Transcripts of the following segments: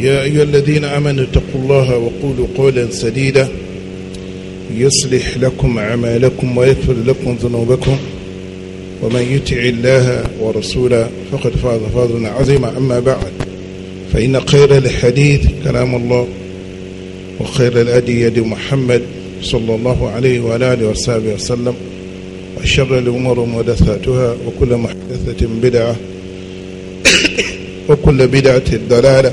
يا أيها الذين آمنوا اتقوا الله وقولوا قولا سديدا يصلح لكم أعمالكم ويغفر لكم ذنوبكم ومن يطع الله ورسوله فقد فاز فوزا عظيما أما بعد فإن خير الحديث كلام الله وخير الأدي يد محمد صلى الله عليه وآله آله وصحبه وسلم وشر الأمور محدثاتها وكل محدثة بدعة وكل بدعة ضلالة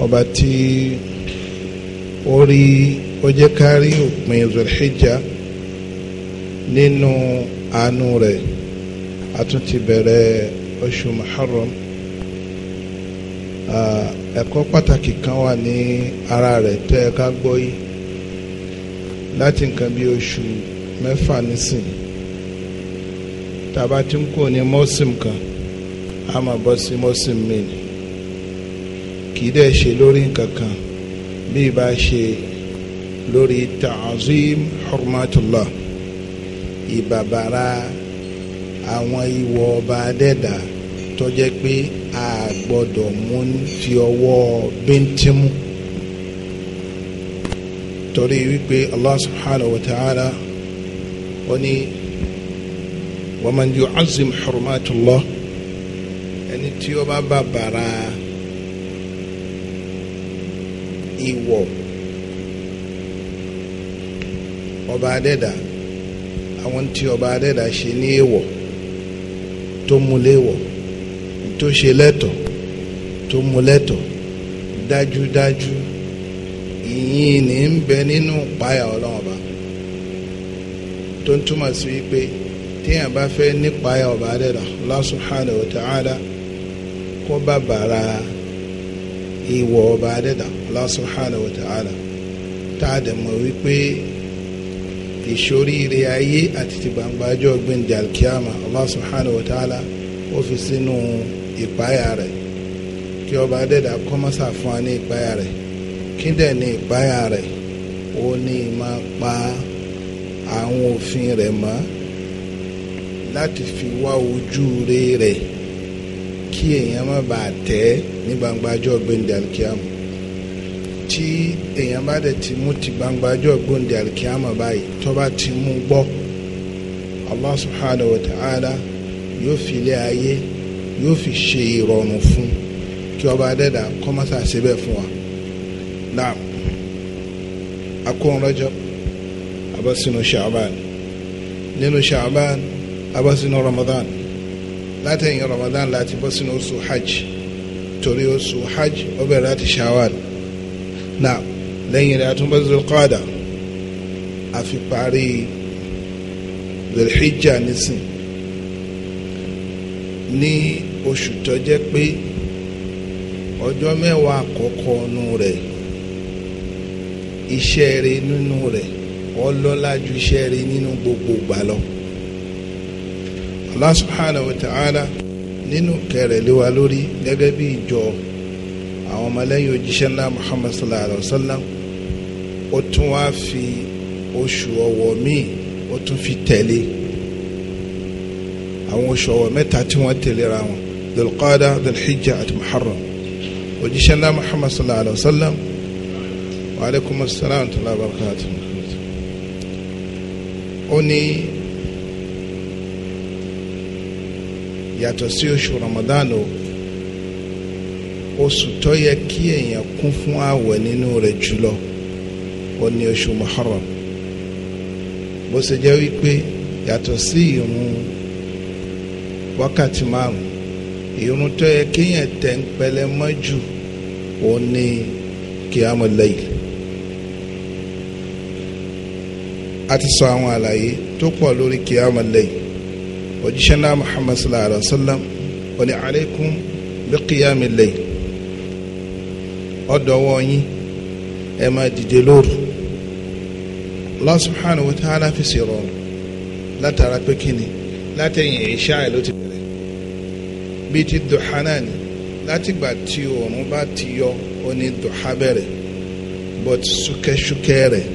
ọba tí ó rí ó jẹ́ ká rí òpin zulhijja nínú àánú rẹ̀ a tún ti bẹ̀rẹ̀ oṣù muharram ẹ̀kọ́ pàtàkì kan wà ní ara rẹ̀ tẹ́ ẹ ká gbọ́ yìí láti nǹkan bí oṣù mẹ́fà nísìn tá a bá ti ń kó ní mọ́sìm kan a máa bọ́ sí mọ́sìm mìíràn. kì í dẹ̀ ṣe lórí nǹkan kan bí ibà ṣe lórí ta'azim hurmatullah ìbàbàrà àwọn ìwọ ọba adẹ́dà tó jẹ́ pé a gbọ́dọ̀ mú fi ọwọ́ bíntímù torí wípé Allah subhanahu wa ta'ala ó ní wa man yu'azzim ẹni tí ó bá bàbàrà. ìwọ̀ ọba adẹ́dà àwọn tí ọba adẹ́dà ṣe ní èèwọ̀ tó mú léèwọ̀ tó ṣe lẹ́tọ̀ tó mú lẹ́tọ̀ dájúdájú ìyìn ní ń bẹ nínú ìpáyà ọlọ́run ọba tó ń túmọ̀ sí wípé téèyàn bá fẹ́ nípáyà ọba adẹ́dà Allah subhanahu wa ta'ala kó bá bàrà ìwọ̀ ọba adẹ́dà. Allah subhanahu wa ta'ala tá a dẹ̀ mọ̀ wípé ìṣoríire ayé àti ti gbangba ọjọ́ gbẹ̀ndẹ̀ alkiyama Allah subhanahu wa ta'ala ó fi sínú ìpáyà rẹ̀ kí ọba adẹ́dà kọ́mọ́sà fún wa ní ìpáyà rẹ̀ kí dẹ̀ ní ìpáyà rẹ̀ ó ní máa pa àwọn òfin rẹ̀ mọ́ láti fi wá ojú rẹ̀ kí èèyàn má bàa tẹ̀ ní gbangba ọjọ́ gbẹ̀ndẹ̀ tí èèyàn bá dẹ̀ ti mú ti gbangbajọ́ gbòǹde alikiyama báyìí tó bá ti mú gbọ́ allah subhanahu wa ta'ala yóò fi ilé ayé yóò fi ṣe ìrọ̀rùn fún kí ọba adẹ́dà kọ́mọ́sá síbẹ̀ fún wa náà akóhun rọ́jọ́ abọ́sínú ṣàbán nínú ṣàbán abọ́sínú ramadan látẹ̀yìn ramadan láti bọ́sínú oṣù hajj torí oṣù hajj ó láti ṣàwàlì. na lẹ́yìn rẹ̀ atúnbọ̀sọ̀ kọ́dà àfi parí zulhijja nísìn ní oṣù tó jẹ́ pé ọjọ́ mẹ́wàá àkọ́kọ́ nù rẹ̀ iṣẹ́ rẹ̀ nínú rẹ̀ ọlọ́lá ju iṣẹ́ rẹ̀ nínú gbogbo gbà lọ. Allah subhanahu wa ta'ala nínú kẹrẹ̀ lórí gẹ́gẹ́ bí ìjọ àwọn ọmọlẹ́yìn òjíṣẹ́ ńlá Muhammad sallallahu alayhi wa sallam ó tún wá fi oṣù ọ̀wọ̀ míì ó tún fi tẹ̀lé àwọn oṣù ọ̀wọ̀ mẹ́ta tí wọ́n tẹ̀léra wọn dulqada dulhijja àti muharram òjíṣẹ́ ńlá Muhammad sallallahu alayhi wa sallam wa aleykum salaam wa rahmatulahi wa ó ní yàtọ̀ sí oṣù Ramadan o oṣù tó yẹ kí èèyàn kún fún àwẹ̀ nínú rẹ̀ jùlọ ó ní oṣù muharram bó ṣe jẹ́ wípé yàtọ̀ sí ìrun wákàtí márùn ìrun tó yẹ kéèyàn tẹ̀ ń pẹlẹ mọ́ jù ó ní kíámù layl a ti sọ àwọn àlàyé tó pọ̀ lórí kíámù layl òjíṣẹ́ náà muhammad sallallahu alayhi wa sallam ó alaykum bí kíámù layl ọ̀dọ̀wọ́ yín ẹ máa dìde lóru Allah subhanahu wa ta'ala fi ṣe rọrùn látara pé kíni látẹ̀yìn ìṣá ẹ̀ ló ti bẹ̀rẹ̀ bíi ti dùhà náà ni látìgbà tí oòrùn bá ti yọ ó ní dùhà bẹ̀rẹ̀ but súkẹ́súkẹ́ rẹ̀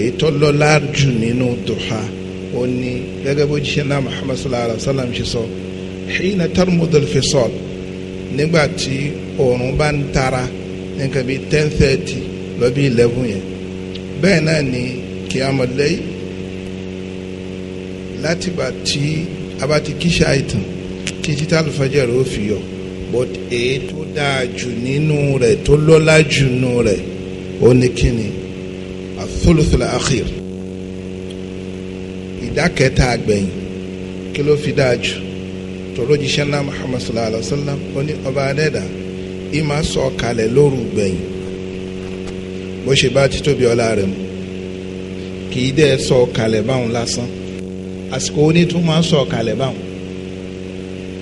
èyí tó lọ́lá jù nínú dùhà ó ní gẹ́gẹ́ bó jíṣẹ́ náà Muhammad sallallahu alayhi wa sallam ṣe sọ hina tarmudul fisal nígbà tí oòrùn bá ń tara nǹkan bíi ten thirty lọ bí eleven yẹn bẹ́ẹ̀ náà ni kí a mọ̀ lẹ́yìn látìgbà tí a bá ti kíṣe àìtàn kí títà lùfẹ́jẹ̀ rẹ̀ ó fi yọ but èyí tó dáa jù nínú rẹ̀ tó lọ́lá jù nínú rẹ̀ ó ní kíni àfúlùfúlù àkìr ìdá kẹta àgbẹ̀yìn kí ló fi dáa jù tó lójíṣẹ́ ńlá sallallahu alayhi wa sallam ó ní ọba adẹ́dàá ìmà sọ kalẹ̀ lóru gbẹ̀yìn bó ṣe bá ti tóbi ọlá rẹ̀ mu kì í dẹ́ sọ kalẹ̀ báwọn lásán àsìkò onítún máa ń sọ kalẹ̀ báwọn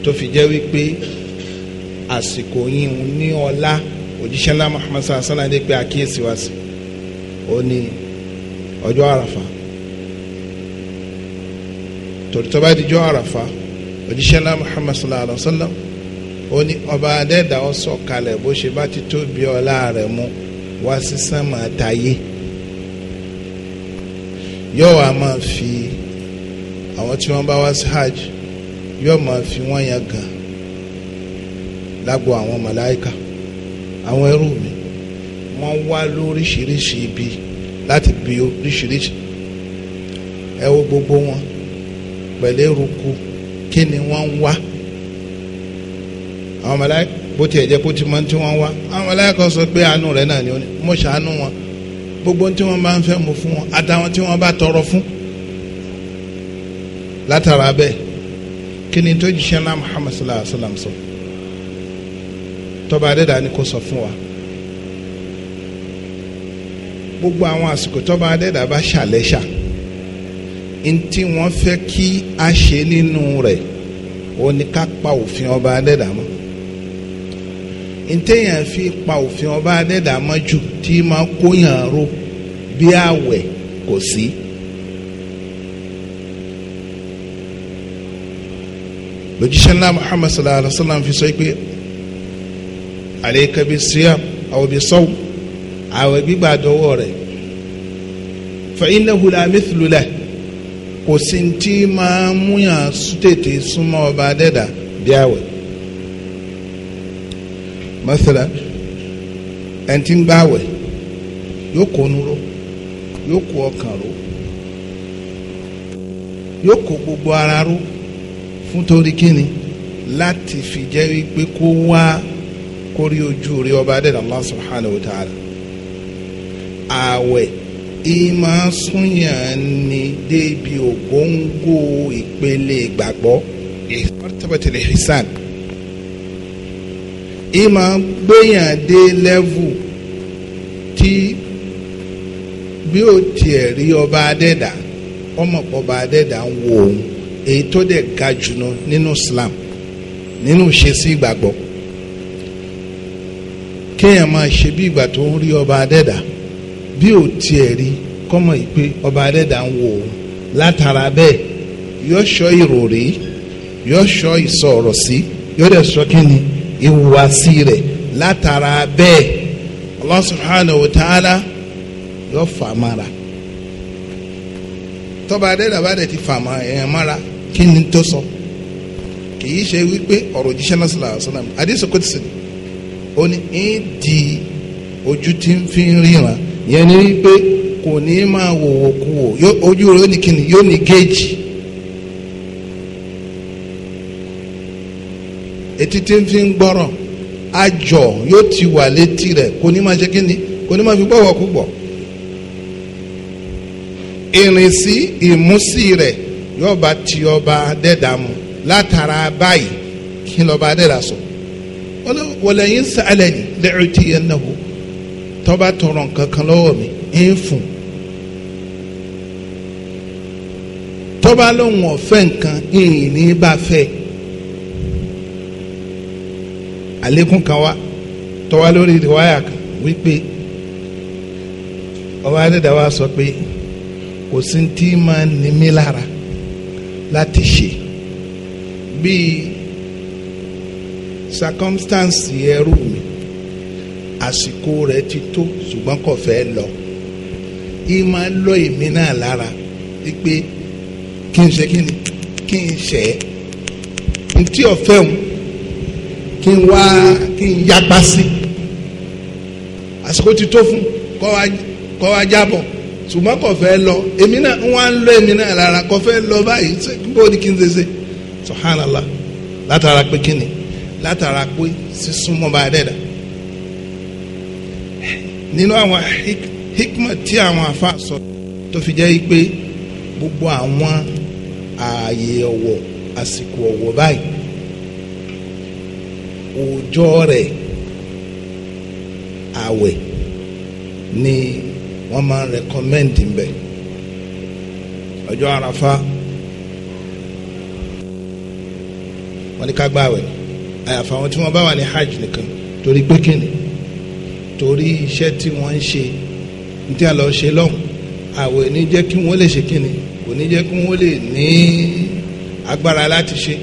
tó fi jẹ́ wípé àsìkò yín ní ọlá òjíṣẹ́ ńlá Muhammad sallallahu alaihi wasallam pé àkíyèsí wá sí ó ní ọjọ́ àràfà tòlítọ́ bá dijọ́ àràfà òjíṣẹ́ ńlá Muhammad sallallahu alaihi wasallam ó ní ọba adẹ́dà ó sọ̀kalẹ̀ bó ṣe bá ti tóbi ọlá rẹ̀ mu wá sí sánmà táyé yóò wá máa fi àwọn tí wọ́n bá wá sí hajj yóò máa fi wọ́n yẹn gàn lágbo àwọn màláìka àwọn ẹrú mi wọ́n wá lóríṣiríṣi ibi láti bi oríṣiríṣi ẹ wo gbogbo wọn pẹ̀lú eruku kí ni wọ́n ń wá àwọn màláíkà bó tiẹ̀ jẹ́ kó ti mọ tí wọ́n wá àwọn màláíkà sọ pé àánú rẹ̀ náà ni ó ní mo ṣàánú wọn gbogbo tí wọ́n bá ń fẹ́ mo fún wọn àtàwọn tí wọ́n bá tọrọ fún látara bẹ́ẹ̀ kí ni tó jíṣẹ́ náà Muhammad sallallahu alayhi wa sallam sọ tọ́ba adẹ́dàá ni kò sọ fún wa gbogbo àwọn àsìkò tọ́ba adẹ́dàá bá ṣàlẹ́ṣà ntí wọ́n fẹ́ kí a ṣe nínú rẹ̀ ó ká pa òfin ọba adẹ́dàá mọ́ ntẹ̀yàn fi pa òfin ọba adẹ́dàmọ́jú tí máa kóyàn ro bí àwẹ̀ kò sí. lójúṣe ńlá muhammad sallallahu alaihi wa sallam fi sọ pé alayka bi siyam aw bi saw àwẹ̀ gbígbà dọwọ́ rẹ̀ fa innahu la mithlu lahu kò sí ti máa múyàn tètè súnmọ́ ọba adẹ́dà bí àwẹ̀ mọ́sálà ẹni tí ń gbàwẹ̀ yóò kó onúró yóò kó ọkàn ró yóò kó gbogbo ara ró fún torí kíni láti fi jẹ́ wípé kó wá kórí ojú rí ọba adẹ́dàá Allah subhanahu wa ta'ala ààwẹ̀ ìmọ̀ súnyàn ni débi ògóńgó ìpele ìgbàgbọ́ ìsọ́tàbàtìlẹ̀ hisan ìmọ̀ gbéyàn dé lẹ́vù tí bí ó tiẹ̀ rí ọba adẹ́dà ọmọ ọba adẹ́dà ń wo òun èyí tó dẹ̀ ga jùlọ nínú Islam nínú ìṣesí ìgbàgbọ́ kéèyàn máa ṣe bí ìgbà tó ń rí ọba adẹ́dà bí ò tiẹ̀ rí kọ́mọ ìpè ọba adẹ́dà ń wò ó látara bẹ́ẹ̀ yóò sọ ìròrí yóò sọ ìsọ̀rọ̀ sí yóò dẹ̀ sọ kí ni ìhùwàsí rẹ̀ látara bẹ́ẹ̀ Allah subhanahu wa ta'ala yóò fà mára tọ́ba adédàbà dẹ̀ ti fà mára kí ni tó sọ kì í ṣe wípé ọ̀rọ̀ òjíṣẹ́ náà sallallahu alaihi wasallam àdéhùn kò ti sìn ó ní í di ojú tí ń fi ríran yẹn ni wípé kò ní máa wòwò kú wò ojú rẹ̀ ó ní kíni yóò ní géèjì etí tí ń fi ń gbọ́rọ̀ ajọ yóò ti wà létí rẹ̀ kò ní máa ṣe kí ni kò ní máa fi gbọ́wọ́ kú gbọ́ ìrìnsí ìmúsí rẹ̀ yóò bá ti ọba dẹ́dà mu látara báyìí kí lọ́ba dẹ́dà sọ wọlé yín sálẹ̀ ní lẹ́yìn tí yẹn náà wò tọ́ba tọrọ nǹkan lọ́wọ́ mi ń fún tọ́ba lóun ọ̀fẹ́ nǹkan ìní bá fẹ́ àlékún kan wá tọ́wá lórí ìwáyà kan wípé ọba adéda wa sọ pé kò sí tí máa ní mí lára láti ṣe bíi circumstance ẹrú mi àsìkò rẹ̀ ti tó ṣùgbọ́n kò fẹ́ lọ yìí máa lọ èmi náà lára wípé kí n ṣe kí n ṣe ntí ọ̀fẹ́ òun kí n wá kí n yapa sí àsìkò ti tó fún kọ́ wa jábọ̀ ṣùgbọ́n kò fẹ́ lọ èmi náà ń wá ń lọ èmi náà lára kò fẹ́ lọ báyìí ṣé bó ni kí n ṣe ṣe subhanallah látara pé kí ni látara pé sísúnmọ́ bá dẹ̀ dà nínú àwọn hikma tí àwọn afa sọ tó fi jẹ́ pé gbogbo àwọn ààyè ọ̀wọ̀ àsìkò ọ̀wọ̀ báyìí ọjọ́ rẹ̀ àwẹ̀ ni wọ́n máa ń rẹkọmẹ́ǹdì ń bẹ̀ ọjọ́ àràfá wọ́n ní ká gbààwẹ̀ àyàfà àwọn tí wọ́n bá wà ní hajj nìkan torí pé kíni torí iṣẹ́ tí wọ́n ń ṣe ní tí a lọ ṣe lọ́hùn àwẹ̀ ní jẹ́ kí wọ́n lè ṣe kíni kò ní jẹ́ kí wọ́n lè ní agbára láti ṣe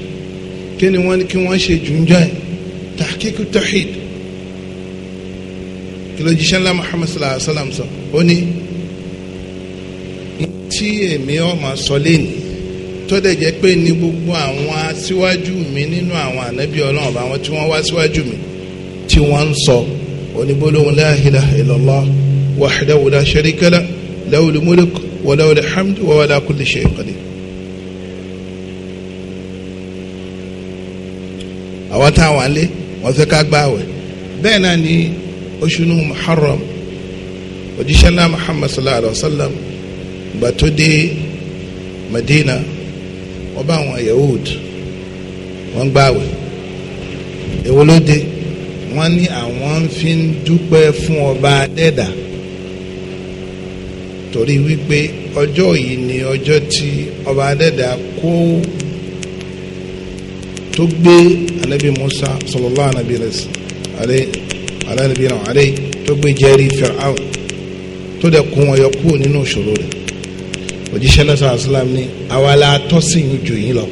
kí ni wọ́n ní kí wọ́n ṣe jù ń tahqiq tawhid kìlọ̀ jíṣẹ́ ńlá muhammad sallallahu alayhi wa sallam sọ ó ní tí èmi ọmọ sọ lẹ́nu tó dẹ̀ jẹ́ pé ní gbogbo àwọn aṣíwájú mi nínú àwọn ànábì ọlọ́run bá wọn tí wọ́n wá síwájú mi tí wọ́n ń sọ onígbólóhùn la ilaha illallah wahdahu la sharika lahu lahul mulku wa lahul hamdu wa ala kulli shay'in qadir. àwọn táwọn lé wọ́n fẹ́ ká gbààwẹ̀ bẹ́ẹ̀ náà ni oṣùnú muharram òjíṣẹ́ náà muhammad sallallahu alayhi wa sallam ìgbà tó dé madina wọ́n bá àwọn yahood wọ́n gbààwẹ̀ èwo ló dé wọ́n ní àwọn fi ń dúpẹ́ fún ọba adẹ́dà torí wípé ọjọ́ yìí ni ọjọ́ tí ọba adẹ́dà kó tó gbé anabi musa sallallahu anabi alẹ́ alẹ́ alẹ́ tó gbé jẹ́rìí Fir'aun tó dẹ̀ kún wọn yọ kúrò nínú ìṣòro rẹ̀ òjíṣẹ́ lọ́sàn àṣìlám ní àwa la tọ́ sí yín jù yín lọ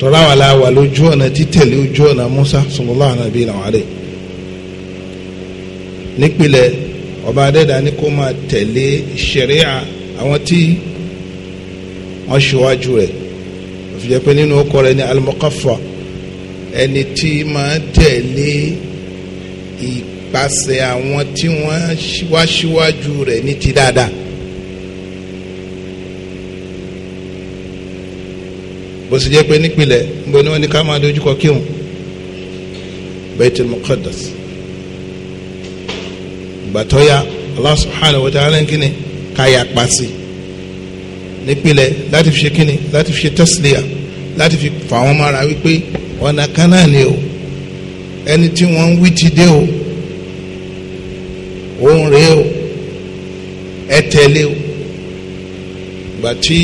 tọ́lá wà láwà lójú ọ̀nà títẹ̀lé ojú ọ̀nà musa sallallahu anabi alẹ́ nípìnlẹ̀ ọba adẹ́dà ní kó máa tẹ̀lé ṣẹ̀ríà àwọn tí wọ́n ṣíwájú rẹ̀ tó jẹ́ pé nínú ọkọ rẹ̀ ní alimọ́kàfà ẹni tí máa tẹ̀lé ìpàṣẹ àwọn tí wọ́n wá síwájú rẹ̀ ní ti dáadáa. bó sì jẹ́ pé nípìnlẹ̀ níbo ni wọ́n ní ká máa dojúkọ kírun Baitul Muqaddas gbàtọ́ ya Allah subhanahu wa ta'ala ń kíni ká yà pa nípìnlẹ̀ láti fi ṣe kíni láti fi ṣe tẹ́sílẹ̀yà láti fi fà wọ́n mọ́ra wípé ọ̀nà kan náà ni o ẹni tí wọ́n ń wí ti dé o òun rèé o ẹ tẹ̀lé o gbà tí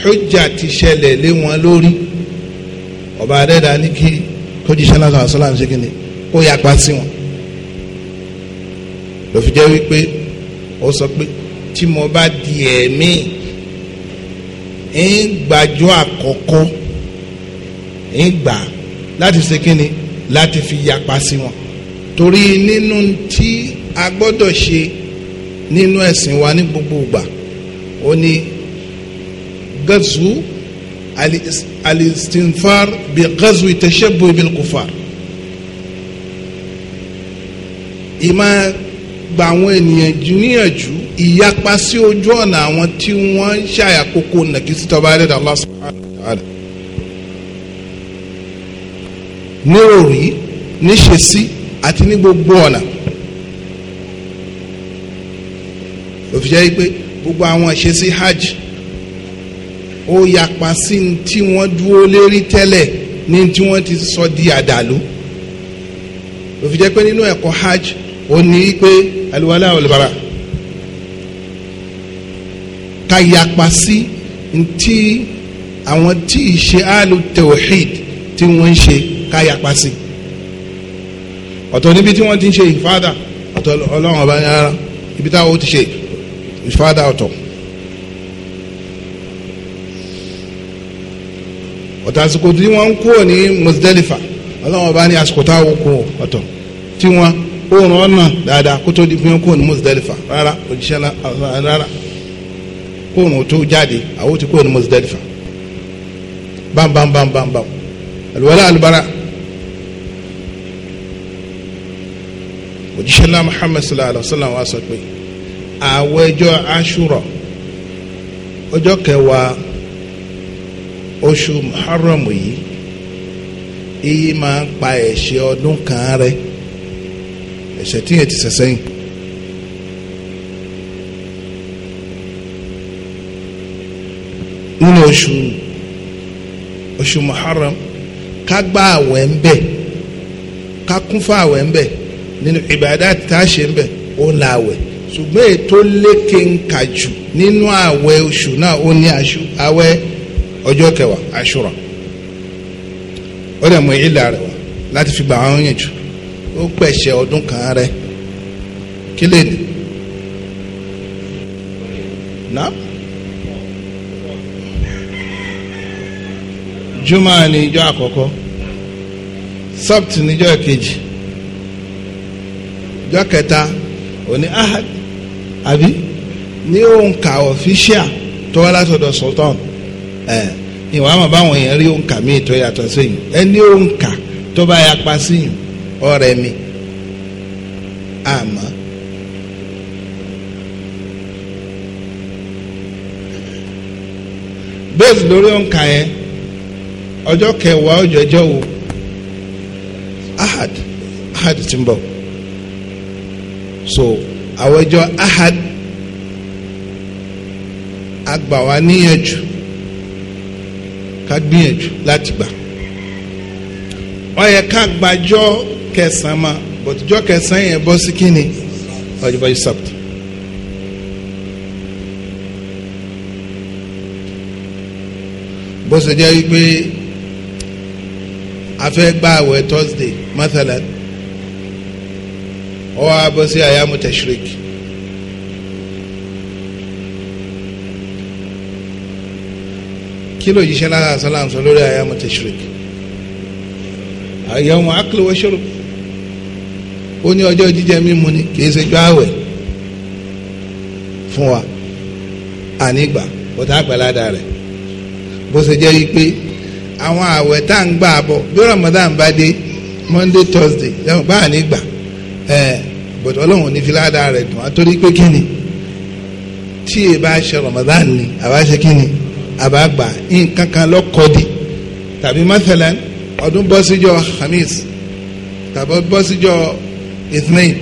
hujja ti ṣẹlẹ̀ lé wọn lórí ọba adẹ́dá ní kí kójú iṣẹ́ lásán àṣọ láǹṣẹ́ kí ni kó yapa sí wọn lọ́fi wípé ó sọ pé tí mo bá di ẹ̀mí. E ń gbàjọ́ àkọ́kọ́ ń gbà láti ṣe kí ni láti fi yapa sí wọn torí nínú tí a gbọ́dọ̀ ṣe nínú ẹ̀sìn wa ní gbogbo ìgbà ó ní gazu alistinfar bi gazu itashabu bil kufar ìmọ̀ gba àwọn ènìyàn níyànjú ìyapa sí ojú ọ̀nà àwọn tí wọ́n ń ṣàyàkókò nàkísí tọ́ba ẹ̀dá Allah subhanahu wa ta'ala ní òrí níṣe sí àti ní gbogbo ọ̀nà òfìjẹ́ yìí pé gbogbo àwọn ṣe sí hajj ó yapa sí ní tí wọ́n dúró lérí tẹ́lẹ̀ ní tí wọ́n ti sọ di àdàlú òfìjẹ́ pé nínú ẹ̀kọ́ hajj ó ní pé àlùwalá olùbárà. ka yapa sí ntí àwọn tí ìṣe alu tawhid tí wọ́n ń ṣe yapa sí níbi tí ti ń ṣe ìfádà ọ̀tọ̀ ọlọ́run ọba ibi táwọn ó ti ṣe ìfádà ọ̀tọ̀. ọ̀tọ̀ àsìkò tí wọ́n ń kúrò ní Muzdalifa ọlọ́run ọba ní àsìkò táwọn kú ọ̀tọ̀ tí dáadáa di fún yẹn kó òun tó jáde àwọn ti kúrò ní Muzdalifa bámbámbámbámbám àlùwalá àlùbárà òjíṣẹ́ ńlá Muhammad sallallahu alayhi wa sallam wa sọ pé àwọn ẹjọ́ Ashura ọjọ́ kẹwàá oṣù Muharram yìí èyí máa ń pa ẹ̀ṣẹ̀ ọdún kan rẹ ẹ̀ṣẹ̀ tí yẹn ti ṣẹ̀ sẹ́yìn. oṣù oṣù muharram ká gba àwẹ̀ ń bẹ̀ ká kún fún àwẹ̀ ń bẹ̀ nínú ìbàdà tá ṣe ń bẹ̀ ó la àwẹ̀ ṣùgbọ́n ètò lékè ń kà jù nínú àwẹ̀ oṣù náà ó ní àwẹ̀ ọjọ́ kẹwàá àṣùrà ó dẹ̀ mọ ìlà rẹ̀ wá láti fi juma ni ijọ́ àkọ́kọ́ sabt ni ijọ́ kejì ijọ́ kẹta òní ahad àbí ní òǹkà ọ̀fíṣíà tó wá látọ̀dọ̀ sultan ẹ̀ ìwà àmọ̀ báwọn èèyàn rí òǹkà míì tó yàtọ̀ sẹ́yìn ẹni òǹkà tó bá yapa sẹ́yìn ọ̀rẹ́ mi àmọ́. bẹ́ẹ̀ lórí òǹkà yẹn ọjọ́ kẹwàá ọjọ́jọ́ wo ahad ahad ti ń bọ̀ so àwọn ọjọ́ ahad agbà wá níyànjú ká gbìyànjú láti gbà ó yẹ ká gbàjọ́ kẹsàn-án ma bọ̀tùjọ́ kẹsàn-án yẹn bọ́ sí kínni ọjọ́ bọ́jú sábà. bó ṣe jẹ́ wípé afẹ́ gba àwẹ̀ Thursday mathalan ọwọ́ abọ́ sí ayamu tashrik. kí ló yíṣẹ́ lára sálàm sọ lórí ayamu tashrik ayamu akli wa shurb ó ní ọjọ́ jíjẹ mímu ni kì í ṣe jọ àwẹ̀ fún wa ànígbà bọ́tà àgbàládà rẹ̀ bó ṣe jẹ́ yí pé àwọn àwẹ̀ tá à ń gbà bọ̀ bí Ramadan bá dé Monday Thursday ẹ̀wọ̀n bá à ní gbà ẹ̀ bọ̀dọ̀ ọlọ́run ní fi rẹ̀ dùn àtòrí pé kí ni tí e bá ṣe Ramadan ni àbá ṣe kí ni àbá gbà nǹkan kan lọ́kọ́dí tàbí mathalan ọdún bọ́ síjọ́ Khamis tàbí bọ́ síjọ́ Ithnain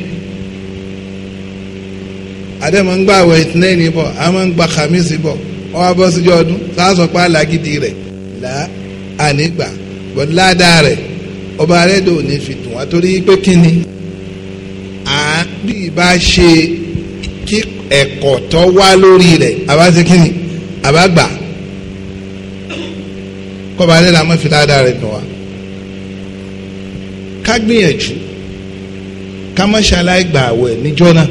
adé máa ń gbà àwẹ̀ Ithnain bọ̀ a máa ń gbà Khamis bọ̀ wọ́n á bọ́ síjọ́ ọdún sáà sọ pé alágídí rẹ̀ làá ànígbà bọ́dí ládàá rẹ̀ ọba arẹ́dọ̀ ò ní fi dùn wá torí pé kí ni à ń bí ìbá ṣe kí ẹ̀kọ́ tó wá lórí rẹ̀ àbá ṣe kí ni àbá gbà kọ́ba arẹ́dọ̀ àmọ́ fi ládàá rẹ̀ dùn wá ká gbìyànjú ká má ṣaláì gbà àwẹ̀ níjọ́ náà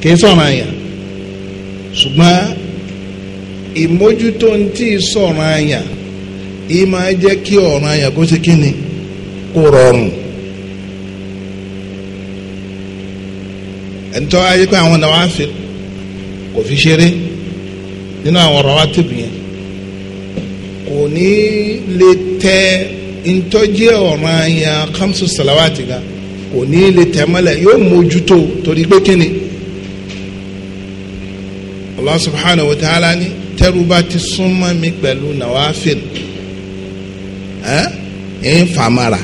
kì í sọ̀rọ̀ àyàn ṣùgbọ́n ìmójútó ń tí ì sọ̀ràn àyàn ì máa jẹ́ kí ọ̀ràn àyàn kó ṣe kí ni kó rọrùn. ẹ̀ńtọ́ ayé pé àwọn náà wá fi kò fi ṣeré nínú àwọn ọ̀rọ̀ wa tìbù yẹn kò ní lè tẹ ntọ́jẹ́ ọ̀ràn àyàn kamsu salawati ga kò ní lè tẹ mọ́lẹ̀ yóò mójútó torí pé kí ni. Allah subhanahu wa ta'ala ni tẹ́rù bá ti súnmọ́ mi pẹ̀lú nàwáfíìl ẹ̀ ń fàmàrà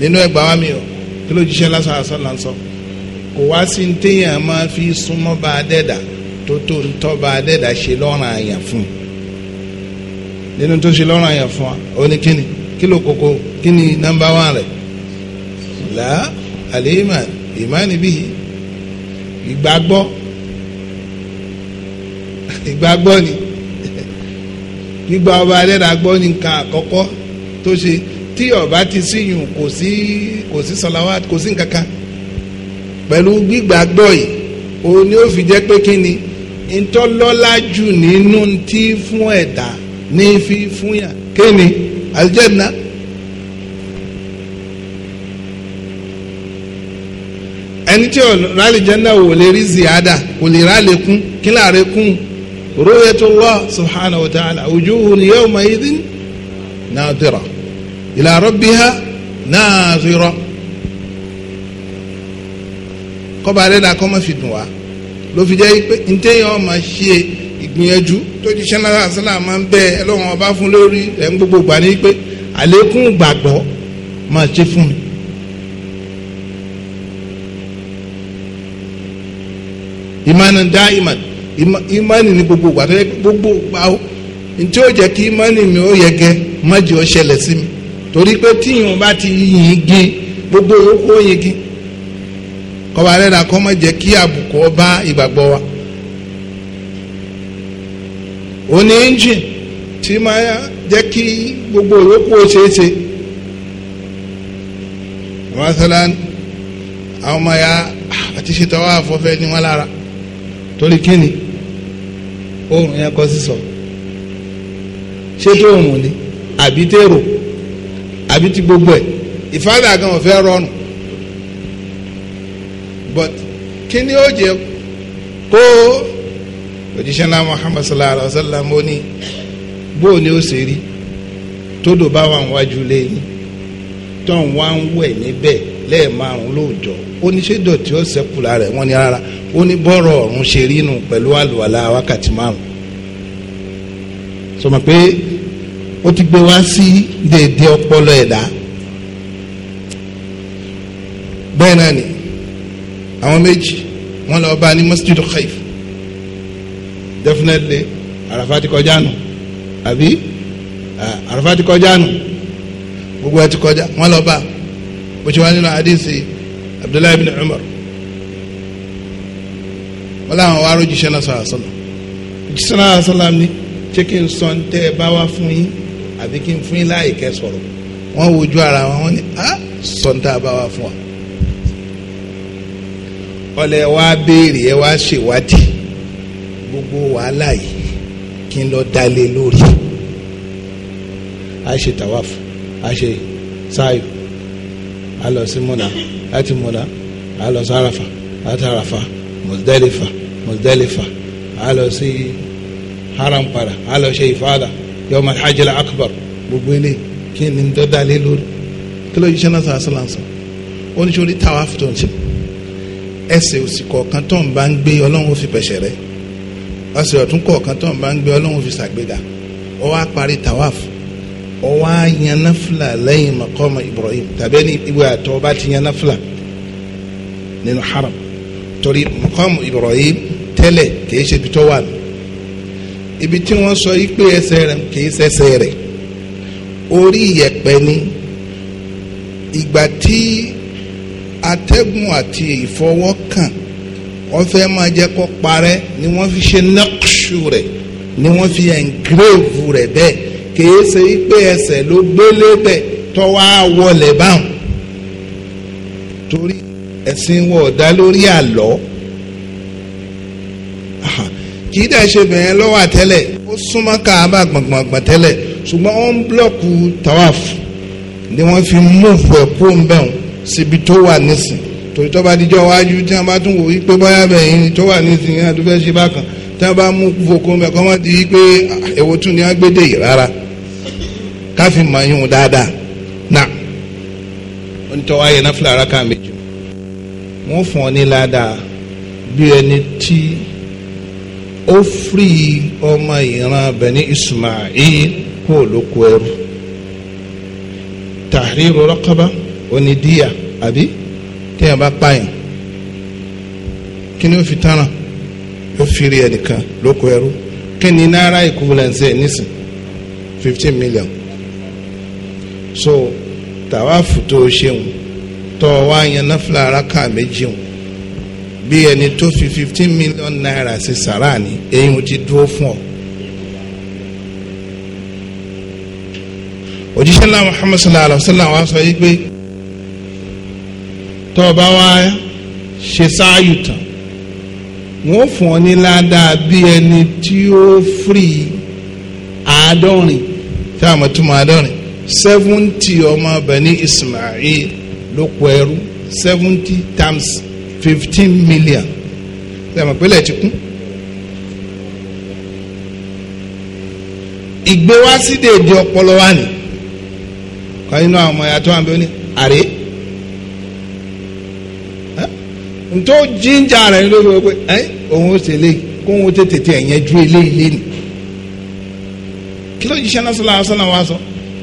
nínú ẹgbà wa mi o kí ló jíṣẹ́ lásán àṣọ là ń sọ kò wá sí ní téèyàn máa fi súnmọ́ bá a dẹ́dà tó tó ń tọ́ bá a dẹ́dà ṣe lọ́rùn àyàn fún un nínú tó ṣe lọ́rùn àyàn fún wa ó ní kíni kí ló kókó kíni nọ́mbà wán rẹ̀ là àlè iman iman bíi ìgbàgbọ́ ìgbàgbọ́ ni gbígba ọba adẹ́dà gbọ́ ni nǹkan àkọ́kọ́ tó ṣe tí ọba ti síyùn kò sí kò sí sọláwà kò sí nǹkan kan pẹ̀lú gbígbàgbọ́ yìí òun ni ó fi jẹ́ pé kí ni ntọ́lọ́lá jù nínú tí fún ẹ̀dá ní fi fún yà kí ni àlùjànnà. ẹni tí ọ̀rọ̀ àlùjànnà wò lè rí ziyada kò lè rálẹ̀ kún kí láàrẹ̀ kún رؤية الله سبحانه وتعالى وجوه يومئذ idhin إلى ربها rabbiha nadira kọba adéda kọ́ ma fi dùn wá ló fi jẹ́ pé ntẹ́yìn ọmọ ṣe ìgbìyànjú tó ti ṣẹ́ náà sálà máa ń bẹ ẹlọ́wọ̀n ọba fún lórí ẹ̀ gbogbo gbà ní pé àlékún gbàgbọ́ máa ṣe fún mi. ìmánu dá ìmánu. Imani ni gbogbo ìgbà tó yẹ gbogbo ìgbà ó ntí ó jẹ́ kí ìmánì mi ó yẹ gẹ mọ́jì ó ṣẹlẹ̀ sí mi torí pé tíyìn bá ti yìn gin gbogbo yòókù ó yìn gin kọba rẹ́ra kọ́ mọ́ jẹ́ kí àbùkù ó bá ìgbàgbọ́ wa ó engine tí máa jẹ́ kí gbogbo yòókù ó ṣeé ṣe masalan àwọn ọmọ ya àti ṣètò àwọn àfọfẹ ni wọn lára torí kíni oorun yẹn kọ́ sísọ ṣé tó oorun ni àbí tèrò àbí ti gbogbo ẹ̀ ìfádà gan ọ̀fẹ́ rọrùn but kí ni ó jẹ kó òjíṣẹ́ náà Muhammad sallallahu alayhi wa sallam ó ní bóò ni ó ṣe rí tó dò bá wà ń wájú lẹ́yìn tó ń wá ń wẹ̀ níbẹ̀ lẹ́ẹ̀márùn lóòjọ́ ó ní ṣé dọ̀tí ó ṣẹ́kù lára ẹ̀ wọ́n ní rárá ó ní bọ́rọ̀ ọ̀run ṣe rí nù pẹ̀lú àlùwàlà wákàtí márùn sọmọ pé ó ti gbé wá sí déédéé ọpọlọ ẹ̀dá bẹ́ẹ̀ náà ni àwọn méjì wọ́n lọ bá ní masjid khaif definitely àràfà ti kọjá nù àbí àràfà ti kọjá nù gbogbo ẹ ti kọjá wọ́n lọ bá bó ṣe wá nínú àdéhìsì abdullahi bin umar wọ́n láwọn wá rójìṣẹ́ náà sọ̀rọ̀ sọ̀rọ̀ òjíṣẹ́ náà sọ̀rọ̀ ni ṣé kí n sọ tẹ́ ẹ bá wá fún yín àbí kí n fún yín láàyè kẹ́ sọ̀rọ̀ wọ́n wojú ara wọn wọ́n ní á sọ tẹ́ ẹ bá wá fún wa. ọlẹ́ wa béèrè ẹ wá ṣèwádìí gbogbo wàhálà yìí kí n lọ dalé lórí a ṣe tàwáfù a ṣe sáyò a lọ sí múna láti múna a lọ sí àràfà láti àràfà Muzdalifa Muzdalifa a lọ sí haram a lọ ṣe ìfàdà yawm al-hajj al-akbar gbogbo ilé kí ni tó dalé lórí kí ló yíṣẹ́ náà sọ àṣàlànsọ oníṣòrí táwa fìtò ní ẹsẹ̀ òsì kọ̀ọ̀kan tó ń bá ń gbé ọlọ́run fi pẹ̀ṣẹ̀ rẹ̀ ẹsẹ̀ ọ̀tún kọ̀ọ̀kan tó ń bá ń gbé ọlọ́run fi ṣàgbéga ó wá parí fún ọwọ́ ayanafila lẹ́yìn makọ́mọ Ibrahim tàbí ẹni ìwé àtọ́ bá ti yanafila nínú haram torí makọ́mọ Ibrahim tẹ́lẹ̀ kìí ṣe ibi tó wà nù ibi tí wọ́n sọ yìí pé ẹsẹ̀ rẹ̀ kìí ṣẹsẹ̀ rẹ̀ orí ìyẹ̀pẹ̀ ni ìgbà tí atẹ́gùn àti ìfọwọ́kàn wọ́n máa jẹ́ kó parẹ́ ni wọ́n fi ṣe nọ́ọ̀ṣù rẹ̀ ni wọ́n fi ẹ̀ǹgírèvù rẹ̀ bẹ́ẹ̀ kìí ṣe pé ẹsẹ̀ ló gbélé bẹ̀ tọ́wọ́ wọlé báwọn torí ẹ̀sìn wọn ò dá lórí àlọ́ kì í dẹ̀ ṣe bẹ̀yẹn lọ́wọ́ àtẹ́lẹ̀ ó súnmọ́ káàbà gbọ̀ngbọ̀ngbọ̀n tẹ́lẹ̀ ṣùgbọ́n wọ́n ń blọ́ọ̀kù tawaf ni wọ́n fi múùfù ẹ̀ kó ń bẹ̀ wọ́n síbi tó wà nísìn torí tó bá dijọ́ wájú tí wọ́n bá tún wò wípé bóyá bẹ̀yìn tó wà nísìn yẹn àdúgbò ṣe bákan tí wọ́n bá mú fòkó ń bẹ̀ kọ́ wọ́n di wípé ah, èwo tún ni wọ́n gbé dè yìí rárá. káfí mọ yún dáadáa na ntọ́ ayé na fúlẹ̀ araka méjì wọ́n fún ọ ní ládàá bí ẹni tí ó firi ọmọ ìran bẹni Ismail kó olóko ẹrú tahriru raqaba onídìyà àbí téèyàn bá pààyàn kí ni ó fi tán náà ó firi ẹnìkan lóko ẹrú kí ni náírà equivalent ẹ nísìn fifteen million so tàwáàfù tó o ṣeun tó o wá yan náfìlà araka méjì bí ẹni tó fi fifteen million naira sí sàrà ni eyín ti dúró fún ọ. òjíṣẹ́ náà Muhammad sallallahu alayhi wa sallam wa sọ yìí pé tó o bá wá ṣe sáàyù tán wọ́n fún ọ ní ládàá bí ẹni tí ó firi àádọ́rin tí a mọ̀ túmọ̀ àádọ́rin seventy ọma bẹni Ismail ló kó ẹrú seventy times fifteen million sẹ́wọ̀n pẹ́lẹ́ ti kún. Igbe ọpọlọ wa ni kan nínú àwọn ọmọ ẹ̀yà tó wà bí ó ní àrè ntó jíjà rẹ̀ ló fi wọ́n pé ẹ́ òun ó ṣẹlẹ̀ kó òun tètè ju eléyìí lé ni kí ló jíṣẹ́ náà sọ́la sọ́la wa sọ.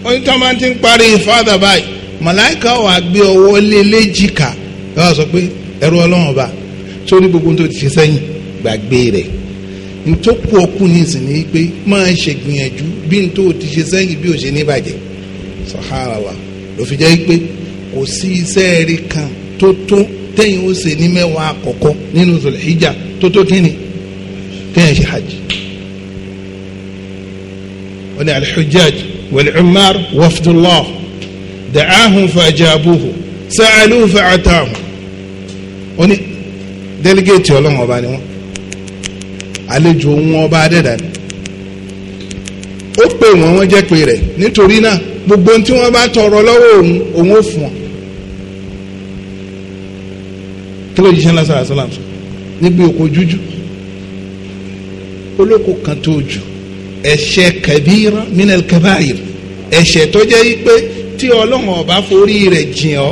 onítọ́mọ ti ń parí fáadà báyìí màláìka wà gbé ọwọ́ lé léjìká yóò sọ pé ẹrú ọlọ́run ọba sórí gbogbo tó ti ṣe sẹ́yìn gbàgbé rẹ̀ ntókù ọkùn ní ìsìn ní pé máa ṣe gbìyànjú bí n tó ti ṣe sẹ́yìn bí ò ṣe ní bàjẹ́ saharawa ló fi jẹ́ pé kò sí iṣẹ́ rí kan tó tó tẹ́yìn ó ṣe ní mẹ́wàá àkọ́kọ́ nínú Zulhijja tó tó kí ni ṣe hajj. wọ́n ní al والعمار وفد الله دعاهم فأجابوه سألوه فأتاهم wọ́n ní délégéètì ọlọ́run ọba ni wọ́n àlejò wọn ọba adẹ́dà ni ó pè wọ́n wọ́n jẹ́ pé rẹ̀ nítorí náà gbogbo tí wọ́n bá tọrọ lọ́wọ́ òun òun ó fún wọn. kí ló jíṣẹ́ lásán àṣọ làǹṣọ níbi òkò jújú olóko kan tó jù ẹ̀ṣẹ̀ kabira minel kabair ẹ̀ṣẹ̀ tó jẹ́ yí pé tí ọlọ́run ọba forí rẹ̀ jìn ọ́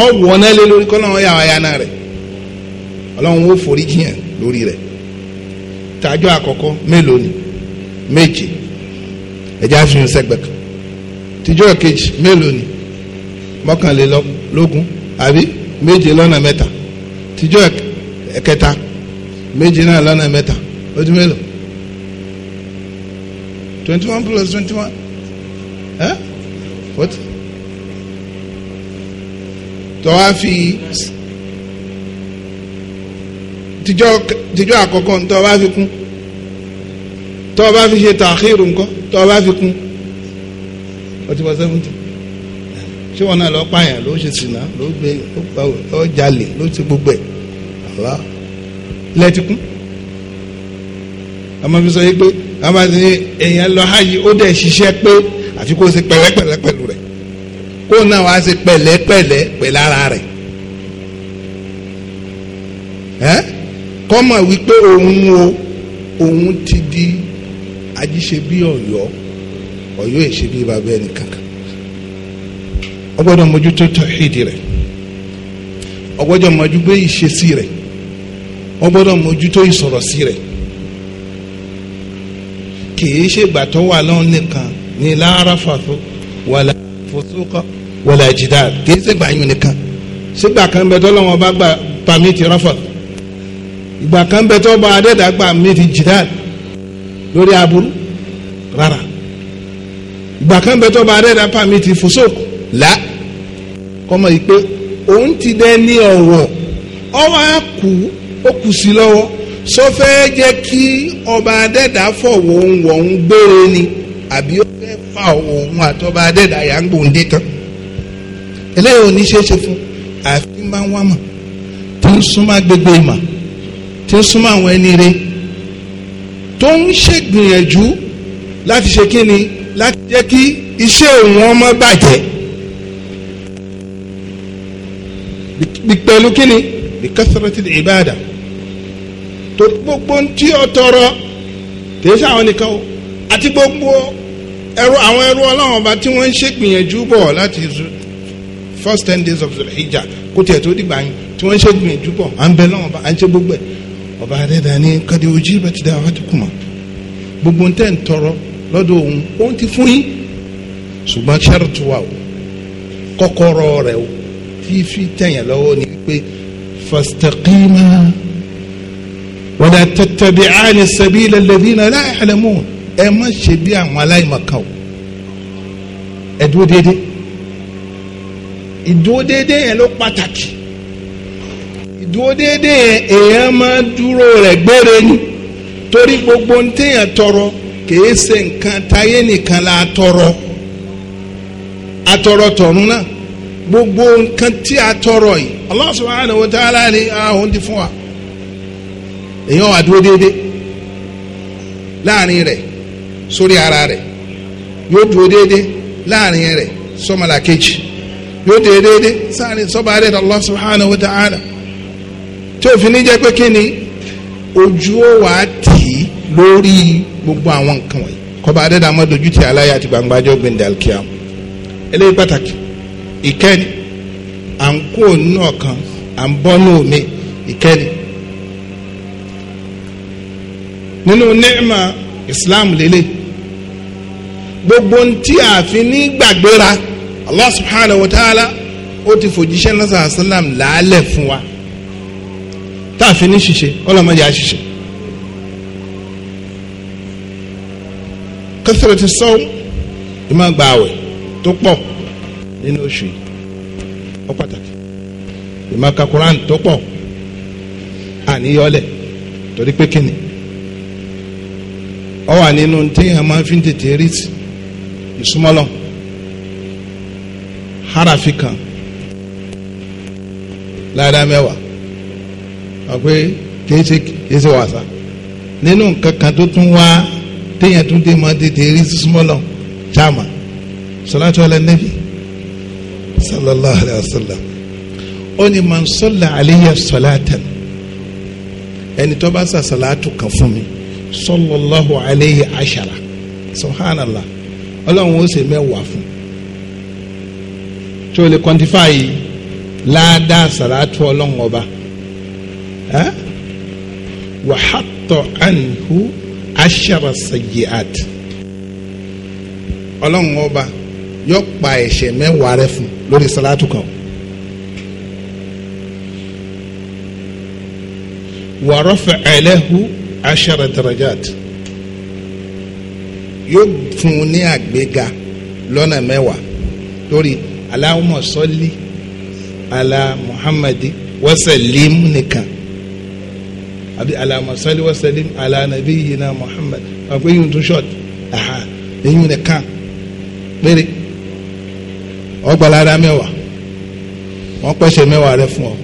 ọ́ wọná lé lórí kọ́lọ́run yà wá yánnà rẹ̀ ọlọ́run ó forí jìn ẹ̀ lórí rẹ̀ tàjọ́ àkọ́kọ́ mélòó ni méje ẹ̀jẹ̀ àfihàn sẹ́gbẹ̀ kan tìjọ́ kejì mélòó ni mọ́kànlélógún àbí méje lọ́nà mẹ́ta tìjọ́ ẹ̀kẹta méje náà lọ́nà mẹ́ta ó di mélòó twenty one plus twenty one eh what tọ́wá fi tijọ́ tijọ́ àkọ́kọ́ ntọ́ bá fi kún tọ́ bá fi ṣe tàkírù ńkọ́ tọ́ bá fi kún ọtí wọ́n sẹ́fúntì ṣé wọn náà lọ pààyàn ló ṣe sìnà ló gbé ló jalè ló ti gbogbo ẹ̀ àlá lẹ́ẹ̀tì kún àmọ́ fi sọ yìí pé bàbá ti èèyàn lọ hajj ó dẹ̀ ṣiṣẹ́ pé àfi kó ṣe pẹ̀lẹ́pẹ̀lẹ́ pẹ̀lú rẹ̀ ara rẹ̀ kọ́mọ̀ wípé òun o òun ti di ajíṣe bí ọ̀yọ́ ọ̀yọ́ ìṣe bí bàbá ẹni mójútó tọ́hídì rẹ̀ kì í ṣègbà tó wà lọ́n nìkan ní láàrafàtó wàlà fòsókọ wàlà jìdá kì í ṣègbà yín nìkan ṣègbà kan bẹ tọ́lọ́wọ́n bá gbà pàmìtì rafat ìgbà kan bẹ tọ́ bá adẹ́dà gbà pàmìtì jìdá lórí aburú rárá ìgbà kan bẹ tọ́ bá adẹ́dà pàmìtì fòsókọ là kọ́mọ yìí pé òun ti dẹ́ ní ọ̀wọ̀ ọwọ́ á kú ó kù sí lọ́wọ́ sọ fẹ́ jẹ́ kí ọba adẹ́dá fọ̀wọ́ wọ̀ ń gbére ni àbí ó fẹ́ fa òun àtọ́ba adẹ́dá yà ń gbòǹde kan eléyìí ò ní ṣeéṣe fún àfi máa ń wá mọ̀ tí ń súnmọ́ gbogbo ìmọ̀ tí ń súnmọ́ àwọn ẹni rẹ tó ń ṣègbìyànjú láti ṣe kí ni láti jẹ́ kí iṣẹ́ òun ọmọ bàjẹ́ pẹ̀lú kí ni bí kásárẹ́tì ìbáàdà torí gbogbo tí ó tọrọ kìí ṣe àwọn nìkan o àti gbogbo ẹrú àwọn ẹrú ọlọ́run ọba tí wọ́n ń ṣègbìyànjú bọ̀ láti first ten days of Zulhijja kó tiẹ̀ tó dìgbà yín tí wọ́n ń ṣègbìyànjú bọ̀ à ń bẹ lọ́wọ́ ọba à ń ṣe gbogbo ẹ̀ ọba adẹ́dàá ní kọ́dé ojú ibà ti dá wàá dùkú mọ́ gbogbo ń ń tọrọ lọ́dọ̀ òun òun ti fún yín ṣùgbọ́n ṣẹ́rùtù wa o kọ́kọ́rọ́ rẹ̀ o tí fi lọ́wọ́ ni pé fastaqima wala tattabi'ani sabila alladhina la ya'lamun ẹ má ṣe bí àwọn aláìmọ̀kan o ẹ dúró déédéé ìdúró déédéé yẹn ló pàtàkì ìdúró déédéé yẹn èèyàn máa dúró rẹ̀ gbére ni torí gbogbo ń téèyàn tọrọ kìí ṣe nǹkan táyé nìkan la tọrọ atọrọ tọ̀run náà gbogbo nǹkan tí a tọrọ yìí Allah subhanahu wa ta'ala ni àwọn ti fún wa èyàn wà dúró déédé láàrin rẹ̀ sórí ara rẹ̀ yóò dúró déédé láàrin rẹ̀ sọmọlá kejì yóò dúró déédé sáàrin sọba rẹ̀ Allah subhanahu wa ta'ala tí òfin ní jẹ́ pé kí ni ojú ó wà tì í lórí gbogbo àwọn nǹkan kọba ti aláya àti eléyìí pàtàkì à ń kó à ń bọ́ omi nínú nẹ́ẹ̀mà islam lélẹ̀ gbogbo tí a fi ní gbàgbéra allah subhanahu wa ta'ala ó ti fòjíṣẹ́ náà sàlám làálẹ̀ fún wa tá a fi ní ṣiṣẹ́ ọlọ́mọdé a ṣiṣẹ́. kẹsìrì ti sọ ìmọ̀ gba àwẹ̀ tó pọ̀ nínú oṣù yìí ó pàtàkì ìmọ̀ ka tó pọ̀ àníyọ́lẹ̀ torí pé kíni ọ wà nínú téèyàn máa fi ń tètè rí ìsúmọ́lọ̀ harafi kan ládàá mẹ́wàá ọ̀pẹ kìí ṣe kìí ṣe wàsá nínú nǹkan kan tó tún wá téèyàn tún dé máa tètè rí ìsúmọ́lọ̀ jama salatu ala nabi sallallahu alayhi wa sallam ó ní man salla alayya ẹni tó bá sa salatu kan fún mi sallallahu alayhi ashara subhanallah ọlọ́run ó ṣe mẹ́wàá fún tí o lè quantify láàdá sàràtú ọlọ́run ọba wàhátọ̀ ànhu ashara sayyi'at ọlọ́run ọba yóò pa ẹ̀ṣẹ̀ mẹ́wàá rẹ fún lórí sàràtú kan. wàrọ̀fẹ̀ ẹ̀lẹ́hu ashara darajat yóò fún un ní àgbéga lọ́nà mẹ́wàá lórí Allahumma ala muhammadi wasalim nìkan àbí Allahumma salli wasalim ala nabiyyina muhammad àbí eyín tún short eyín nìkan péré ọgbàlára mẹ́wàá wọ́n pèsè mẹ́wàá rẹ fún ọ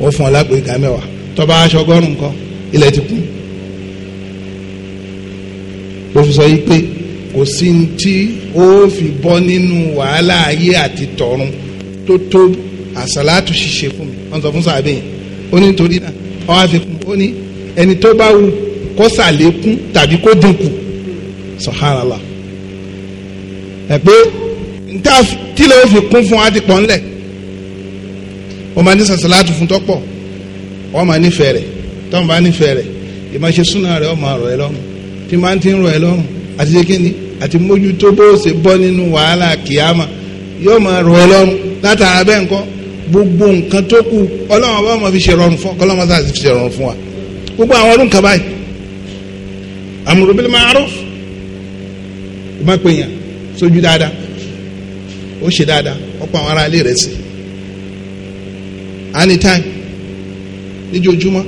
wọ́n fún ọ lágbèéká mẹ́wàá tọ́ba aṣọ ọgọ́rùn kan ilẹ̀ ti kún fi sọ yìí pé kò sí ní tí ó fi bọ́ nínú wàhálà ayé àti tọ̀run tó tó àsàlátù ṣiṣẹ́ fún mi wọ́n sọ fún sàbẹ̀ yẹn ó ní torí náà wọ́n á fi kún ó ní ẹni tó bá wù kó sàlékún tàbí kó dínkù subhanallah ẹ pé nta tí lè fi kún fún wa ti pọ̀ ńlẹ̀ wọ́n máa ní sàṣàlátù fún tọ́pọ̀ wọ́n máa nífẹ̀ẹ́ rẹ̀ tọ́wọ́n nífẹ̀ẹ́ rẹ̀ ìmọ̀ṣẹ́ súnà rẹ̀ wọ́n máa rọ̀ ẹ́ lọ́rùn tí máa ń ti ń rọ̀ ẹ́ lọ́rùn àti ṣe kíni àti mójútó bó ṣe bọ́ nínú wàhálà kìámà yóò máa rọ̀ ẹ́ lọ́rùn látara bẹ́ẹ̀ ńkọ́ gbogbo nǹkan tó kù ọlọ́run bá wọn fi ṣe rọrùn fún ọlọ́run bá fi ṣe rọrùn fún wa gbogbo àwọn ọdún kan báyìí amru bil ma'ruf o máa pè yàn sójú dáadáa ó ṣe dáadáa ọ̀pọ̀ àwọn ará ilé rẹ̀ sí anytime níjojúmọ́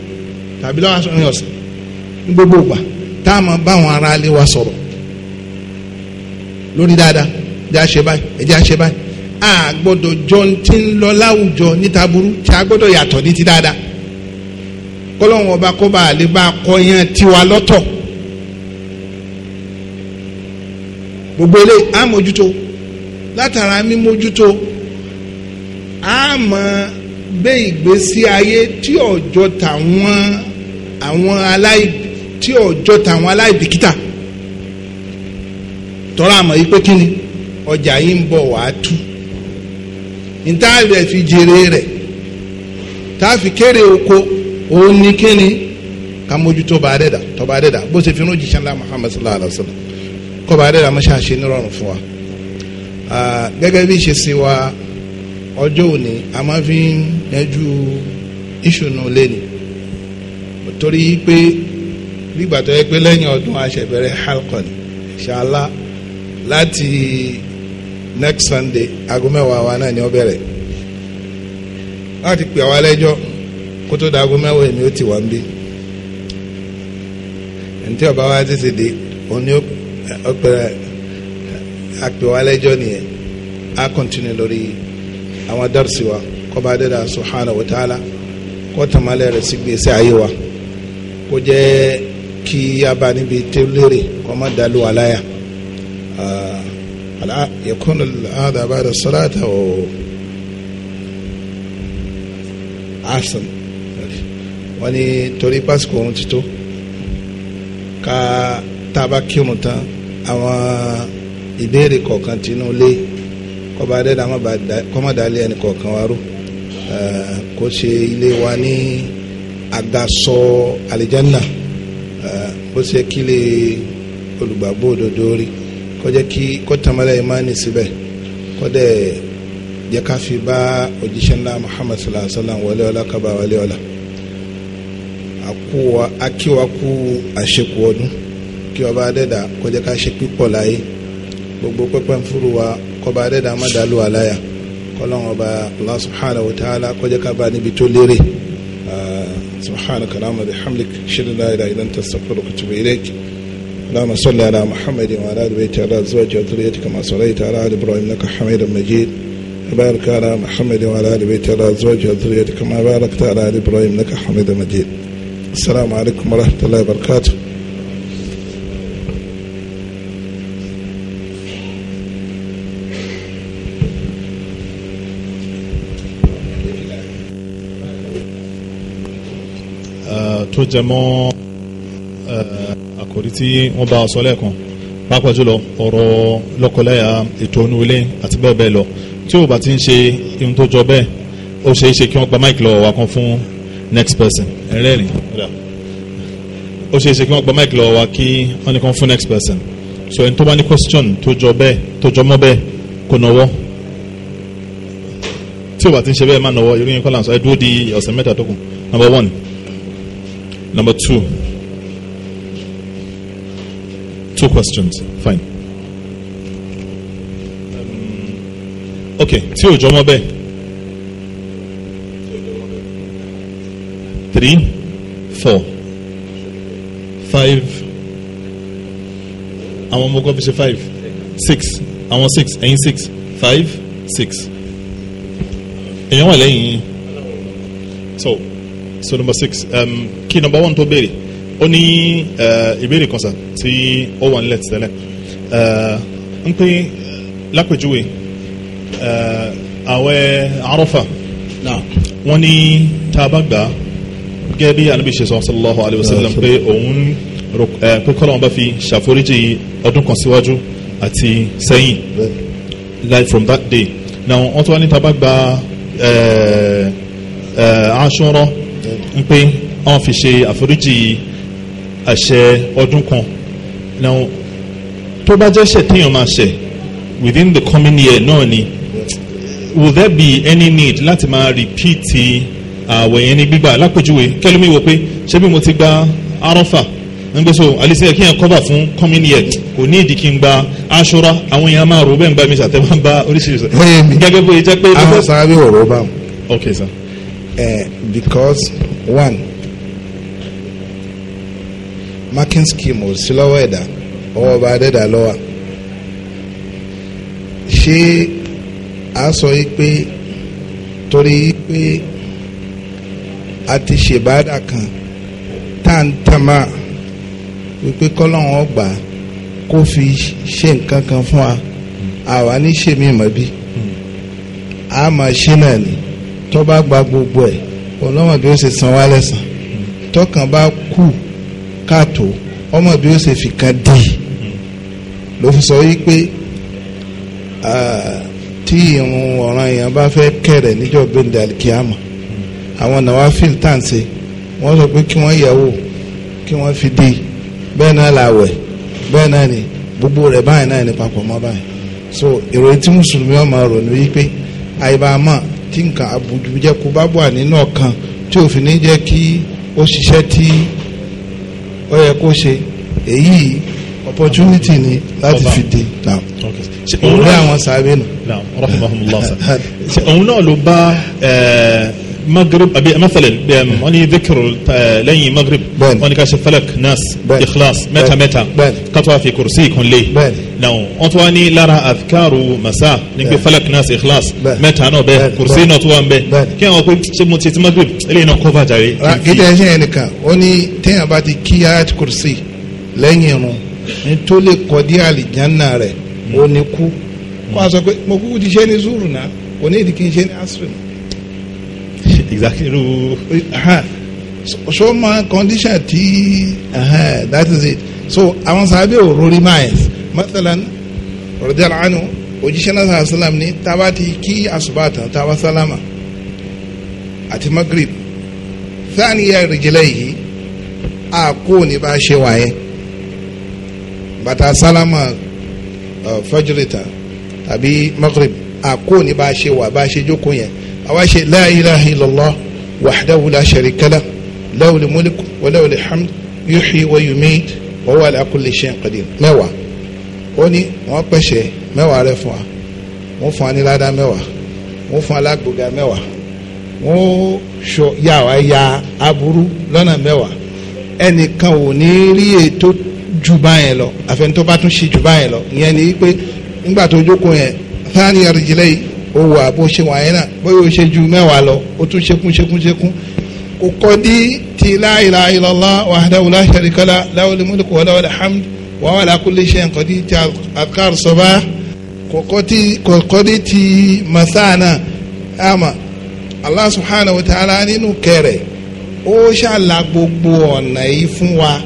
tàbí lọ́wọ́ aṣọ ìrìn ọ̀sẹ̀ ní gbogbo ìgbà tá a máa bá àwọn ará ilé wa sọ̀rọ̀ lórí dáadáa ẹjẹ́ àṣẹ báyìí ẹjẹ́ àṣẹ báyìí a gbọ́dọ̀ jọ ti ń lọ láwùjọ níta burú tí a gbọ́dọ̀ yàtọ̀ ní ti dáadáa kọ́lọ́hún ọba kó bá a lè bá a kọ́ yẹn tiwa lọ́tọ̀ gbogbo ilé a mójútó látara mímójútó a máa gbé ìgbésí ayé tí ọjọ́ tàwọn àwọn aláìgbé tí ọjọ́ tàwọn aláìbìkítà tọ́ra àmọ́ yìí pé kí ni ọjà yìí ń bọ̀ wàá tú ntaarẹ fi jèrè rẹ̀ táàfi kéré oko òun ní kí ni ká mójútó bá dẹ́dà tọ́ba dẹ́dà bó ṣe fi ní òjìṣẹ́ ńlá Muhammad sallallahu alayhi wa sallam kọ́ba dẹ́dà mọ́ṣá ṣe nírọ̀rùn fún wa gẹ́gẹ́ bí ṣe ṣe wa ọjọ́ òní a máa fi ń yanjú ìṣùnú lẹ́nu torí pé nígbà tó yẹ pé lẹ́yìn ọdún àṣẹbẹ̀rẹ̀ halcon ṣàlá láti next Sunday aago mẹ́wàá wa náà ni ó bẹ̀rẹ̀ láti pè wá lẹ́jọ́ kó tó daago mẹ́wàá èmi ó ti wà ń bí ntí ọba wa ti ti di òní ọpẹrẹ àpè wá lẹ́jọ́ nìyẹn á kọ́ntínú lórí àwọn dárúsì wa kọ́ba adéda subhanahu wa ta'ala kó tàmálẹ̀ rẹ̀ sí gbèsè ayé wa kó jẹ́ kí a bá níbi tó lérè kọ́ má dàlú ah, ala yẹkùn àdá bá dà sọ́láàtà ọ̀ arson wọ́n ní torí pásítọ̀ ọ̀hún ti tó ká tá a bá kírun tán àwọn ìbéèrè kọ̀ọ̀kan tinú lé kọ́ba adẹ́dá kọ́mọ̀dálẹ́ ẹnì kọ̀ọ̀kan wa ró ah, kó ṣe ilé wa ní agasọ alijanna bó ṣe kílè olùgbàgbọ́ òdodo rí kọjá kí kọ́tàmọ́lá ìmánì síbẹ̀ kọ́dẹ̀ jẹ́ ká fi bá òjíṣẹ́ ńlá Muhammad sallallahu alayhi wa sallam wọlé ọlá kaba wọlé ọlá akíwaku àṣekù ọdún kí ọba adẹ́dà kọjá ká ṣe pípọ̀ láyé gbogbo pẹ́pẹ́ ń fúru wa kọba adẹ́dà má dàlú àláyà kọ́lọ́n ọba Allah subhanahu wa ta'ala kọjá ká bá níbi tó lérè. سبحانك اللهم بحمدك اشهد ان لا اله الا انت استغفرك واتوب اليك اللهم صل على محمد وعلى ال بيته على ازواجه وذريته كما صليت على ال ابراهيم انك حميد مجيد بارك على محمد وعلى ال بيته على ازواجه وذريته كما باركت على ال ابراهيم انك حميد مجيد السلام عليكم ورحمه الله وبركاته tó jẹ mọ́ àkòrí tí wọ́n bá sọ lẹ́ẹ̀kan pàápàá jùlọ ọ̀rọ̀ lọ́kọláya ètò inú ilé àti bẹ́ẹ̀ bẹ́ẹ̀ lọ tí ò bá ti ń ṣe ohun tó jọ bẹ́ẹ̀ ó ṣeé ṣe kí wọ́n gba máìkì lọ́wọ́ wa kan fún next person ẹ̀rẹ́rìn ó ṣeé ṣe kí wọ́n gba máìkì lọ́wọ́ wa kí wọ́n ní fún next person so ẹni tó bá ní question tó jọ bẹ́ẹ̀ tó jọ mọ́ bẹ́ẹ̀ kò náwó tí ò bá ti ń ṣe bẹ́ẹ̀ má náwó irú yẹn kọ́ là ń sọ ẹ dúró di ọ̀sẹ̀ mẹ́ta tó kù number one. Number two. Two questions. Fine. Um, okay. Tí ò jọmọ bẹ́ẹ̀. Three, four, five. Àwọn ọmọ ọgọ́ fi five. Six. want six. Any six. Five, six. Èèyàn wà lẹ́yìn So. so number six um, kí number one tó béèrè ó ní uh, ìbéèrè kan sà tí ó wà nílẹ̀ tẹ́lẹ̀ uh, ń pè uh, lápèjúwe àwẹ̀ arọ́fà wọ́n ní tá a bá gbà gẹ́gẹ́ bí anabi ṣe sọ sallallahu alayhi wa sallam pé òun pé kọ́lọ́ wọn bá fi ṣàforíjì ọdún kan síwájú àti sẹ́yìn like from that day now wọ́n tún wá ní tá a bá gbà aṣọ́rọ́ ń pé wọ́n fi ṣe àforíjì àṣẹ ọdún kan now tó bá jẹ́ ṣẹ̀ téèyàn máa ṣẹ̀ within the coming year náà ni will there be any need láti máa repeat àwẹ̀ yẹn ní gbígbà lápèjúwe kẹlẹ́mi wò pé ṣé bí mo ti gba arọ́fà nígbà so àlìsí ẹ̀ kí yẹn kọ́bà fún coming year kò ní ìdí kí n gba aṣọra àwọn èèyàn máa rò bẹ́ẹ̀ ń gba mi sàtẹ́ máa ń bá oríṣiríṣi. gẹ́gẹ́ bó ṣe jẹ́ pé. àwọn sábẹ́ ọ̀rọ̀ bá wọn. ok sir. ẹ because one marking scheme ò sí lọ́wọ́ ẹ̀dá ọwọ́ ọba adẹ́dà lọ́wọ́ ṣé a sọ yìí pé torí pé a ti ṣèbádà kan táǹtàmà wípé kọ́lọ́hún ọgbà kó fi ṣe nǹkan kan fún wa àwa ní ṣèmí mọ́ bí a máa ṣe náà ni tó bá gba gbogbo ẹ̀ ọlọ́mọ bí ó ṣe san wá lẹ́sàn tọkàn bá kú káàtó ọmọ bí ó ṣe fìkan dì ló fi sọ wípé tí ìrun ọ̀ràn èèyàn bá fẹ́ kẹ̀rẹ̀ níjọ́ gbẹ̀ndẹ̀ alikiyama àwọn nàwa fíl tàǹsì wọ́n sọ pé kí wọ́n yẹ̀wò kí wọ́n fi dì bẹ́ẹ̀ náà làwẹ̀ bẹ́ẹ̀ náà ni gbogbo rẹ̀ báyìí náà ni papọ̀ mọ́ báyìí so ìròyìn tí mùsùlùmí ọmọ rò ní wípé àyíbá máa tí nǹkan àbùjẹkù bá wà nínú ọkàn tí òfin ní jẹ́ kí ó ṣiṣẹ́ tí ó yẹ kó ṣe èyí opportunity ni láti fi dé now òun ní àwọn òun náà ló bá eh, magrib àbí masalan wọ́n ní zikiru lẹ́yìn magrib wọ́n ní ká ṣe falak nas ikhlas mẹ́ta mẹ́ta kátó àfi kùrùsí ìkúnlẹ̀ náà wọ́n tún wá ní lára àfikáàrù masa ní pé falak nas ikhlas mẹ́ta náà bẹ́ẹ̀ kùrùsí náà tún wá ń bẹ́ẹ̀ kí àwọn pé ṣé mo ti ti magrib eléyìí náà kọ́ bàjá rẹ̀. ìdá ẹ̀ṣẹ̀ yẹn nìkan ó ní téèyàn bá ti kí ayat kùrùsí lẹ́yìn irun ní tó lè kọ́ dí àlìjánná rẹ̀ ó ní kú kó a sọ pé mo kúkú ti ṣe ní zuru náà kò ní ìdí kí n ṣe ní asiri náà exactly irú so my condition ti that is it so àwọn sábẹ́ ò rori miles mathalan rọ̀dẹ́lá anu òjíṣẹ́ náà sàlám ní tába ti kí asubata tába sálámà àti magrib thaniya rìjìlẹ̀ yìí a kó ní bá ṣe wáyé bàtà sálámà eh, fajirita tàbí magrib a kó ní bá ṣe wà bá ṣe jókòó yẹn àwa ṣe la ilaha illallah wahdahu la sharika lah lahul mulk wa lahul hamd yuhyi wa yumit wa huwa ala kulli shay'in qadir mẹ́wàá ó ní wọ́n pẹ̀sẹ̀ mẹ́wàá rẹ̀ fún wa wọ́n fún wa ní ládàá mẹ́wàá wọ́n fún alágbòga mẹ́wàá wọ́n sọ yà wá ya aburú lọ́nà mẹ́wàá ẹnìkan ò ní rí ètò jù báyẹn lọ àfẹnitọ́ bá tún ṣe jù báyẹn lọ ìyẹn ni pé nígbà tó jókòó yẹn thani arjilai ó wà bó ṣe wà yẹn náà bóyá ó ṣe ju mẹ́wàá lọ ó tún ṣekún ṣekún ṣekún kò kọ́ dí ti la ilaha illallah wahdahu la sharika lah lahul mulku wa lahul hamd wa huwa ala kulli shay'in qadir ti adkar sabah kò kọ́ dí ti masana ama allah subhanahu wa ta'ala nínú kẹrẹ ó ṣàlà gbogbo ọ̀nà yìí fún wa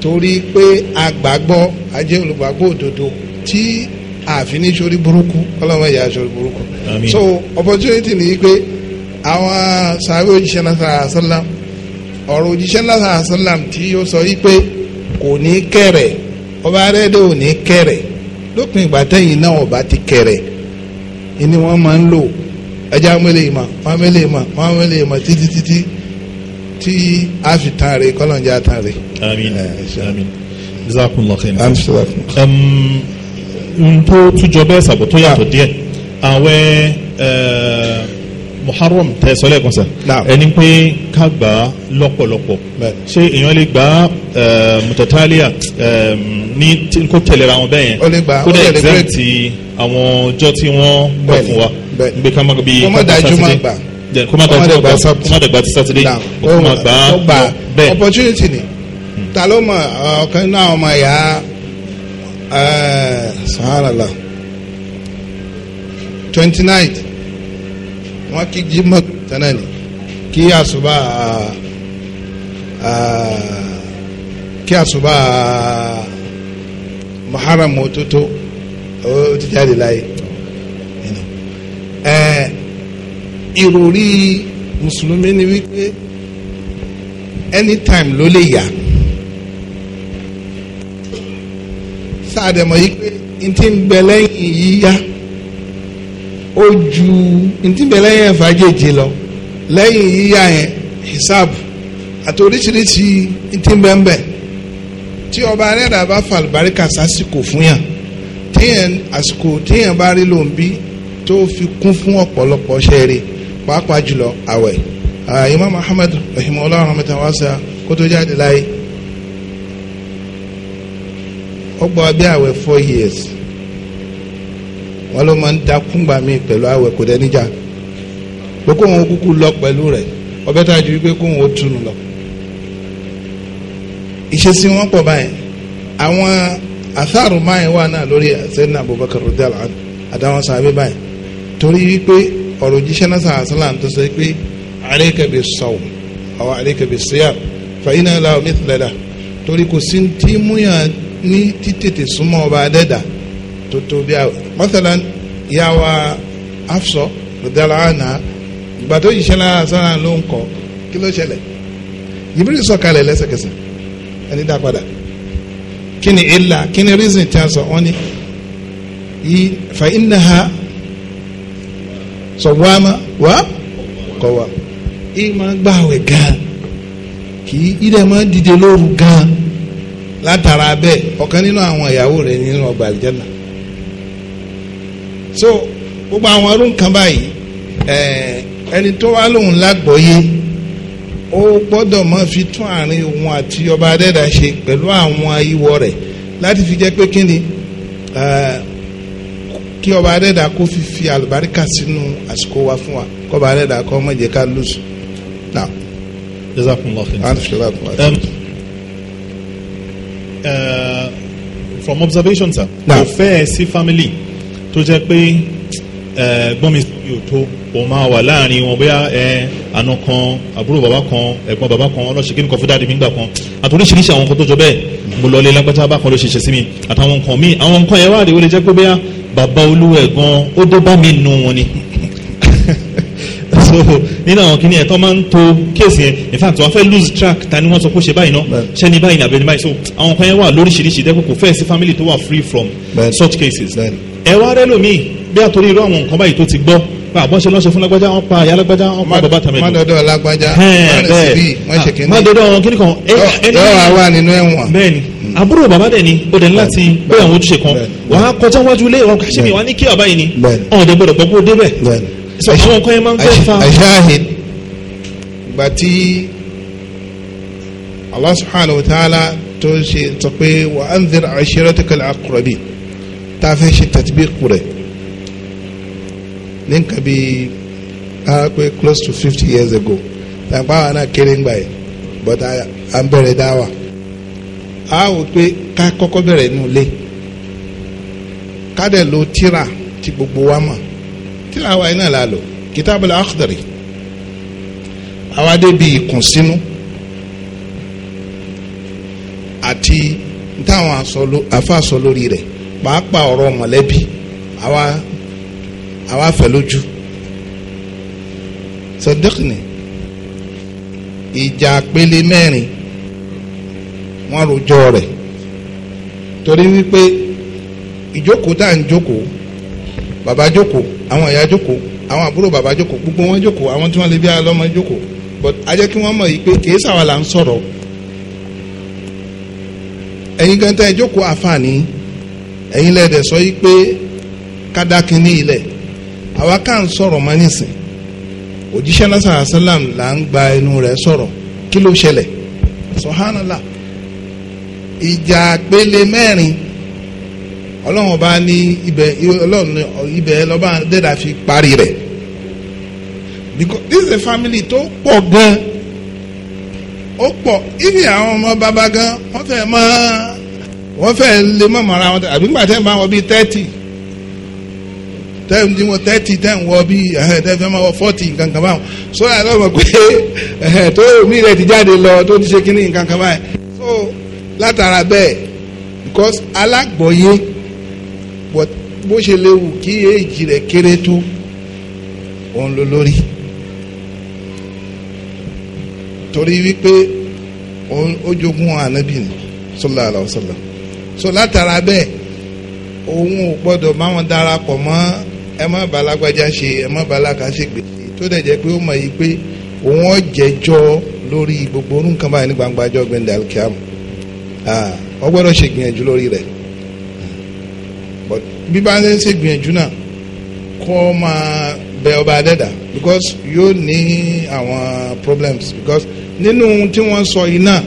torí pé agbàgbọ́ ajé olùgbàgbọ́ òdodo tí àfi ní sori burúkú ọlọ́mọ ìyá sori burúkú so opportunity ni pé àwọn sàbẹ̀ òjíṣẹ́ náà sàlám ọ̀rọ̀ òjíṣẹ́ náà sàlám tí yóò sọ yí pé kò ní kẹrẹ̀ ọba arẹ́dẹ́ ò ní kẹrẹ̀ lópin ìgbà tẹ́yìn náà ọba ti kẹrẹ̀ ni wọ́n máa ń lò ẹja mẹ́lẹ̀ ìmọ̀ wọ́n mẹ́lẹ̀ ìmọ̀ wọ́n mẹ́lẹ̀ ìmọ̀ títí títí tí a fi tán rè kọ́lọ́njà tán rè. àmín àmín bisakunlọ kẹ́ni. àmín ohun tó tújọ bẹ́ẹ̀ sàbò tó yàtọ̀ díẹ̀ àwẹ̀ muharram tẹ sọlẹ kan sẹ ẹni pé ká gbà á lọ́pọ̀lọpọ̀ ṣé èèyàn lè gbà á mutataliya ní kó tẹ̀lera wọn bẹ́ẹ̀ yẹn kó dẹ̀ exempt àwọn ọjọ́ tí wọ́n gbà fún wa nígbà ká má bí ká tó sátidé kó má dájú ọgbà kó má dàgbà ti sátidé kó má gbà á bẹ́ẹ̀. opportunity ni hmm. ta ló mọ ọ̀kan náà ọmọ ìyá sàáràlà twenty nine wọ́n kí jimá tẹ́lẹ̀ ni kí àṣùbà kí àṣùbà muharram òtótó ó ti jáde láyé ìròrí mùsùlùmí ni wípé anytime ló lè yà sáà dẹ̀ mọ̀ yí pé ntí ń bẹ lẹ́yìn yíyá ó ju ntí ń bẹ lẹ́yìn ẹ̀fàjèjì lọ lẹ́yìn yíyá yẹn hisab àti oríṣiríṣi ntí ń bẹ ń bẹ tí ọba arẹ́dà bá fa àlùbáríkà sásìkò fún yàn téèyàn àsìkò téèyàn bá rí lòun bí tó fi kún fún ọ̀pọ̀lọpọ̀ ṣẹ́ẹ̀rẹ́ pàápàá jùlọ àwẹ̀ ah, Imam Ahmad rahimahullah rahmatan wasa kó tó jáde láyé. ó gba bí four years wọ́n ló máa ń da kúngbà mi pẹ̀lú àwẹ̀ kò dẹ́ níjà pé kóun kúkú lọ pẹ̀lú rẹ̀ ọbẹ̀ tá a ju wípé kóun ó tunu lọ. ìṣesí wọn pọ̀ báyìí àwọn àtàrù máyìn wà náà lórí Abubakar rọ̀dẹ́ àdáwọn sábẹ́ báyìí torí wípé ọ̀rọ̀ jíṣẹ́ náà sàn àṣàlà tó sọ pé alayka bis-sawm aw alayka ní títètè súnmọ́ ọba adẹ́dà tó tó bí àwẹ̀ mọ́tàlán ìyá wa afsọ rẹ̀dálà àná ìgbà tó yìí ṣẹlẹ̀ àṣàrà ló ń kọ́ kí ló ṣẹlẹ̀ Jibril sọ̀kalẹ̀ lẹ́sẹ̀kẹsẹ̀ ẹni dá padà kí ni ìlà kí ni reason tí a sọ wọn ni yìí fa innaha sọ̀wámà wá kọ̀wá ìmọ̀ gbàwẹ̀ gan kì í ilẹ̀ máa dìde lóru gan látara bẹ́ẹ̀ ọ̀kan nínú àwọn ìyàwó rẹ̀ nínú ọgbà àlìjẹ́nà so gbogbo àwọn ọdún kan báyìí ẹni tó wá lóun lágbọ́yé ó gbọ́dọ̀ máa fi tún àárín òun àti ọba adẹ́dà ṣe pẹ̀lú àwọn ìwọ rẹ̀ láti fi jẹ́ pé kí ni kí ọba adẹ́dà kó fi fi àlùbáríkà sínú àsìkò wa fún wa kọ́ba adẹ́dà kó má jẹ́ ká lùsùn. from observation sir. kò fẹ́ ẹ sí family tó jẹ́ pé gbọ́n mi yóò tó òun máa wà láàrin wọn bóyá ẹ àna kan àbúrò bàbá kan ẹ̀gbọ́n bàbá kan ọlọ́sẹ̀ kí ni kò fún dáadé mi gbà kan àti oríṣiríṣi àwọn nǹkan tó jọ bẹ́ẹ̀ mo lọ lé lágbàtà bá kan ló ṣe ṣe sí mi àtàwọn nǹkan mi àwọn nǹkan yẹn wà rí o lè jẹ́ pé bóyá bàbá olúwẹ̀ gan ó dé bá mi nù wọn ni so nínú àwọn kìnìún ẹ̀ máa ń to kéèsì yẹn in fact wọ́n fẹ́ lose track ta ni wọ́n sọ pé ṣe báyìí náà ṣe ni báyìí nàbẹ̀ ni báyìí so àwọn kan yẹn wà lóríṣiríṣi dẹ́kun kò fẹ́ sí family tó wà free from such cases ẹ wá rẹ lómi bí àtòrí irú àwọn nǹkan báyìí tó ti gbọ́ pa àbọ̀ṣe lọ́sẹ̀ fún lágbájá wọn pa àyà lágbájá wọn pa bàbá tàmẹ́lú. mọ́dọ̀dọ̀ lágbájá hmm. àbúrò bàbá dẹ̀ ni ó dẹ̀ ní láti bẹ́ẹ̀ àwọn ojúṣe kan wàá kọjá wájú lé ọkọ̀ àṣẹ́mi wàá ní kí àbáyé ni ọ̀dẹ̀ gbọ́dọ̀ pọ̀ kó débẹ̀ sọ àwọn nǹkan yẹn máa ń pẹ́ fa. àṣàhìn ìgbà tí Allah subhanahu wa ta'ala tó ṣe sọ pé wa anzir ashiratakal aqrabin tá a fẹ́ ṣe tatbiq rẹ̀ ní nǹkan bíi a pé close to fifty years ago tàbá wa náà kéré ńgbà yìí but à ń bẹ̀rẹ̀ dáwà a wò pé ká kọ́kọ́ bẹ̀rẹ̀ nínú ilé ká dẹ̀ lo tíra tí gbogbo wa mọ̀ tíra àwa iná la lò kìtàbù al-Akhdari àwa dé bi ìkùnsínú àti táwọn afa sọ lórí rẹ̀ pàápàá ọ̀rọ̀ mọ̀lẹ́bí àwa àwa fẹ́ lójú sọdẹ́kìnì ìjà àpele mẹ́rin wọ́n rojọ́ rẹ̀ torí wípé ìjókòó tá à ń jókòó bàbá jókòó àwọn ìyá jókòó àwọn àbúrò bàbá jókòó gbogbo wọn jókòó àwọn tí wọn lè bí alọ́mọ jókòó but a jẹ́ kí wọ́n mọ̀ yìí pé kìí sàwọn là ń sọ̀rọ̀ ẹ̀yin gan tẹ́ ẹ jókòó àfààní ẹ̀yin lẹ́dẹ̀ sọ yìí pé kádàkì ní ilẹ̀ àwa ká ń sọ̀rọ̀ mọ́ nísìn òjíṣẹ́ lásán àṣálàm là ń gba ẹnu rẹ̀ sọ̀rọ̀ kí ló ṣẹlẹ̀ sọ̀hánàlá ìjà àgbélé mẹ́rin ọlọ́run ọba ní ibẹ̀ ọlọ́run ibẹ̀ lọ́ba dẹ́dà fi parí rẹ̀ because this is a family tó pọ̀ gan ó pọ̀ ibi àwọn ọmọ bàbá gan wọ́n fẹ́ mọ́ wọ́n fẹ́ lè mọ̀ mọ́ra wọn àbí nígbà tẹ́ ń bá wọn bíi thirty tẹ́ dín wọn thirty tẹ́ ń wọ bíi tẹ́ fẹ́ mọ́ wọ forty nǹkan báwọn so ẹ lọ́mọ pé tó mi rẹ̀ ti jáde lọ tó ti ṣe kínní nǹkan kan báyìí so látara bẹ́ẹ̀ because alágbọ̀yé bó ṣe lè wù kí èjì rẹ̀ kéré tó òun ló lórí torí wípé òun ó jogún ànábì ni sallallahu alaihi wasallam so látara bẹ́ẹ̀ òun ò gbọ́dọ̀ bá wọn darapọ̀ ẹ má balagbájá ṣe ẹ má balaka ṣe gbé tó dẹ̀ jẹ́ pé ó mọ̀ yìí pé òun ọ̀ jẹ́jọ́ lórí gbogbo orúkọ báyìí ní gbangba ọjọ́ gbẹ̀ndẹ̀ alikiamu ṣègbìyànjú lórí rẹ̀ bí bá ń ṣe gbìyànjú náà kó máa bẹ ọba adẹ́dà because yóò ní àwọn problems because nínú tí wọ́n sọ yìí náà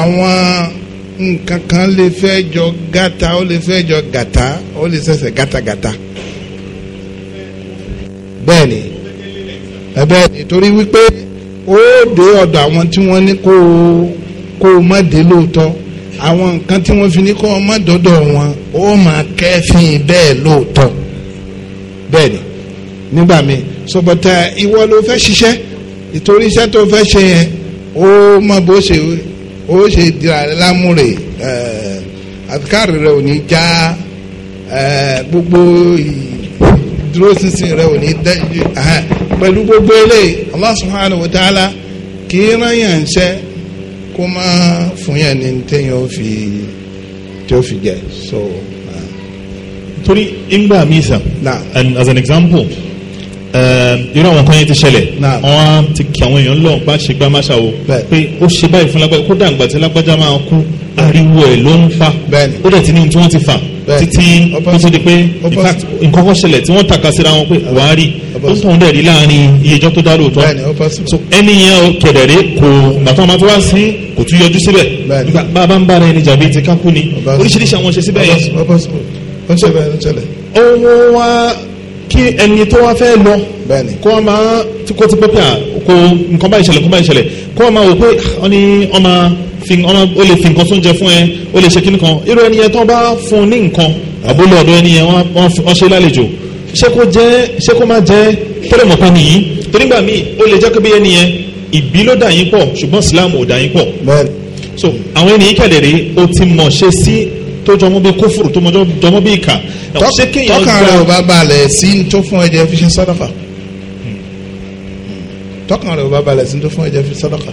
àwọn nǹkan kan lè fẹ́ jọ gàtà ó lè fẹ́ jọ gàtà ó lè ṣẹ̀ṣẹ̀ gàtàgàtà bẹ́ẹ̀ ni bẹ́ẹ̀ ni torí wípé ó dé ọ̀dọ̀ àwọn tí wọ́n ní kó kó má dé lóòótọ́ àwọn nǹkan tí wọ́n fi ní kọ́ ọmọ dọ́dọ̀ wọn ó máa kẹ́fìn bẹ́ẹ̀ lóòótọ́ bẹ́ẹ̀ ni nígbà mi sọ̀bọ̀tà uh, ìwọ ló fẹ́ ṣiṣẹ́ ìtorí iṣẹ́ tó fẹ́ ṣe yẹn ó mọ bó ṣe ó ṣe dira rẹ lámúre eh, àfikàrí rẹ ò ní já eh, gbogbo dúró sísìn rẹ ò ní dẹ́jú eh, pẹ̀lú gbogbo eléyìí Allah subhanahu wa ta'ala kì í rán yàn ṣẹ́ kó má fún yẹn ní fi tí ó fi jẹ so. Uh, torí ìgbà mi sàn. na and as an example uh, irú àwọn kan yẹn ti ṣẹlẹ̀ wọ́n ti kí àwọn èèyàn lọ bá ṣe gbá máṣá o pé ó ṣe báyìí fún lágbájá kó dàgbà tí lágbájá máa kú ariwo ẹ̀ ló ń fa ó dẹ̀ ti ní ohun tí wọ́n ti fà títí tó ti di pé nǹkan kan ṣẹlẹ̀ tí wọ́n tàka síra wọn pé buhari ó ń tàn dẹ̀rí láàrin iye ìjọ tó dá lóòótọ́ so ẹni yẹn kẹ̀dẹ̀rẹ́ kò bàtà máa tó wá sí kò tún yọjú síbẹ̀ nígbà bá a bá ń ẹni jàbí ti kákú ni oríṣiríṣi àwọn ṣe síbẹ̀ yẹn. ó wá kí ẹni tó wá fẹ́ lọ kó wá máa kó ti pẹ́ pẹ́ à kó nǹkan báyìí ṣẹlẹ̀ nǹkan báyìí ṣẹlẹ̀ kó wá máa wò pé ọ ó lè fi nǹkan tó ń jẹ fún ẹ ó lè ṣe kíní kan irú ẹni yẹn tó bá fún un ní nǹkan àbúlé ọ̀dọ̀ ẹni yẹn wọ́n ṣe lálejò ṣé kó jẹ́ ṣé kó má jẹ́ tẹ́lẹ̀ mọ̀pá nìyí torígbà míì ó lè jẹ́ pé bí ẹni yẹn ìbí ló dà yín pọ̀ ṣùgbọ́n Islam ò dà yín pọ̀ so àwọn ẹni yìí kẹ̀lẹ̀ rí o ti mọ̀ ṣe sí tó jọmọ́ bí kófòrò tó jọmọ́ bí ìkà. Hmm. tọ́kàn rẹ̀ ò bá balẹ̀ sí tó fún ẹ̀jẹ̀ fi ṣe sọ́dọ̀fà tọ́kàn rẹ̀ ò bá balẹ̀ sí tó fún ẹ̀jẹ̀ fi ṣe sọ́dọ̀fà.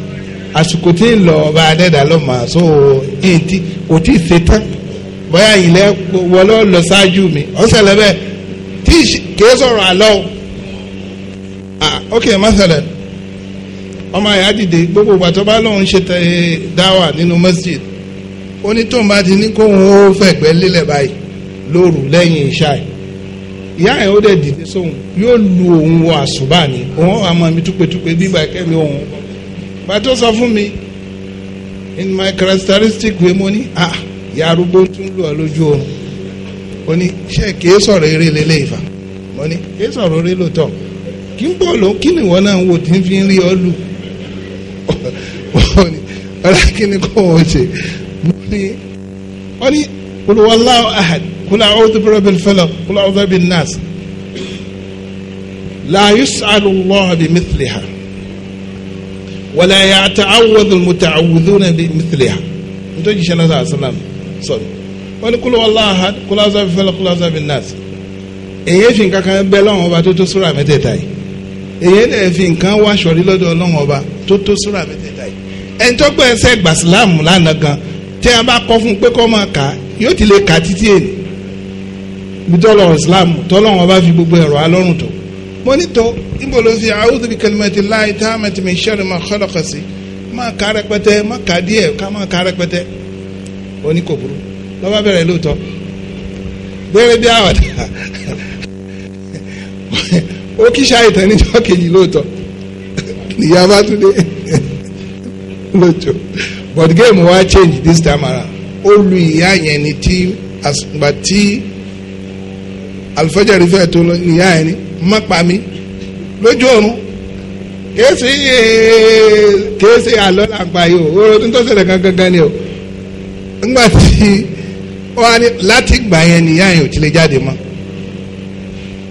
àsìkò tí ń lọ ọba adẹ́dà lọ mà so èntì kò tí ì ṣe tán bóyá ilẹ̀ wọlé lọ ṣáájú mi ọ̀sẹ̀lẹ̀ bẹ́ẹ̀ tí kìí sọ̀rọ̀ àlọ́ o ah ok mọ́sẹ̀lẹ̀ ọmọ àyà dìde gbogbo ìgbà tó bá lóun ṣe tẹ dáwà nínú masjid onítòun bá ti ní kóun ó fẹ̀gbẹ́ lélẹ̀ báyìí lóru lẹ́yìn ìṣáì ìyá ẹ̀ ó dẹ̀ dìde sóhun yóò lu òun wọ àṣùbà ni òun àmọ́ mi túpetúpe bíbá kẹ́mi òun pàtó sọ fún mi in my characteristic way mo ní ah ìyá arúgbó tún lù ọ lójú oorun ó ní ṣe kìí sọ̀rọ̀ eré lélẹ̀ ìfà mo ní kìí sọ̀rọ̀ eré lóòótọ́ kí n bọ̀ ló kí ni ìwọ náà ń wò tí n fi ń rí ọ lù ọ̀rẹ́ kí ni kò wọ́n ṣe mo ní ó ní olùwàláwò ahad kúlà ọ̀dọ́ bẹ̀rẹ̀ bẹ̀rẹ̀ fẹlẹ̀ kúlà ọ̀dọ́ bẹ̀rẹ̀ nas la yus'alu Allah wala yata'awwadhu almuta'awwidhuna bi mithliha nítorí jíṣẹ́ náà sàlá sàlám sọ̀rọ̀ wọ́n ní kúlù wallahu ahad kúlù azabi falaq kúlù azabi nas èyí fi nǹkan kan bẹ́ lọ́wọ́n ọba tó tó sóra mẹ́tẹ̀ẹ̀ta yìí èyí lè fi nǹkan wá sọ̀rí lọ́dọ̀ ọlọ́wọ́n ọba tó tó sóra mẹ́tẹ̀ẹ̀ta yìí ẹni tó gbọ́ ẹsẹ̀ gbà sílámù lánàá gan tẹ́ ẹ bá kọ́ fún pé kọ́ máa kà yóò ti lè kà títí èyí bí tọ́lọ̀ sílámù tọ́lọ́wọ́n ọba fi gbogbo ẹ̀rọ alọ́rùn tó mo ní tó ibo ló fi a'udhu bi kalimati llahi tammati min sharri ma khalaqa sí má ka rẹpẹtẹ má ka díẹ̀ ká má ka rẹpẹtẹ oní kò burú lọ́ba bẹ̀rẹ̀ lóòótọ́ bẹ́ẹ̀rẹ̀ bí àwàdà ó kí ṣàìtàn níjọ́ kejì lóòótọ́ nìyá bá tún dé lóòótọ́ but game wa change this time around ó lu ìyá yẹn ni tí àgbà tí alifájà rí fẹ́ tó lọ ìyá yẹn ni má pa mí lójú oorun kèésì kèésì àlọ́ là ń pa yìí o oorun tó ṣẹlẹ̀ gangan ni o ńgbà tí ó wá ní láti gbà yẹn nìyá yẹn ò ti lè jáde mọ́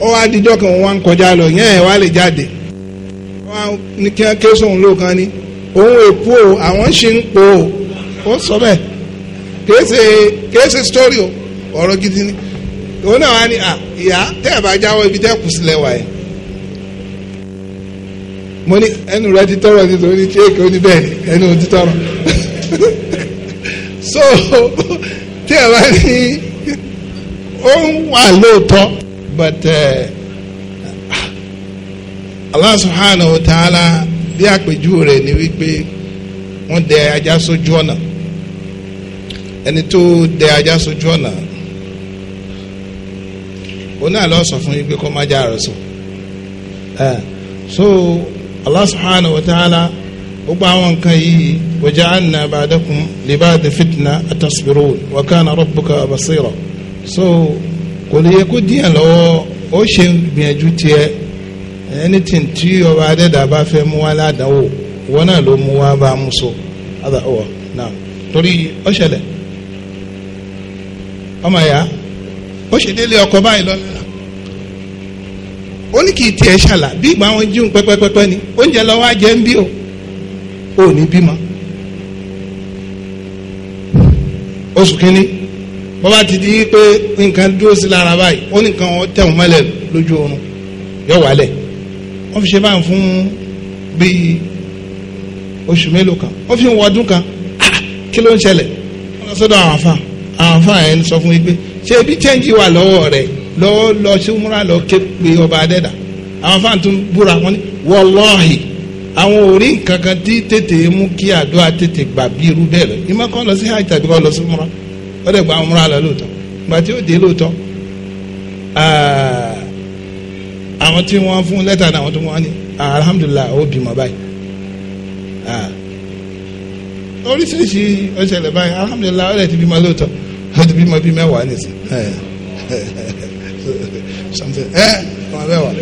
ó wá díjọ́ kan wọ́n wá ń kọjá lọ yẹn ẹ̀ wá lè jáde wọ́n á ní kí wọ́n ké sóun lóòkan ni òun èpo o àwọn ń ṣe ń po o ó sọ bẹ́ẹ̀ kèésì kèésì story o ọ̀rọ̀ gidi ni òun náà wá ní à ìyá tẹ́ ẹ̀ bá jáwọ́ ibi tẹ́ kù sílẹ̀ wà yẹn mo ní ẹnu rẹ ti tọrọ ní lórí kéèké oníbẹ̀ẹ́ ẹnu ti tọrọ so tí ẹ bá ní ó ń wà lóòótọ́ but eh, Allah subhanahu wa ta'ala bí àpèjúwe rẹ̀ ni wípé wọ́n dẹ ajá sójú ọ̀nà ẹni tó dẹ ajá sójú ọ̀nà òun náà lọ sọ fún yín pé kó má já sùn ẹ so Allah subhanahu wa ta'ala gbogbo àwọn nǹkan yìí wa ja'alna ba'dakum li ba'di fitna atasbirun wa kana rabbuka basira so kò lè yẹ kó díẹ̀ lọ́wọ́ ó ṣe gbìyànjú tiẹ̀ anything tí ọba adẹ́dà bá fẹ́ mú wá ládàáwò ìwọ náà ló mú wá bá mú so ọ̀ náà torí ó ọmọ ya ó ṣe délé ọkọ báyìí lọ́nà ó ní kì í tiẹ̀ ṣàlà bí ìgbà wọn jíun pẹ́pẹ́pẹ́pẹ́ ni oúnjẹ lọ́wọ́ á jẹ́ ń bí o ò ní bímọ. oṣù kínní bọ́bá ti di pé nǹkan dúró sí lára báyìí ó ní nǹkan tẹ̀wọ̀n mọ́lẹ̀ lójú oorun yọ wálẹ̀ wọ́n fi ṣe báyìí fún bíi oṣù mélòó kan wọ́n fi ń ọdún kan ah, kí ló ń ṣẹlẹ̀ wọ́n lọ sọ́dọ̀ àwọn afa àwọn afa yẹn sọ fún yín pé ṣé bí chẹ́ǹjì wà lọ́wọ́ rẹ̀ lọ́wọ́ lọ sí múra lọ ké pe ọba adẹ́dà àwọn fáwọn tún búra wọn ni wọlọ́ọ̀hì àwọn ò rí nǹkan kan tí tètè mú kí àdúrà tètè gbà bí irú bẹ́ẹ̀ lọ ìmọ̀ kọ́ lọ sí hajj tàbí kọ́ lọ sí múra ó dẹ̀ gba múra lọ lóòótọ́ ìgbà tí ó dé lóòótọ́ àwọn tí wọ́n fún lẹ́tà náà àwọn tó wọ́n ní alhamdulillah ó bímọ báyìí oríṣiríṣi ó báyìí alhamdulillah ó lè ti bímọ lóòótọ́ tó ti bímọ bíi mẹ́wàá nìsín ẹ ọmọ mẹ́wàá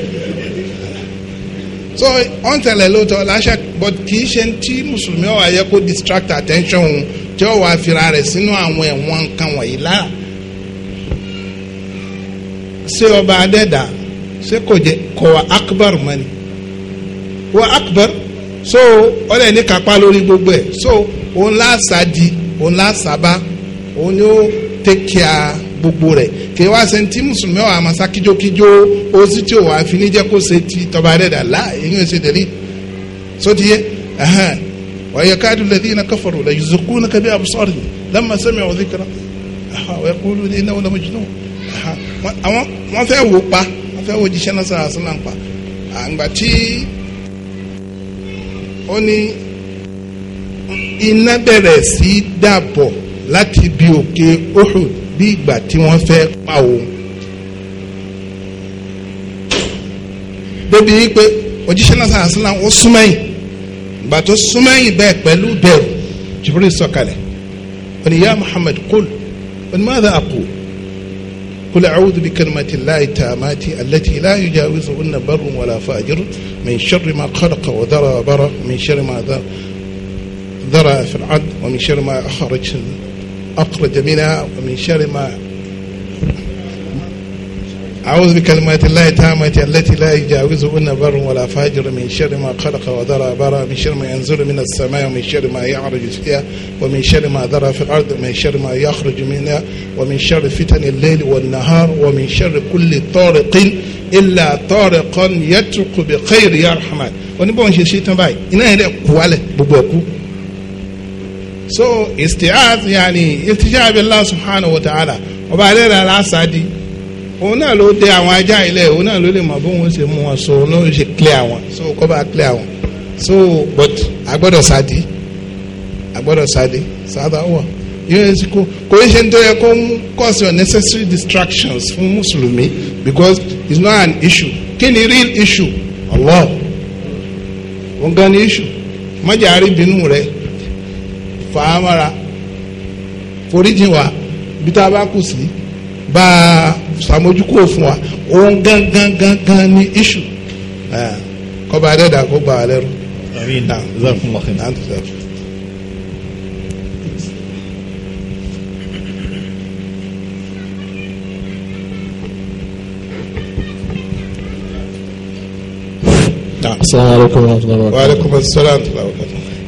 so ọ̀n tẹ̀lẹ̀ lóòótọ́ láṣẹ but kì í ṣe tí mùsùlùmí ọ̀ yẹ kó distract attention òun tí ó wàá fira rẹ̀ sínú àwọn ẹ̀wọ̀n nǹkan wọ̀nyí lára ṣé ọba adẹ́dà ṣé kò jẹ kò wá akbar mani. wá akbar so ọlẹ́ ní kápá lórí gbogbo ẹ̀ so òun láṣà di òun láṣà bá òun ni take care gbogbo rẹ̀ kì í wá ṣe ti mùsùlùmí ọ̀ àmọ́ sá kíjókíjó ó sì tí ò wá fi ní jẹ́ kó ṣe ti tọba rẹ̀ dà láà èyí ń ṣe tẹ̀lé sotiye wàyẹ káàdù lẹ́dí iná káfọ̀rọ̀ lẹ́yìn zokú ní kabi abusọ́rì lẹ́mọ̀ sẹ́mi ọ̀dí kan wàyẹ kúlù ní iná wọlé mọ̀jìnnú àwọn wọn fẹ́ wò pa wọn fẹ́ wò jíṣẹ́ náà sọ̀rọ̀ àṣọ náà pa àgbà tí ó ní iná bẹ̀rẹ̀ sí dàbọ̀ láti bí òkè Uhud bí ìgbà tí wọ́n fẹ́ pa òun. débi wípé òjíṣẹ́ náà sàn sílá ó súnmẹ́yìn ìgbà tó súnmẹ́yìn bẹ́ẹ̀ pẹ̀lú bẹ́ẹ̀ Jibril sọ̀kalẹ̀ oníyá Muhammad kúl onímọ̀ọ́dà àpò قل أعوذ بكلمات الله التامات التي لا يجاوزهن بر ولا فاجر من شر ما خلق وذرى برا من شر ما ذرى في العد ومن شر ما أخرج أخرج منها ومن شر ما أعوذ بكلمات الله التامة التي لا يجاوزهن بر ولا فاجر من شر ما خلق وذرى برا من شر ما ينزل من السماء ومن شر ما يعرج فيها ومن شر ما ذرى في الأرض ومن شر ما يخرج منها ومن شر فتن الليل والنهار ومن شر كل طارق إلا طارقا يترك بخير يا رحمن ونبغى نشيل شيء تنبعي إنها هي قوالة ببوكو so istiaz yani iltija billah subhanahu wa ta'ala ọba àlera lásàdì òun náà ló dé àwọn ajá ilẹ̀ òun náà ló lè mọ bó wọn ṣe mú wọn so òun náà ṣe clear wọn so kọ́ clear wọn so but agbọ́dọ̀ sadi agbọ́dọ̀ sadi sada wà yóò ṣe kó kò ń ṣe ń tó yẹ kó mú cause your necessary distractions fún mùsùlùmí because it's not an issue kí ni real issue Allah òun gan ni issue mọ́jà àríbínú rẹ̀ fà á mọ́ra foríjìn wa bí tá a bá kù sí bá a sàmójúkò fún wa òun gangan gangan ni iṣu kọba adẹ́dà kó gbà á lẹ́rù. Assalamu alaikum wa rahmatullahi wa barakatuh. Wa alaikum assalam wa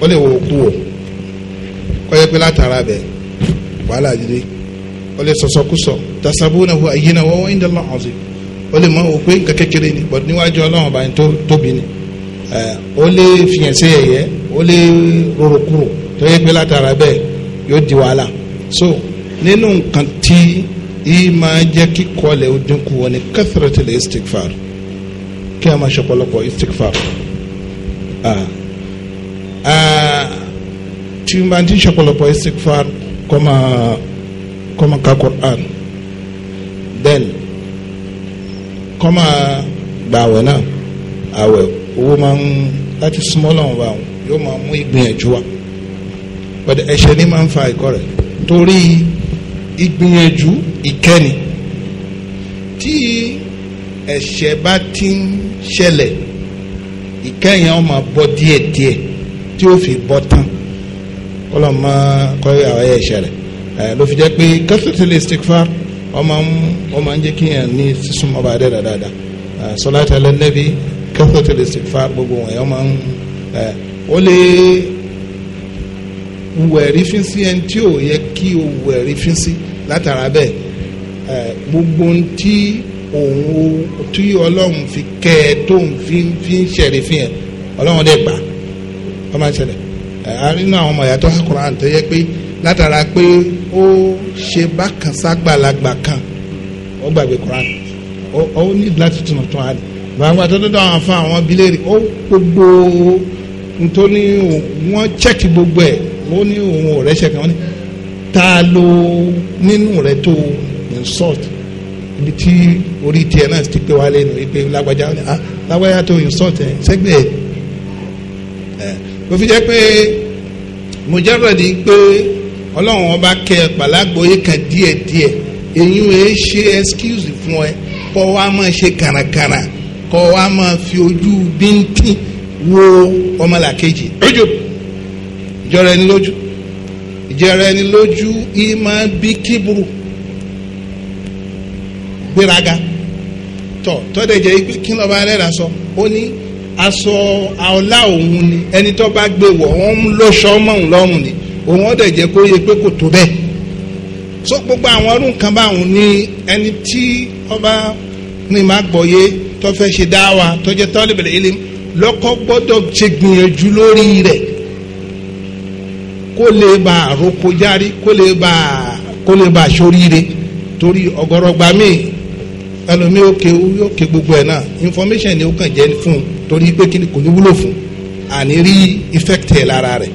ó lè wo òkú wò kọ́yẹ́ pé látara bẹ̀ wàhálà dídé ó lè sọ̀sọ̀kúsọ tasabunahu ayyina wa huwa inda Allahi azim ó lè mọ òkú nǹkan kékeré ni bọ̀dé níwájú ọlọ́run ọba tóbi ni ó lè fìyàn sí ẹ̀yẹ ó lè rorokuro tó yẹ pé látara bẹ́ẹ̀ yóò di wàhálà so nínú nǹkan tí yìí máa jẹ́ kíkọ́lẹ̀ ó dínkù wọn ni kathratul istikfar kí a máa ṣe ọ̀pọ̀lọpọ̀ istikfar. Ah tí n bá ti ń ṣọ̀pọ̀lọpọ̀ istikfar kó máa kó máa ka Quran then kó máa gbààwẹ̀ náà àwẹ̀ owó máa ń láti súnmọ́ lọ́wọ́ àwọn yóò máa mú ìgbìyànjú wa pẹ̀lú ẹ̀ṣẹ̀ ní máa ń fa ìkọ́ rẹ̀ torí ìgbìyànjú ìkẹ́ni tí ẹ̀ṣẹ̀ bá ti ń ṣẹlẹ̀ ìkẹ́yìn ọmọ bọ́ díẹ̀díẹ̀ tí ó fi bọ́ tán kọ́lọ́n má kọ́ àwọn ẹ̀ṣẹ̀ rẹ̀ ló fi jẹ́ pé kẹ́tẹ́tẹ́lẹ̀ istikfar ọmọ ọmọ ń jẹ́ kí yẹn ní sísun ọba adé rẹ̀ dáadáa sọláta lẹ́lẹ́bí kẹ́tẹ́tẹ́lẹ̀ istikfar gbogbo wọn yẹn ọmọ ń ó lè wẹ̀rí fín sí ẹni tí ò yẹ kí o wẹ̀rí fín sí látara bẹ́ẹ̀ gbogbo ohun tí òun tí ọlọ́run fi kẹ́ ẹ tó ń fi ń ṣẹ̀rí fi hàn ọlọ́run dẹ̀ gbà ọmọ ìṣẹ̀lẹ̀ a àwọn ọmọ ìyá tó há Quran tó yẹ pé látara pé ó ṣe bákan ságbàlagbà kan ó gbàgbé Quran ó ní láti tún tún àlè gbàgbà tó tó dáhùn fún àwọn bíléèrè ó gbogbo nítorí wọ́n chẹ́kì gbogbo ẹ̀ ó ní òun ò rẹ́ṣẹ̀ kan wọ́n ní ta nínú tó insult ibi tí orí tiẹ̀ náà ti pé wálé nù ah, tó insult ẹ̀ sẹ́gbẹ̀ẹ́. tó fi jẹ́ pé mo jẹ́rọ̀ ní pé ọlọ́run ọba kẹ pàlágbóyè kan díẹ̀díẹ̀ èyí ò ṣe excuse fún ẹ kọ́ wa máa ṣe kàràkàrà kọ́ wa máa fi ojú bíntín wo ọmọlàkejì ojú jọrọ ẹni lójú jọrọ ẹni lójú ìmọ̀ bí kíburú gbéraga tọ́ tọ́dẹ̀ jẹ́ pé kí lọ́ba rẹ̀ rà sọ ó ní aṣọ ọlá òun ni ẹni tó bá gbé wọ̀ wọ́n ń lọ́ṣọ́ mọ́ òun lọ́rùn ni òun ọ̀dẹ̀ jẹ́ kó yẹ pé kò tó bẹ́ẹ̀ so gbogbo àwọn ọdún kan báwọn ni ẹni tí ọba ní ma gbọ́yé tó fẹ́ ṣe dá wa tó jẹ́ tọ́lẹ̀bẹ̀rẹ̀ ilé lọ́kọ́ gbọ́dọ̀ ṣe gbìyànjú lórí rẹ̀ kó lè bá àròkọ járí kó lè bá kó lè bá aṣoríire torí ọ̀gọ̀rọ̀gba míì ẹlòmíì ó ké ó ké gbogbo ẹ̀ náà information ni ó kàn jẹ́ fún un torí pé kí ni kò ní wúlò fún àní rí effect ẹ̀ lára rẹ̀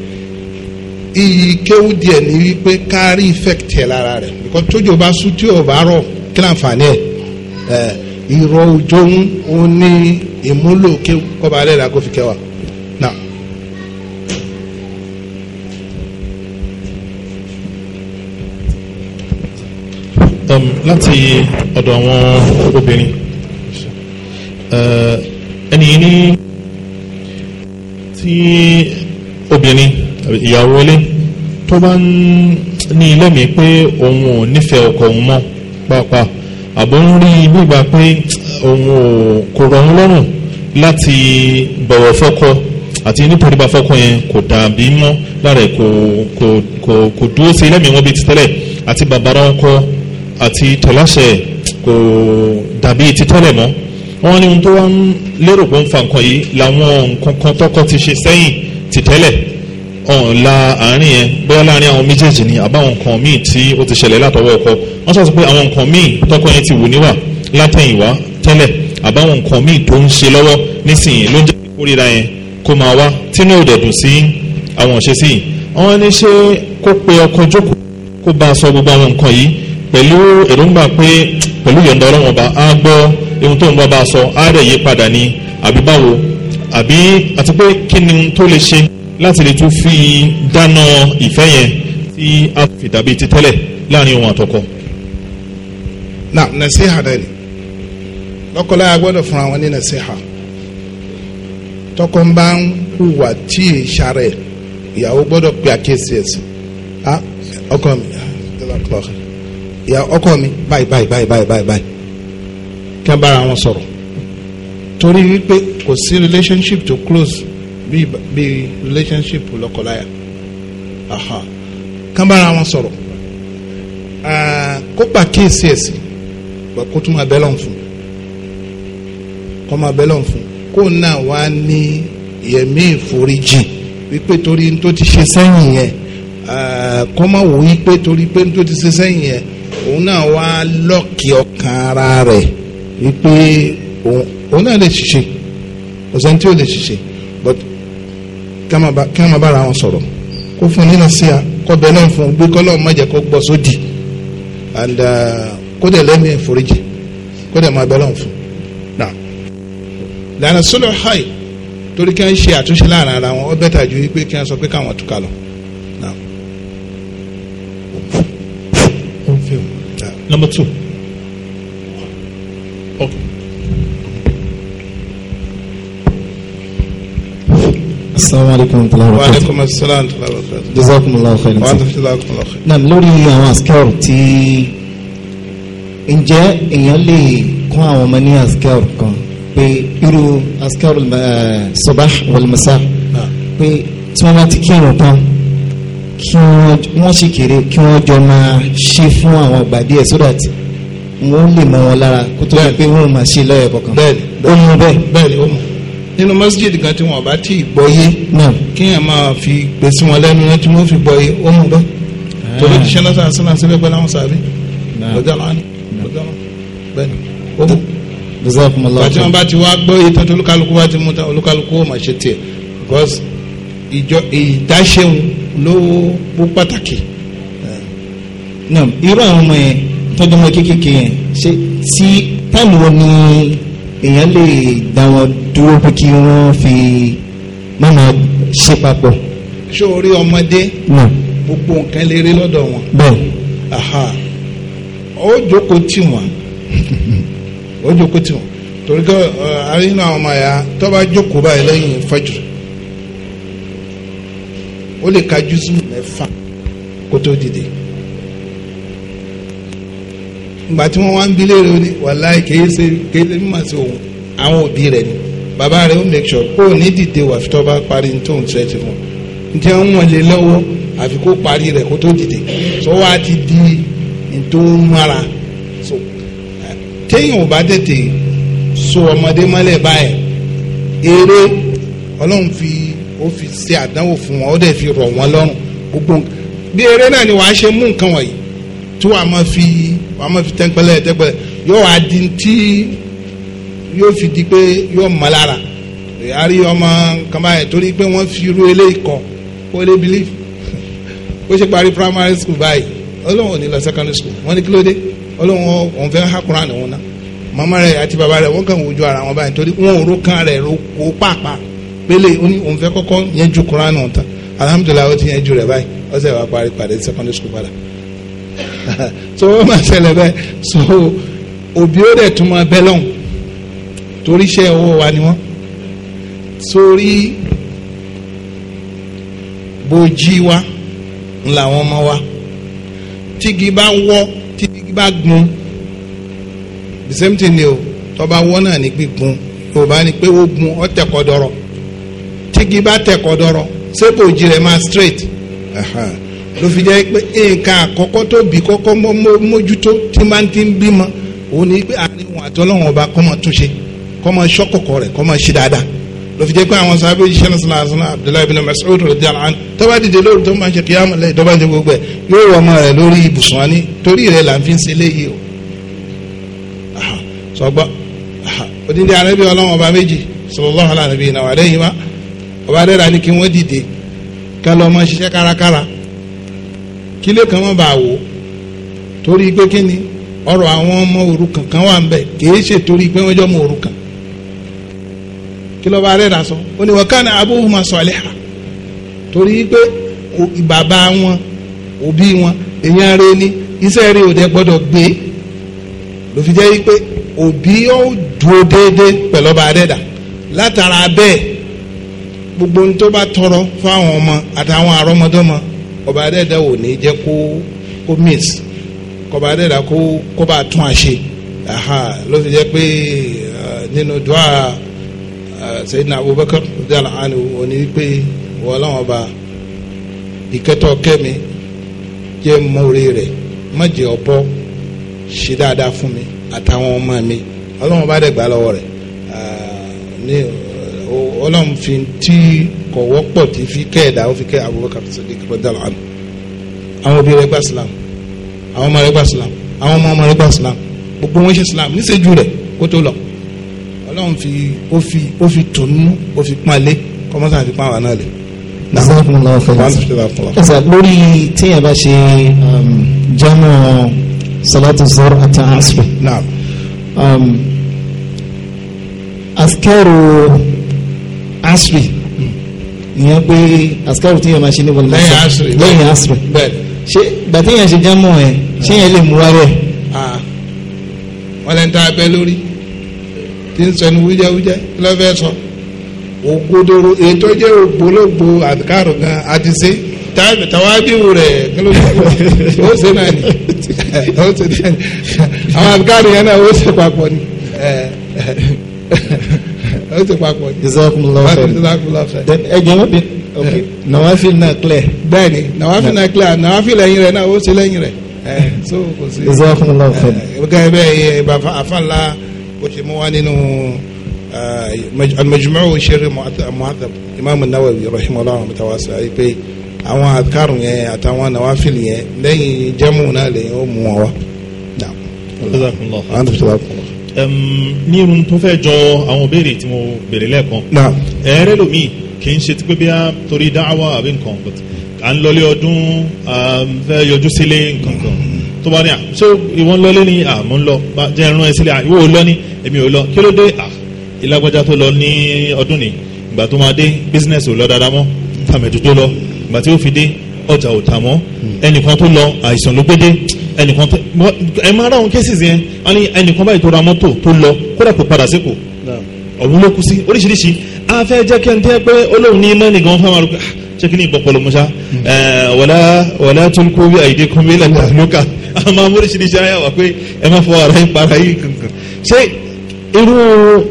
iyì kéwù díẹ̀ ní wípé ká rí effect ẹ̀ lára rẹ̀ because tójò bá sú tí ò bá rọ̀ kí láǹfààní ẹ̀ ìrọ̀ òjò ń ní ìmúlò kéwù kọ́ba alẹ́ la fi kẹwàá. um, láti ọ̀dọ̀ àwọn obìnrin ẹni ní tí obìnrin ìyàwó ilé tó bá ń ní ilé mi pé òun ò nífẹ̀ẹ́ ọkọ òun mọ́ pàápàá àbò ń rí gbígbà pé òun ò kò rọrùn lọ́rùn láti bọ̀wọ̀ fọ́kọ àti nítorí bá fọ́kọ yẹn kò dàbí mọ́ lára kò kò kò kò dúró sí lẹ́mìí wọn bíi ti tẹ́lẹ̀ àti bàbára ọkọ àti tọ́láṣẹ kò dàbí ti mọ́ wọ́n ní ohun tó wá ń lérò pé ń fa nǹkan yìí làwọn nǹkan kan tọ́kọ ti ṣe sẹ́yìn ti tẹ́lẹ̀ ọ̀hún la àárín yẹn bóyá láàárín àwọn méjèèjì ni àbáwọn nǹkan míì tí ó ti ṣẹlẹ̀ látọwọ́ ọkọ wọ́n sọ pé àwọn nǹkan míì tọ́kọ yẹn ti wù níwà látẹ̀yìnwá tẹ́lẹ̀ àbáwọn nǹkan míì tó ń ṣe lọ́wọ́ nísìnyí ló ń jẹ́ ìkórira yẹn kó máa wá tínú ò dẹ̀dùn sí àwọn òṣèṣì yìí wọ́n ní ṣé kó pe ọkọ jókòó kó bá a sọ gbogbo àwọn nǹkan yìí pẹ̀lú èròǹgbà pé pẹ̀lú yọ̀ǹda ọlọ́wọ́n ọba á gbọ́ ohun tó ń bá bá a sọ á rẹ̀ yí padà ní àbí báwo àbí àti pé kí ni ohun tó lè ṣe láti lè tún fi dáná ìfẹ́ yẹn tí a fi dàbí ti tẹ́lẹ̀ láàrin òun àtọkọ. na nasiha dẹ ni lọ́kọláya gbọ́dọ̀ fúnra wọn ní nasiha tọkọ ń bá ń hùwà tí ì ṣàrẹ ìyàwó gbọ́dọ̀ pe àkíyèsí ẹsìn ah, ọkọ mi ah, ọkọ mi báyìí báyìí báyìí báyìí kí wọ́n bára wọn sọ̀rọ̀ torí wípé kò sí relationship to close bíi bíi relationship lọ́kọláya aha kí wọ́n bára wọn sọ̀rọ̀ kó pàkíyèsí ẹ̀ sí kó tún máa bẹ́lọ̀ fún kó máa bẹ́lọ̀ fún kó náà wá ní yẹ̀mí ìforíjì wípé torí tó ti ṣe sẹ́yìn yẹn kó má wò wípé torí pé tó ti ṣe sẹ́yìn yẹn òun náà wá lọ́ọ̀kì ọkàn ara rẹ̀ wípé òun náà lè ṣiṣẹ́ ọ̀sán tí ó lè ṣiṣẹ́ but kí wọ́n máa bára wọn sọ̀rọ̀ kó fún nínú sí a kọ́ bẹ́ẹ̀ náà fún gbé kọ́ lọ́wọ́ kó gbọ́ sódì and uh, kó dẹ̀ lẹ́mí ìforíjì kó dẹ̀ máa bẹ́ẹ̀ lọ́wọ́ fún un. lànà sọlọ hàì torí kí wọ́n ṣe àtúnṣe láàrin ara wọn ó bẹ́tà ju wípé kí wọ́n sọ pé káwọn túká lọ. Number two. Assalamu alaikum tala wa rahmatullahi. Wa alaikum assalam tala wa rahmatullahi. Jazakumullahu khairan. Wa jazakumullahu khairan. Naam lórí àwọn askẹ́rù tí ǹjẹ́ èèyàn lè kún àwọn ọmọ ní askẹ́rù kan pé irú askẹ́rù eh, sabah wal masa pé tí wọ́n bá ti kírun tán kí wọ́n ṣì kéré kí wọ́n jọ máa ṣe fún àwọn àgbà díẹ̀ so that wọ́n lè mọ wọn lára kó tó di pé wọ́n máa ṣe lọ́yẹ̀ kọ̀ọ̀kan. Bẹ́ẹ̀ni ó mú bẹ́ẹ̀. Bẹ́ẹ̀ni ó mú nínú masjid kan tí wọn bá tí ì gbọ́yé náà kí èèyàn máa fi gbèsè wọn lẹ́nu náà tí wọ́n fi gbọ́yé ó mú bẹ́ẹ̀ ah. torí ti sẹ́nà sáà sínú àṣírí ẹgbẹ́ láwọn sáré lọ́jọ́ lánàá lọ́jọ́ lánàá bẹ́ẹ̀ ó mú. bàtí wọn bá ti wá gbọ́yé tó olúkálukú bá ti mú ta olúkálukú ó mà ṣe tiẹ̀ because ìjọ ìdáṣẹ́hun ló bú pàtàkì. irú àwọn ọmọ yẹn tọ́jú ọmọ kéékèèké yẹn ṣe tí táìmù wo ni èèyàn lè dá wọn dúró pé kí wọ́n fi mọ́nà ṣe papọ̀. ṣé o rí ọmọdé. nà gbogbo nǹkan lè rí lọ́dọ̀ wọn. bẹ́ẹ̀. aha ó jókòó tì wọ́n ó jókòó tì wọ́n torí kọ́ àrínà ọmọ ya tó bá jókòó báyìí lẹ́yìn fajr ó lè ka jùsù mẹ́fà kó tó dìde ìgbà tí wọ́n wá ń bilé rẹ̀ ó ní wàláì kèé ṣe kèé ṣe mímọ̀ sí òun àwọn òbí rẹ̀ ni bàbá rẹ̀ ó make sure kó o ní dìde wà fitọ́ bá parí tó ń tẹ́ ti fún un tí wọ́n mọ̀ lé lọ́wọ́ àfi kó parí rẹ̀ kó tó dìde sọ wá ti di tó mara so téèyàn ò bá tètè so ọmọdé mọ́lẹ̀ báyìí eré ọlọ́run fi ó fi ṣe àdánwò fún wọn ó dẹ̀ fi rọ̀ wọ́n lọ́rùn gbogbo bí eré náà ni wàá ṣe mú nǹkan wọ̀nyí tí wàá máa fi wàá máa fi tẹ́ńpẹ́lẹ́ tẹ́ńpẹ́lẹ́ yóò wá di ti yóò fi di pé yóò mọ lára àrí ọmọ kan báyìí torí pé wọ́n fi irú eléyìí kọ ó lé belief ó ṣe parí primary school báyìí ọlọ́run ò ní lọ secondary school wọ́n ní kí ló dé ọlọ́run òun fẹ́ hákùnrán ni wọ́n ná màmá rẹ̀ àti bàbá rẹ̀ wọ́n kàn wojú ara wọn báyìí torí wọn ò ro kan rẹ̀ ro kó pàápàá pélé òun fẹ́ kọ́kọ́ yẹnjú kùnrán náà tán alhamdulilayi ó ti yẹnjú rẹ̀ báyìí ọ̀sẹ̀ wa parí padà secondary school padà so wọ́n máa ṣẹlẹ̀ bẹ́ẹ̀ so òbí ó dẹ̀ tún máa bẹ́ lọ́hùn torí iṣẹ́ owó wa ni wọ́n sórí bójí wa ńlá wọn wa tígi bá wọ́ tígi bá gun the same thing ni o tó bá wọ́ náà ní gbígun yorùbá ni pé ó gun ó tẹ̀kọ́ tígi bá tẹ̀kọ́ ṣé bòjì rẹ̀ máa straight ló fi jẹ́ pé nǹkan àkọ́kọ́ tó bí kọ́kọ́ mójútó tí máa ń ti ń bímọ òun ni pé àárín àtọ́lọ́wọ̀n ọba kọ́mọ túnṣe kọ́ máa ṣọ́ kọ̀kọ́ rẹ̀ kọ́ máa ṣe dáadáa ló fi jẹ́ pé àwọn sábẹ́ òjíṣẹ́ náà sọ̀rọ̀ àṣọ náà Abdullahi bin Mas'ud radiyallahu anhu tó bá dìde lóru tó máa ṣe kíyàmù lẹ́yìn tó bá gbogbo ẹ̀ yóò wọ ọmọ rẹ̀ lórí ibùsùn wa ní torí rẹ̀ là ń fi ń ṣe léyìí o sọgbọ́n odindi anabi ọlọ́wọ́n ọba méjì sallallahu ala nabiyina wa alayhi ma ọba adẹ́rẹ́ àni kí wọ́n dìde kálọ̀ ọmọ ṣiṣẹ́ kárakára kílé kan wọ́n bá wò torí pé kíni ọ̀rọ̀ àwọn ọmọ òrukàn kan wà kí ló bá rẹ́ra sọ ó ní wa kana abuhuma saliha torí pé bàbá wọn òbí wọn èèyàn rẹ ni iṣẹ́ rẹ ò dẹ gbọ́dọ̀ gbé ló fi jẹ́ pé òbí ó dúró déédéé pẹ̀lú ọba rẹ́dà látara bẹ́ẹ̀ gbogbo ohun tó bá tọrọ fáwọn ọmọ àtàwọn àrọ́mọdọ́mọ ọba rẹ́dà ò ní jẹ́ kó kó miss kọba rẹ́dà kó kó bá tún àṣe ló fi jẹ́ pé ah, nínú dùá. Sayyidina Abubakar radiyallahu anhu òní wípé wọ́n láwọn bá ìkẹ́tọ̀ kẹ́mi jẹ́ mórí rẹ̀ má jẹ́ ọ̀bọ ṣe dáadáa fún mi àtàwọn ọmọ mi ọlọ́run bá dẹ̀ gbà lọ́wọ́ rẹ̀ ah, ní ọlọ́run fi tí kò wọ́pọ̀ tí fi kẹ́ ó fi kẹ́ Abubakar Siddiq radiyallahu anhu àwọn òbí rẹ̀ gba Islam àwọn ọmọ rẹ̀ gba Islam àwọn ọmọ ọmọ rẹ̀ gba Islam gbogbo wọn ṣe Islam níṣẹ́jú rẹ̀ kó tó lọ ọlọ́run fi ó fi ó fi tònú ó fi pọ́n alẹ́ kọ́mọ́sá àti pọ́n àwọn náà lẹ̀. ẹsẹ̀ lórí téèyàn bá ṣe um, jámọ̀ salatu zoro àti asiri. askẹ́rù um, asiri ìyẹn pé askẹ́rù téèyàn máa ṣe ní wọlé lẹ́yìn asiri ṣé gbàtẹ́yàn ṣe jámọ̀ ẹ̀ ṣé yẹn lè mú wá rẹ̀. wọ́n lẹ́ńtà abẹ́ lórí tí ń sọnu wíjẹwíjẹ lọ́fẹ́ sọ ògbódoro ètò jẹ́ ògbólógbò àdìkárò gan àti ṣe táìmì tàwájú rẹ̀ kílò ó ṣe náà ni ó ṣe náà ni àwọn àdìkárò yẹn náà ó ṣe papọ̀ ni ó ṣe papọ̀ ni. ẹ̀jẹ̀ wọ́n bí nawafil náà clear. bẹ́ẹ̀ni nawafil náà clear nawafil lẹ́yìn rẹ̀ náà ó ṣe lẹ́yìn rẹ̀ so kò sí. ìzọ́ fún un lọ́wọ́ fẹ́. gẹ́gẹ́ bẹ́ẹ̀ àfa ńlá bó ṣe mú wá nínú alimajumau ṣeré muhatab imaamu nawawi rahimahullah mutawasa pé àwọn akáàrùn yẹn àtàwọn nawafili yẹn lẹ́yìn jẹ́mu náà lẹ́yìn ó mú wọn wá. ní irun tó fẹ́ jọ àwọn béèrè tí mo béèrè lẹ́ẹ̀kan ẹ̀ẹ́rẹ́ lomi kì í ṣe ti pé bí a torí dáhàwá àbí nǹkan à ń lọlé ọdún fẹ́ yọjú sílé nǹkan kan tó bá ní à so ìwọ ń lọlé ní àmọ́ ń lọ jẹ́ ẹran ẹ sílé ìwọ ò lọ ní èmi ò lọ kí ló dé à ah, ìlágbájá tó lọ ní ọdún ni ìgbà tó máa dé business ò lọ dáadáa mọ́ tàmẹ̀tò tó lọ ìgbà tí ó fi dé ọjà ò tà mọ́ hmm. ẹnìkan tó lọ àìsàn ló gbé dé ẹnìkan tó ẹ máa ra àwọn cases yẹn wọ́n ní ẹnìkan báyìí tó ra mọ́tò tó lọ kódà kò padà sípò ọ̀hún ló kú sí oríṣiríṣi a fẹ́ jẹ́ kí ẹni tẹ́ pé olóhùn ní mẹ́ni gan fẹ́ máa rú ah, ṣé kí wọlé wọlé tó ń bí àyídé kan bí lẹ́nu àlùkà a oríṣiríṣi ayé wà pé ẹ má fọ ara yín para yín kankan ṣé irú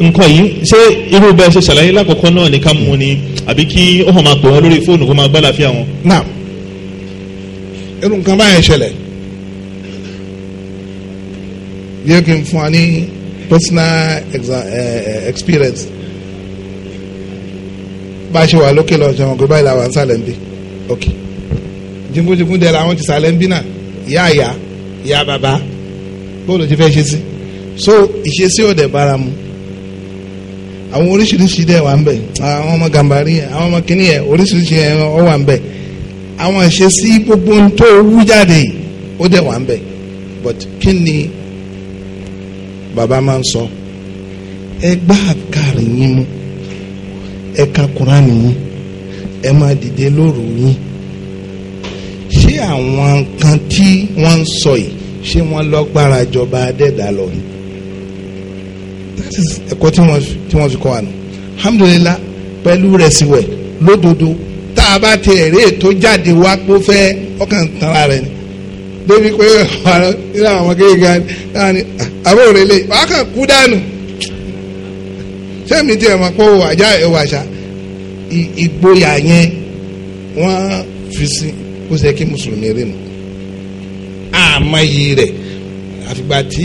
nǹkan yìí ṣé irú bẹ́ẹ̀ ṣe ṣàlàyé lákọ̀ọ́kọ́ náà ní ká mú ni àbí kí ó hàn máa pè wọ́n lórí fóònù kó máa gbá láfíà wọn. náà irú nǹkan báyẹn ṣẹlẹ̀ bí ó kì fún wa ní personal eh, eh, experience bá a ṣe wà lókè lọ́jọ́ wọn kò báyìí làwọn ń sàlẹ̀ ń bí ok jíngbójíngbó dẹ̀ làwọn ti sàlẹ̀ ń bí náà ìyá ìyá ìyá bàbá bóòlù ti fẹ́ ṣe sí so ìṣesí ò dẹ̀ bára mu àwọn oríṣiríṣi dẹ̀ wà ń bẹ̀ àwọn ọmọ gàmbarí àwọn ọmọ kìnìún yẹn oríṣiríṣi yẹn ọ wà ń bẹ̀ àwọn ìṣesí gbogbo ń tó wú jáde ó dẹ̀ wà ń bẹ̀ but kí ni bàbá máa ń sọ ẹ gbá àkàrí yín mú ẹ ka kúránì yín ẹ máa dìde lóru yín ṣé àwọn nǹkan tí wọ́n ń sọ yìí ṣé wọ́n lọ́gbára jọba adẹ́dàá lọ ni ẹ̀kọ́ tí wọ́n tí wọ́n fi kọ́ wa nù alhamdulilah pẹ̀lú rẹ̀ sí wẹ̀ lódodo tá a bá ti ẹ̀rí ètò jáde wá pé ó fẹ́ ọkàn tanra rẹ̀ ni débi pé ọ̀rọ̀ nínú àwọn kéèké náà ni ah, àbúrò rẹ̀ lè wàá kàn kú dànù sẹ́mi tí ẹ̀ máa pọ̀ wò àjá ẹ̀ wà ṣá ìgboyà yẹn wọ́n fi sí ó ṣe mùsùlùmí rẹ̀ nù àmọ́ iyì rẹ̀ àfìgbà tí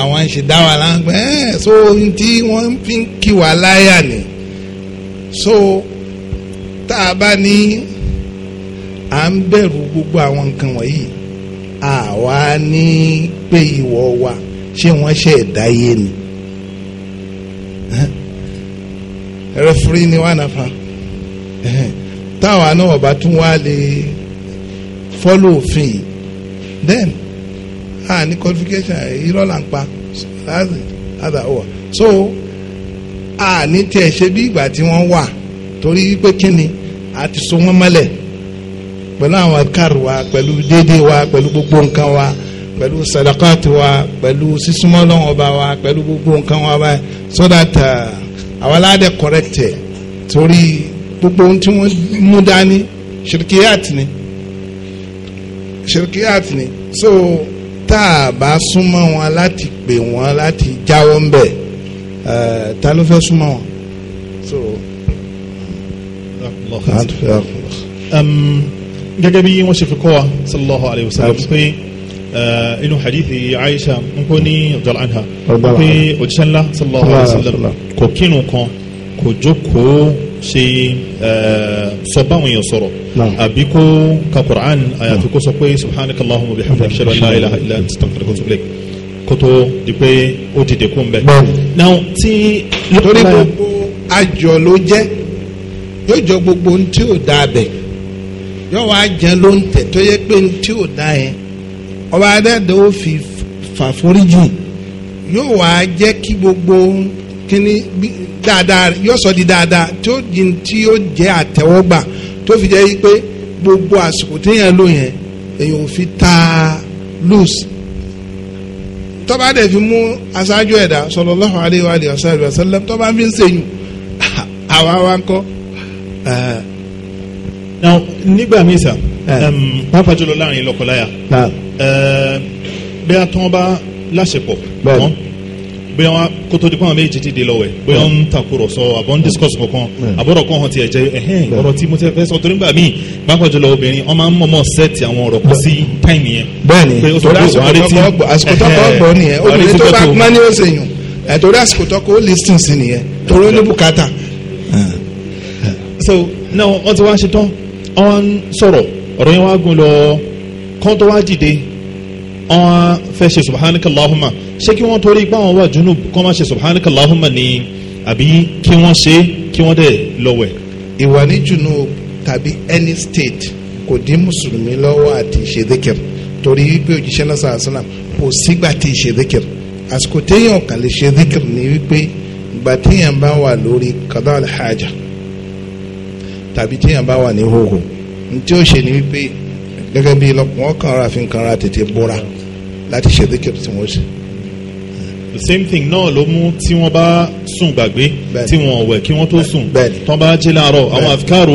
àwọn ń ṣe dá wa láǹgbẹ́ ẹ̀ so ohun tí wọ́n fi ń kí wa láyà ni so tá a bá ní à ń bẹ̀rù gbogbo àwọn nǹkan wọ̀nyí àwa ní pé ìwọ wa ṣé wọ́n ṣe ẹ̀dá yé ni rẹfúrí ni wà náfa táwa náà ọba tún wá lè fọ́lọ́ òfin then Ah, ní qualification irọ́ là ń pa láti àwọ̀ so a ní tiẹ̀ ṣe bí ìgbà tí wọ́n wà torí pé kí ni a ti so wọ́n mọ́lẹ̀ pẹ̀lú àwọn akar wa pẹ̀lú déédé wa pẹ̀lú gbogbo nǹkan wa pẹ̀lú sadakati wa pẹ̀lú sísúnmọ́ Ọlọ́hun Ọba wa pẹ̀lú gbogbo nǹkan wa báyìí so that uh, àwọn aládẹ correct ẹ̀ torí gbogbo ohun tí wọ́n mú dání ṣirikiyat ni ṣirikiyat ni so tá a bá súnmọ́ wọn láti pè wọ́n láti jáwọ́ ń bẹ̀ eh, ta ló fẹ́ súnmọ́ wọn. so um, gẹ́gẹ́ bí wọ́n ṣe fi kọ́ wa sallallahu alayhi wa sallam pé eh, inú hadithi Aisha n kò ní ọjọ́ anha pé òjíṣẹ́ ńlá sallallahu alayhi wa sallam kò kínú kan kò jókòó ṣe sọ báwọn èèyàn sọ̀rọ̀ àbí kó ka quran àyàfi kó sọ pé subhanakallahu wa bihamdika ṣẹlẹ la ilaha illa anta astaghfiruka wa atubu ilayk kótó di pé ó dìde kó n bẹ. now ti. torí gbogbo àjọ ló jẹ́ yóò jọ gbogbo ohun tí ò dáa bẹ̀ yóò wá jẹ́ ló ń tẹ̀ tó yẹ pé ohun tí ò dáa yẹn ọba adẹ́dẹ́ ó fi fàforíjì yóò wá jẹ́ kí gbogbo kíní dáadáa yóò sọ di dáadáa tí ó di tí ó jẹ́ àtẹ́wọ́gbà tó fi jẹ́ pé gbogbo àsìkò téèyàn lò yẹn èyàn ò fi ta loose tọ́ba dẹ̀ fi mú aṣáájú ẹ̀dá sallallahu alaihi wa alihi wa sallam tọ́ba fi ń sèyún àwa wa ń kọ́. Eh. now nígbà míì sà eh. pàápàá jùlọ láàrin lọ́kọláya ah. eh, bí a tán bá láṣepọ̀ bóyá wọn kótó di pọ́n méjì ti di lọ́wọ́ ẹ̀ ń takùrọ̀sọ àbọ̀ ń discuss kankan hmm. àbọ̀rọ̀ kan hàn tiẹ̀ jẹ́ ẹ̀hẹ́n hmm. ọ̀rọ̀ tí mo ti fẹ́ sọ torí gbà mí bákan jùlọ obìnrin ọmọ ń mọ̀mọ́ sẹ́ẹ̀tì àwọn ọ̀rọ̀ kù hmm. sí táìmì yẹn. bẹ́ẹ̀ni torí àsìkò tó kọ́ gbọ́ nìyẹn obìnrin tó bá pọ́n ní ọ̀sẹ̀ yùn torí àsìkò tó kọ́ listing sí nìyẹn torí ó ní bùkátà. so náà wọ́n ti wá ṣe tán wọ́n sọ̀rọ̀ ọ̀rọ̀ yẹn wá gùn lọ kán wá dìde wọ́n fẹ́ ṣe subhanakallahumma ṣé kí wọ́n torí pé àwọn wà junub kọ́ máa ṣe subhanakallahumma ni àbí kí wọ́n ṣe kí wọ́n dẹ̀ lọ́wẹ̀. ìwà ní junub tàbí any state kò dín mùsùlùmí lọ́wọ́ àti ìṣèdíkìr torí wípé òjíṣẹ́ náà sàásánà kò sígbà tí ìṣèdíkìr àsìkò téèyàn kàn lè ṣe díkìr ni wípé ìgbà téèyàn bá wà lórí qada al-haja tàbí téèyàn bá wà ní hóhó ní tí ó ṣe ni wípé gẹ́gẹ́ bí lọ́kùnrin ọkàn ra fi kan ra tètè bóra láti ṣe díkìrì tí wọ́n ṣe. the same thing náà ló mú tí wọ́n bá sùn gbàgbé tí wọ́n wẹ̀ kí wọ́n tó sùn tán bá jí láàárọ̀ àwọn àfikàrò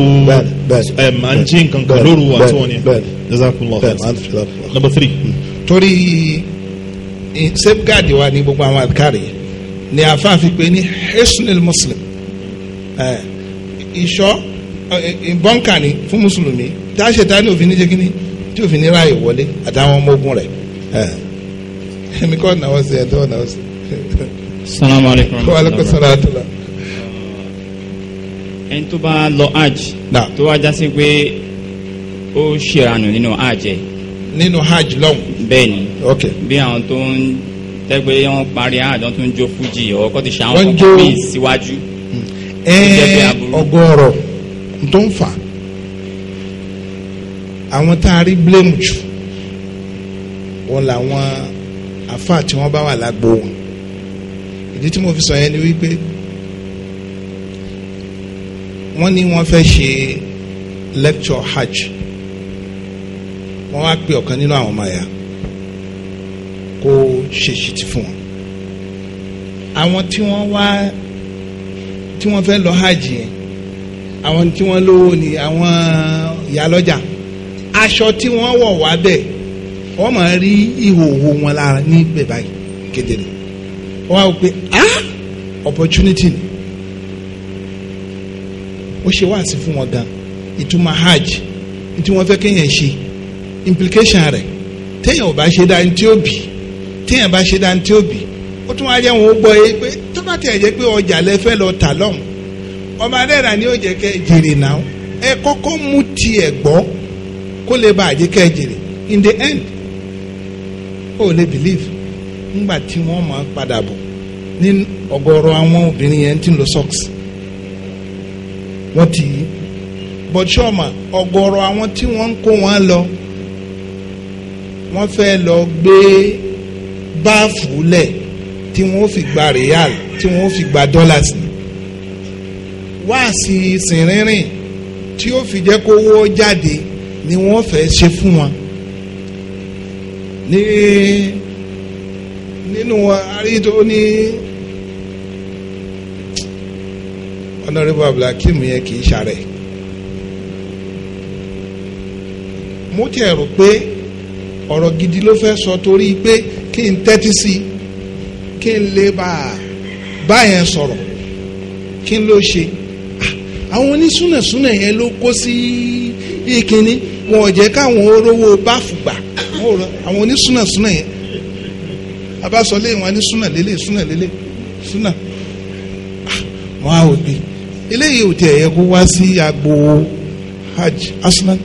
ẹ̀ máa ń kan lóru àti wọn ni jazakumullah number three. Hmm. torí eh, safeguard wa ni gbogbo àwọn àfikàrò yẹn ni àfáàfin pé ní hesnil muslim eh, ìṣọ́ eh, bọ́ǹkà ni fún mùsùlùmí tá a ṣe tá ní òfin ní jẹ́ tí òfin ní ráàyè wọlé àtàwọn ọmọ ogun rẹ̀ èmi kọ́ náwó sí ẹ̀dọ́ náwó sí. salamu alaykum. wa alaykum salaam tula. ẹni tó bá lọ hajj. tó wá já sí pé ó ṣèrànù nínú hajj ẹ̀. nínú hajj lọ́hùn. bẹ́ẹ̀ni. ok bí àwọn tó ń tẹ́gbẹ́ wọn parí hajj wọn tó ń jó fújì ọkọ ti ṣe àwọn kọ̀ọ̀kan bíi síwájú. Hmm. ẹẹ ọgọ́rọ̀ tó ń fà àwọn tá a rí blame jù wọn làwọn àfáà tí wọ́n bá wà lágbo wọn ìdí tí mo fi sọ yẹn ni wípé wọ́n ní wọ́n fẹ́ ṣe lecture hajj wọ́n wá pe ọ̀kan nínú àwọn ọmọ ẹ̀yà kó ṣe ṣìtì fún wọn àwọn tí wọ́n wá tí wọ́n fẹ́ lọ hajj yẹn àwọn tí wọ́n lówó ni àwọn ìyálọ́jà aṣọ tí wọ́n wọ̀ wá bẹ́ẹ̀ wọ́n máa rí ìhòòhò wọn lára ní ibẹ̀ báyìí kedere wọ́n á wò pé ah opportunity ni ó ṣe wáàsí fún wọn gan ìtumọ̀ hajj tí wọ́n fẹ́ kéèyàn ṣe implication rẹ̀ téèyàn ò bá ṣe dáa ní tí ó bì téèyàn bá ṣe dáa ní tí ó bì ó tún wáá jẹ́ wọn ó gbọ́ yé pé tó bá tẹ̀ jẹ́ pé ọjà lẹ fẹ́ lọ tà lọ́hùn ọmọ adẹ́rà ni ó jẹ́ kẹ́ jèrè náà ẹ kọ́kọ́ mú tiẹ̀ gbọ́ kó lè bá àjẹkẹ́ jèrè in the end ó lè believe ńgbà tí wọ́n máa padà bọ̀ ní ọ̀gọ̀rọ̀ àwọn obìnrin yẹn ti ń lo socks wọ́n ti bọ́tíọ́mà ọ̀gọ̀rọ̀ àwọn tí wọ́n ń kó wọn lọ wọ́n fẹ́ lọ gbé báàfù lẹ̀ tí wọ́n fi gba real tí wọ́n fi gba dollars ni wáàsí sìnrìnrìn tí ó fi jẹ́ kó wọ́ jáde ni wọ́n fẹ́ ṣe fún wọn ní nínú àrídó ní honourable abdulhakeem yẹn kì í ṣàrẹ̀ mo tiẹ̀ rò pé ọ̀rọ̀ gidi ló fẹ́ sọ torí pé kí n tẹ́tí sí i kí n lè bá a báyẹn sọ̀rọ̀ kí n ló ṣe àwọn onísúnàsúnà yẹn ló kó sí ìkíní wọn ò jẹ́ káwọn orówó báfù gbà àbúrò àwọn onísúnà súnà yẹn abásọlé wọn ní súnà lélẹ̀ súnà lélẹ̀ súnà ah, wọn á òbí eléyìí ò tiẹ̀ kó wá sí agbo hajj aslan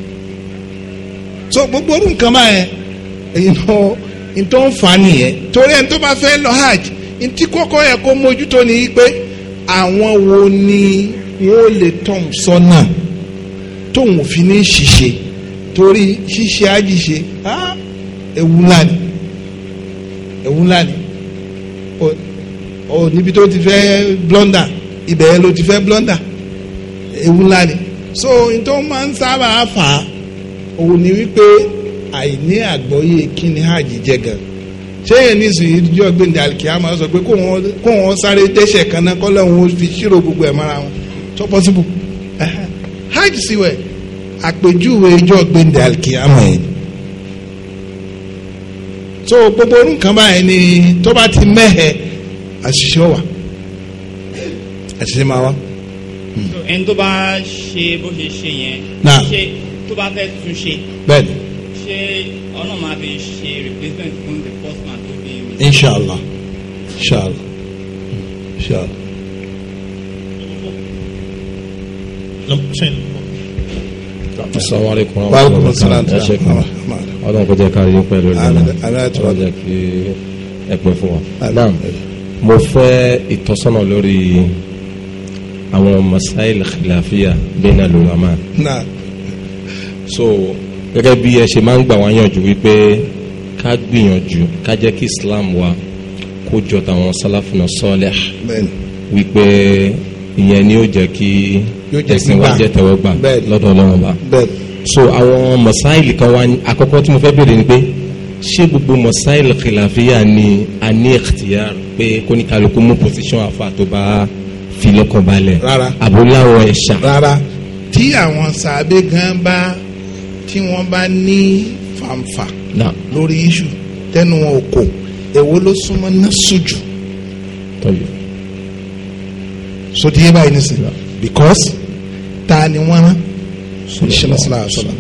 so gbogbo orú nǹkan máa yẹn èyí náà ntọ́ ń fa nìyẹn torí ẹni tó bá fẹ́ lọ hajj ntí kọ́kọ́ yẹ kó mójútó ni pé àwọn wo ni wọ́n lè tọ̀hún sọ́nà tóun fi ní ṣiṣe torí ṣíṣe àjíṣe ewu ńlá ni ewu ńlá ni ọ níbi tó ti fẹ́ blọ́ndà ibẹ̀ ló ti fẹ́ blọ́ndà ewu ńlá ni so nítorí wọn máa ń sábà fà á òun ni wípé àìní àgbọ́yé kí ni hajj jẹ gan ṣé yẹn nísìnyí ìjọ gbẹ̀ndẹ̀ alikiyama sọ pé kó wọn sáré dẹ́sẹ̀ kan náà kọ́ lẹ́hìn wọn fi ṣírò gbogbo ẹ̀ mọ́ra wọn tó possible hajj sí àpèjúwe ìjọ gbẹ̀ndẹ̀ alikiyama yẹn so gbogbo orun kan báyìí ni tó bá ti mẹ́hẹ̀ àṣìṣe wà àṣìṣe máa wá. Hmm. ẹni tó bá ṣe bó ṣe ṣe yẹn ṣe tó bá fẹ́ tún ṣe. bẹ́ẹ̀ni. ṣé ọ̀nà máa fi ṣe replacement fún the first man tó fi. inshallah inshallah hmm. inshallah. No, asalaamualeykum wa rahmatulah ẹ ṣe kan ọlọ́run kò jẹ́ ká rí pẹ̀lú ìlànà ọlọ́run jẹ́ kí ẹ pẹ́ fún wa. naam mo fẹ́ ìtọ́sọ́nà lórí àwọn masail khilafiya bena lulama. so gẹ́gẹ́ bí ẹ ṣe máa ń gbà wá yànjú wípé ká gbìyànjú ká jẹ́ kí islam wa kó jọ tàwọn sálàfùnà sọ́ọ̀lẹ̀ wípé ìyẹn ni ó jẹ́ kí yóò jẹ́ sí gbà ẹ̀sìn wa jẹ́ so àwọn mọ̀sáìlì kan wá àkọ́kọ́ tí mo fẹ́ bèrè ni pé ṣé gbogbo mọ̀sáìlì kìláfíà ni a ní ìkìtìyà pé kóníkàlùkù mú pòsíṣàn àfa tó bá fi lọ́kàn balẹ̀ rárá àbúláwọ̀ ẹ̀ṣà. rárá tí àwọn sàbẹ̀ gan bá tí wọ́n bá ní fàǹfà lórí iṣu tẹnu wọn kò èwo ló súnmọ́ ná sójú. sotiyeba yìí nísìnyí because ta ni wọ́n rán sọlá sọlá sọlá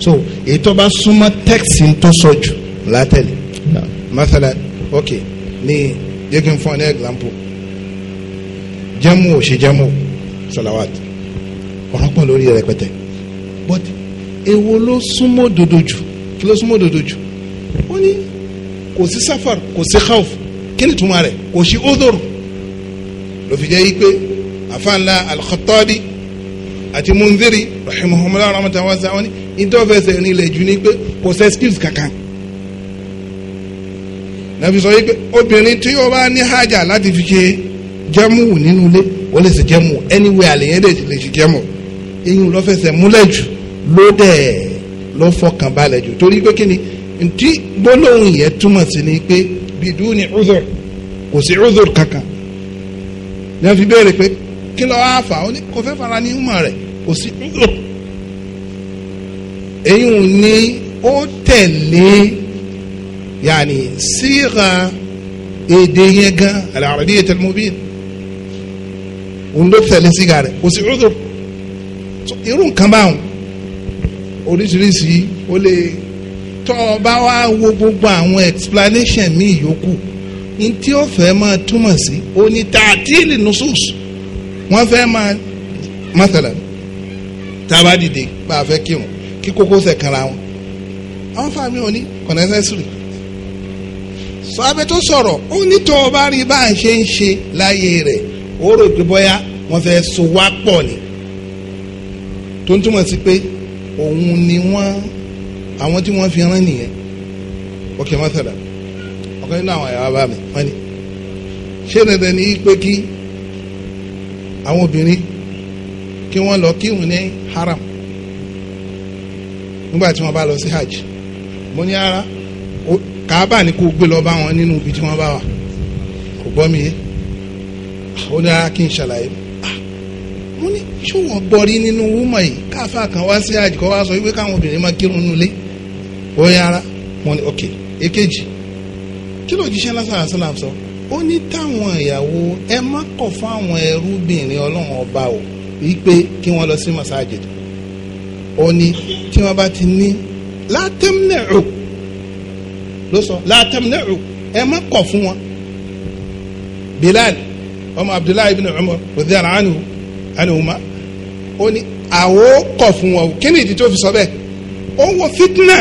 so èyí tó bá súnmọ́ tẹ́kisì tó sọ jù látẹ̀lé masala ok ní jẹ́ kí n fún ọ ní example jẹ́mu ò ṣe jẹ́mu salawat ọ̀rọ̀ pọ̀ lórí rẹpẹtẹ but èwo ló súnmọ́ dodo jù kí ló súnmọ́ dodo jù ó ní kò sí safar kò sí khawf kí ni túmọ̀ rẹ̀ kò sí odor ló fi jẹ́ yí pé àfa ńlá al-Khattabi àti Mundhiri rahimahumullah rahmatan wasi'a wọn ni ìtọ́fẹsẹ̀ nílẹ̀ jù ní pé kò sẹ́ skills kankan nàbí sọ wípé obìnrin tí ó bá ní hájà láti fi ṣe jẹ́mù nínú ilé ó lè ṣe jẹ́mù anywhere àlèyé lè ṣe jẹ́mù eyín ló fẹsẹ̀ múlẹ̀ jù ló dẹ̀ ló fọkàn balẹ̀ jù torí pé kí ni ntí gbólóhùn yẹn túmọ̀ sí ni pé bìdú ni uzur kò sí uzur kankan ní wọ́n fi pé kí ló wá ó ní kò fẹ́ fara ní ìmọ̀ rẹ̀ kò sí lò èyí ò ní ó tẹ̀lé yàní síra èdè yẹn gan al-arabiyya al-mubin òun ló tẹ̀lé síra rẹ̀ kò sí lò irú nǹkan báwọn oríṣiríṣi ó lè tọ́ ọ bá wá wo gbogbo àwọn explanation mi yòókù ní tí ó fẹ́ máa túmọ̀ sí ó ní tààtìlì nusus wọ́n fẹ́ máa mọ́tàlá tá a bá dìde bá a fẹ́ kírun kí kókósẹ̀ kanra wọn àwọn fáàmì òní kò nẹ́sẹ̀sìrì sọ́abẹ́ tó sọ̀rọ̀ ó ní tó o bá rí bá a ṣe ń ṣe láyé rẹ̀ ó rò pé bóyá wọ́n fẹ́ so wá pọ̀ ni tó ń túmọ̀ sí pé òun ni wọ́n àwọn tí wọ́n fi rán nìyẹn ọkẹ́ mọ́tàlá ọ̀kan nínú àwọn àyàwó bá mi wọ́n ni ṣé dandan ni pé kí àwọn obìnrin kí wọ́n lọ kírun ní haram nígbà tí wọ́n bá lọ sí hajj mo ní ara kàábà ni kò gbé lọ bá wọn nínú ibi tí wọ́n bá wà kò gbọ́ mi yé ó ní ara kí n ṣàlàyé ah, mo ní ṣé wọ́n rí nínú wúmọ̀ yìí káfá kan wá sí hajj kó wá sọ wípé káwọn obìnrin máa kírun ó ní ara mo ní ok èkejì kí ló jíṣẹ́ sọ ó ní táwọn ìyàwó ẹ má kọ̀ fún àwọn ọba o. wípé kí wọ́n lọ sí masajid ó ní tí wọ́n bá ti ní látẹ́mnẹ̀rù ló sọ látẹ́mnẹ̀rù ẹ má kọ̀ fún wọn Bilal ọmọ Abdullahi ibn Umar rọdíyàrá anu anuma ó ní àwo kọ̀ fún wọn kí ni ìdí tó fi sọ bẹ́ẹ̀ ó wọ fitna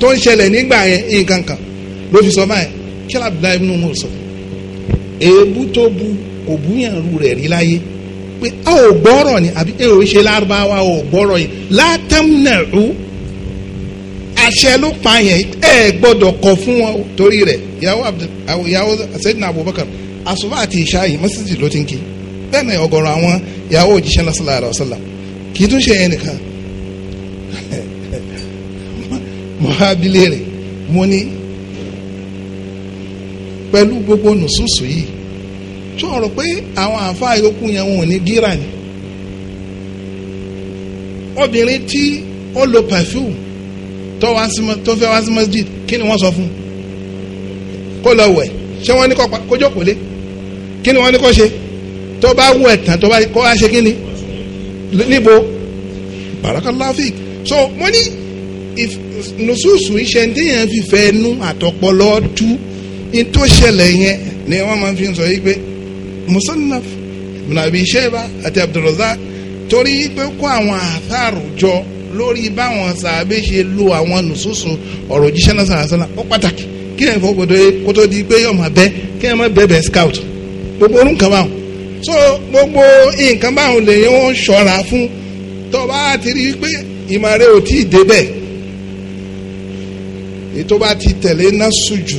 tó ń ṣẹlẹ̀ nígbà yẹn nǹkan kan ló fi sọ báyẹn kí Abdullahi ibn Umar sọ èébú tó bu òbúyànrú rẹ̀ rí láyé pé a ò gbọ́rọ̀ ni àbí ẹ ò ṣe lárúbáwá ò gbọ́rọ̀ yìí látàmúnẹ̀rú àṣẹ ló pa yẹn ẹ gbọ́dọ̀ kọ fún wọn torí rẹ̀ ìyàwó sẹ́dínà Abubakar àsùbá àti ìṣá yìí mọ́sídìí ló ti ń kí bẹ́ẹ̀ náà ọ̀gọ̀rọ̀ àwọn ìyàwó òjíṣẹ́ náà sallallahu alaihi kì í tún ṣe yẹn nìkan mo abílé rẹ̀ mo pẹ̀lú gbogbo nùsùsù yìí tó ọ̀rọ̀ pé àwọn àáfàá yòókù yẹn wọn ò ní gíra ni obìnrin tí ó lo perfume tó fẹ́ wá sí masjid kí ni wọ́n sọ fún kó lọ wẹ̀ ṣé wọ́n ní kó jókòó lé kí ni wọ́n ní kó ṣe tó bá wẹ̀ tán tó bá kó wá ṣe kí ni níbo barakallahu fik so mo ní nususu iṣẹ́ ndéyàn fífẹ́ nu àtọpọlọ tú ní tó ṣẹlẹ̀ yẹn ni wọ́n máa fi sọ yìí pé musannaf ibn abi shayba àti abdulrazak torí pé kó àwọn àtàrò jọ lórí báwọn sàbẹ̀ ṣe lo àwọn nùsùsù ọ̀rọ̀ jíṣẹ́ náà sàrà sàrà ó pàtàkì kí ẹ̀ fọ́ gbọdọ̀ kó tó di pé yọ̀ máa bẹ́ kí ẹ̀ máa bẹ̀bẹ̀ scout gbogbo orúkọ báwọn so gbogbo nǹkan báwọn lè ń ṣọ́ra fún tó bá ti rí pé ìmọ̀ rẹ̀ ò tí ì débẹ̀ ètò bá ti tẹ̀lé náà sùn jù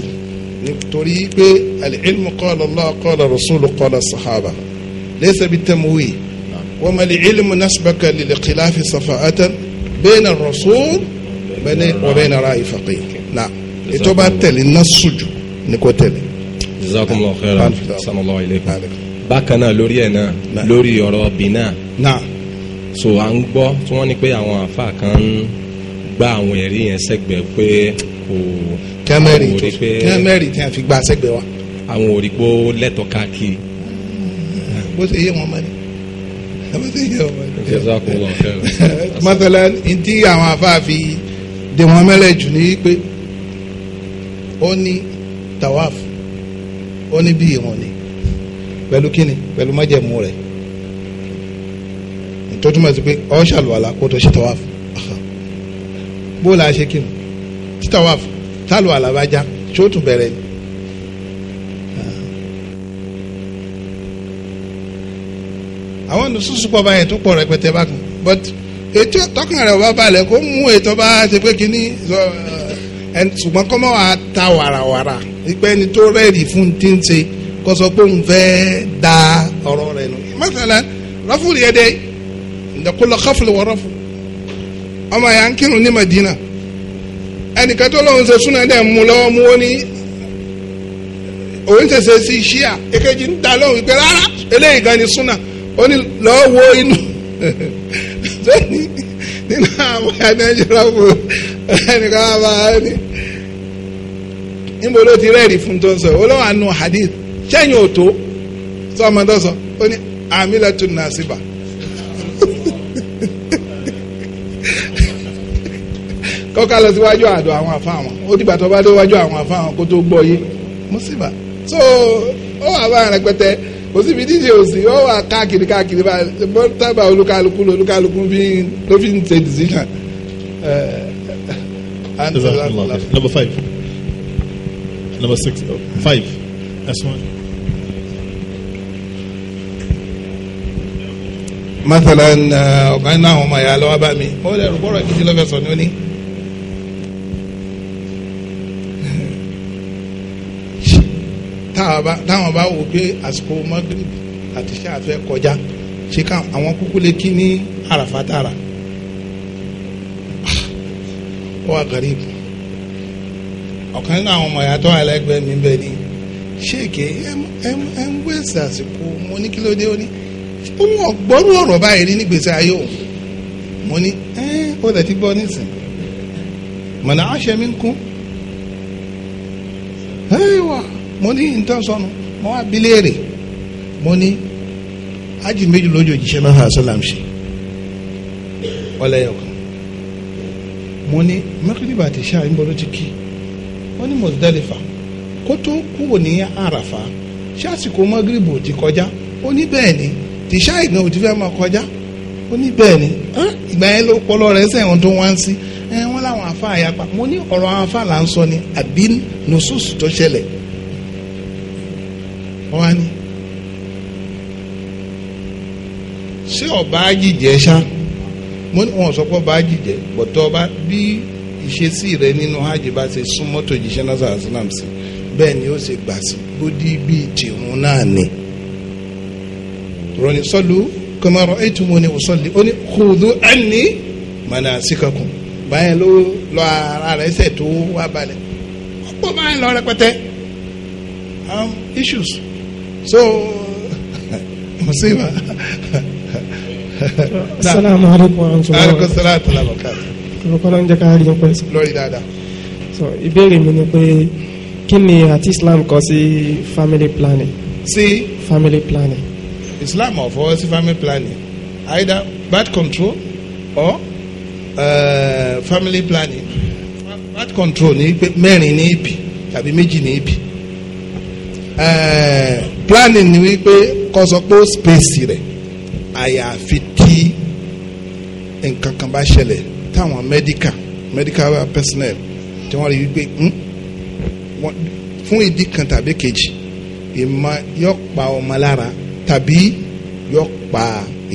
torí pé al-ilmu qala Allah qala rasulu qala sahaba laysa bit-tamwih wa ma al-ilmu nasbaka lil-khilafi safa'atan bayna ar-rasul wa bayna ra'yi faqih na ètò bá tẹ̀lé nasuju ni kò tẹ̀lé. jazakumullahu khairan sallallahu alayhi wa sallam bákan náà lórí ẹ̀ náà lórí ọ̀rọ̀ bìnnà. so à ń gbọ́ tí wọ́n ní pé àwọn àfa kan ń àwọn ẹ̀rí yẹn sẹ́gbẹ̀ẹ́ pé kò. kẹ́mẹ́rì tó kẹ́mẹ́rì tí a fi gba sẹ́gbẹ̀ẹ́ wa. àwọn òrìgbó lẹ́tọ̀ káàkiri. bó ṣe yé wọn mọ́ ni bó ṣe yé wọn mọ́ ni. ìjọba kò wọ ọ̀fẹ́ rẹ̀. mọ́tàlá ntí àwọn afáàfi dè wọ́n mẹ́lẹ̀ jù ní pé ó ní tawaf ó ní bí ìwọ̀n ni pẹ̀lú kíni pẹ̀lú májẹ̀mú rẹ̀ tó túmọ̀ sí pé ọ́ ṣàlùwàlà kó tó ṣe tawaf bó la ṣe kíni sítàwá tálù àlàbájá ṣó tún bẹ̀rẹ̀ ni. àwọn nùsùsùpọ̀ báyẹn tó pọ̀ rẹpẹtẹ bá kan but ètò tọkàn rẹ̀ ọba balẹ̀ kó mú ètò bá ṣe pé kínní ṣùgbọ́n kọ́ mọ́ wa ta wàràwàrà ìpẹ́ ni tó rẹ́ẹ̀rì fún ti ń ṣe kó sọ pé òun fẹ́ẹ́ da ọ̀rọ̀ rẹ̀ nù. mọ́tàlá rọ́fù rẹ̀ dẹ́ ǹdẹ́kọ́lọ́ kọ́fù lè wọ́ rọ́fù ọmọ yà ń kírun ní Madina ẹnìkan tó lọ́hún ṣe súnà dẹ̀ mú lọ́wọ́ mú ó ní òun ṣẹ̀ṣẹ̀ sí ṣíà èkejì ń ta lọ́hún pé rárá eléyìí gan ni súnà ó ní lọ́ọ́ wo inú tó ní nínú àwọn ẹni ẹjọ́rọ́ ẹnìkan bá a ní níbo ló ti rẹ́ẹ̀rí fún tó ń sọ olówó àánú hadith sẹ́yìn ò tó sọ ọmọdé sọ ó ní àmì lẹ́tùnú nàṣìbà. ó ká lọ síwájú àdó àwọn àfa wọn ó dìgbà tó bá dé wájú àwọn àfa wọn kó tó gbọ́ yé mùsíbà so ó wà bá rẹpẹtẹ kò síbi díje òsì ó wà káàkiri káàkiri bá tábà olúkálukú olúkálukú bí ló fi ń ṣe decision. Eh, number five number six oh, five that's one. masalan eh, ọ̀kan náà ọmọ ìyá lọ́wọ́ bá mi ó lè rúbọ̀rọ̀ kìí lọ́fẹ̀ẹ́ sọ ní ó ní. táwọn bá wò pé àsìkò mọ́gírìbì àti ṣáàfẹ́ kọjá ṣe ká àwọn kúkú lè kí ní àràfà tààrà ó wà gàríbù ọ̀kan nínú àwọn ọmọ ìyàtọ̀ ẹlẹgbẹ́ mi bẹ́ẹ̀ ni ṣéèkì ẹ ń wẹ̀sì àsìkò mo ní kí ló dé ó ní òun ọ̀gbọ́rú ọ̀rọ̀ báyìí rí nígbèsè ayé òun mo ní ẹ ó lè ti gbọ́ nísìn mọ̀nà àṣẹ mi ń kún ẹ wà. mo ní nǹkan sọnù mo wá bi léèrè mo ní ájì méjì lójú òjíṣẹ́ náà hàn sọ́làm ṣe ọlẹ́yọ̀ mo ní mẹ́kìlíbà àti ṣáà ń ti kí wọ́n ní Muzdalifa kó tó kúrò ní àràfà ṣáàsìkò ti kọjá ó ní bẹ́ẹ̀ ni tìṣá ìgbà òtí fẹ́ kọjá ó ní bẹ́ẹ̀ ni ìgbà yẹn ló tó wá ń sí ẹ wọ́n láwọn afá àyàpá mo ní ọ̀rọ̀ àwọn afá là ń sọ àbí tó wọ́n wá ní. ṣé ọba jìjẹ ṣá mo ní wọn sọ pé ọba jìjẹ bọ̀tọ̀ ọba bí ìṣesí rẹ nínú hajj bá ṣe sún mọ́tò jíṣẹ́ náà sàlám sí bẹ́ẹ̀ ni ó ṣe gbà sí gbódì bíi tìrún náà ni. rọ̀nì sọ́lù kọ́mọ́rọ̀ ètò mo ní wòsàn lé ó ní kùdú ẹni mọ̀nà síkàkùn báyẹn ló lọ ara rẹ̀ ṣẹ̀ tó wá balẹ̀ ọ̀pọ̀ báyẹn lọ rẹpẹtẹ issues so musiba. asalaamu alaykum wa rahmatulah. aleykum salaam wa rahmatulah. kọ́lá ń jẹ́ ká rí ọpẹ́ sọ. lórí dáadáa. so ìbéèrè mi ni pé kí ni Islam kọ sí family planning. sí. family planning. Islam ò fọwọ́ sí family planning either birth control or uh, family planning birth control ni, mẹ́rin ní ibi tàbí méjì ní ibi. Uh, planning ni wípé kó sọ pé ó space rẹ̀ àyàfi tí nǹkan kan bá ṣẹlẹ̀ táwọn medical medical personnel tí wọ́n rí wípé hmm, fún ìdí kan tàbí kejì ìmọ̀ yọ pa ọmọ lára tàbí yọ pa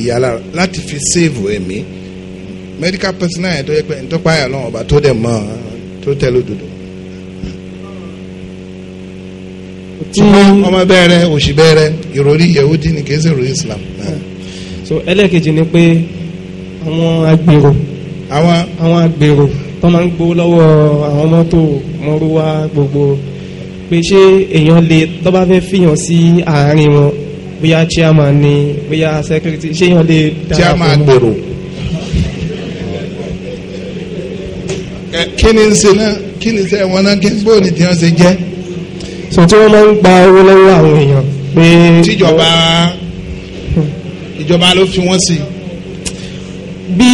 ìyá lára láti fi save ẹ̀mí medical personnel yẹn tó yẹ pé ntọ́pá yà lọ́wọ́ ọba tó dẹ̀ mọ́ tó tẹ̀ lódodo tí mm. ọmọ bẹ́ẹ̀rẹ̀ òṣì ìròrí yahudi islam. Mm. so ẹlẹ́kejì ni pé àwọn agbèrò àwọn àwọn agbèrò tó máa ń gbó lọ́wọ́ àwọn mọ́tò gbogbo pé ṣé èèyàn lè tó bá fẹ́ sí àárín chairman ni bóyá security. ṣé èèyàn lè kí ni ń ṣe náà so tí wọ́n máa ń gba owó lọ́wọ́ àwọn èèyàn pé. tíjọba ìjọba ló fi wọ́n sí. bí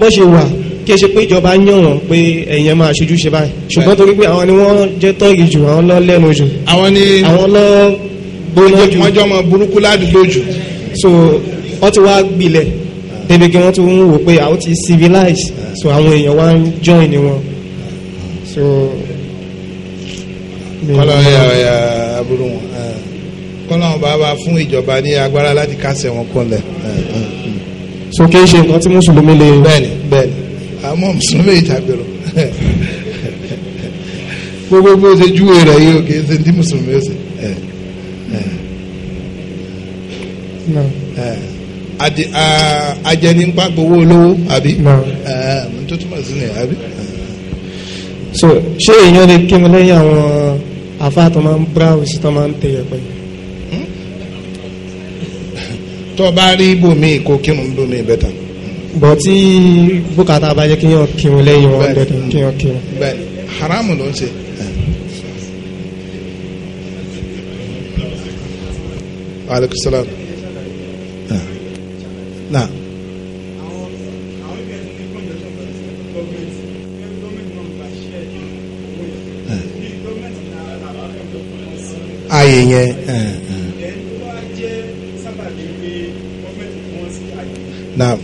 wọ́n ṣe wà kí ẹ ṣe pé ìjọba yàn wọ́n pé ẹ̀yìn máa ṣojú ṣe báyìí ṣùgbọ́n torí pé àwọn ni wọ́n jẹ́ tọ́ọ̀gì jù àwọn lọ lẹ́nu jù. àwọn ni àwọn lọ gbóná jù wọ́n jọ mọ burúkú ládùúgbò jù. so wọ́n ti wá gbilẹ̀ débi kí wọ́n tún wò pé àwọn ti civilize so àwọn èèyàn wá ń join ni wọn. so kọ́lọ́ ya ya aburú wọn kọ́lọ́ wọn bá wa fún ìjọba ní agbára láti kásẹ̀ wọn kọlẹ̀. so kí n ṣe nǹkan tí mùsùlùmí lè. bẹ́ẹ̀ni bẹ́ẹ̀ni àmọ́ mùsùlùmí yìí tàbí rọ gbogbo bó ṣe júwe rẹ̀ yìí ò kì í ṣe ní mùsùlùmí ó ṣe ajẹnipa gbowó olówó àbí tó túmọ̀ sí ni àbí. so ṣé èèyàn lè kí mi lẹ́yìn àwọn àfa tó máa ń browse tó máa ń tẹ yẹpẹ. Hmm? tó o bá rí ibòmíì kó kírun bòmíì bẹ́tà. bọ̀ tí bùkátà bá yẹ kí yàn kírun lẹ́yìn wọn bẹ́ẹ̀ kí yàn kírun. bẹ́ẹ̀ni haramu ló ń ṣe. aleykum naa. yẹn. na.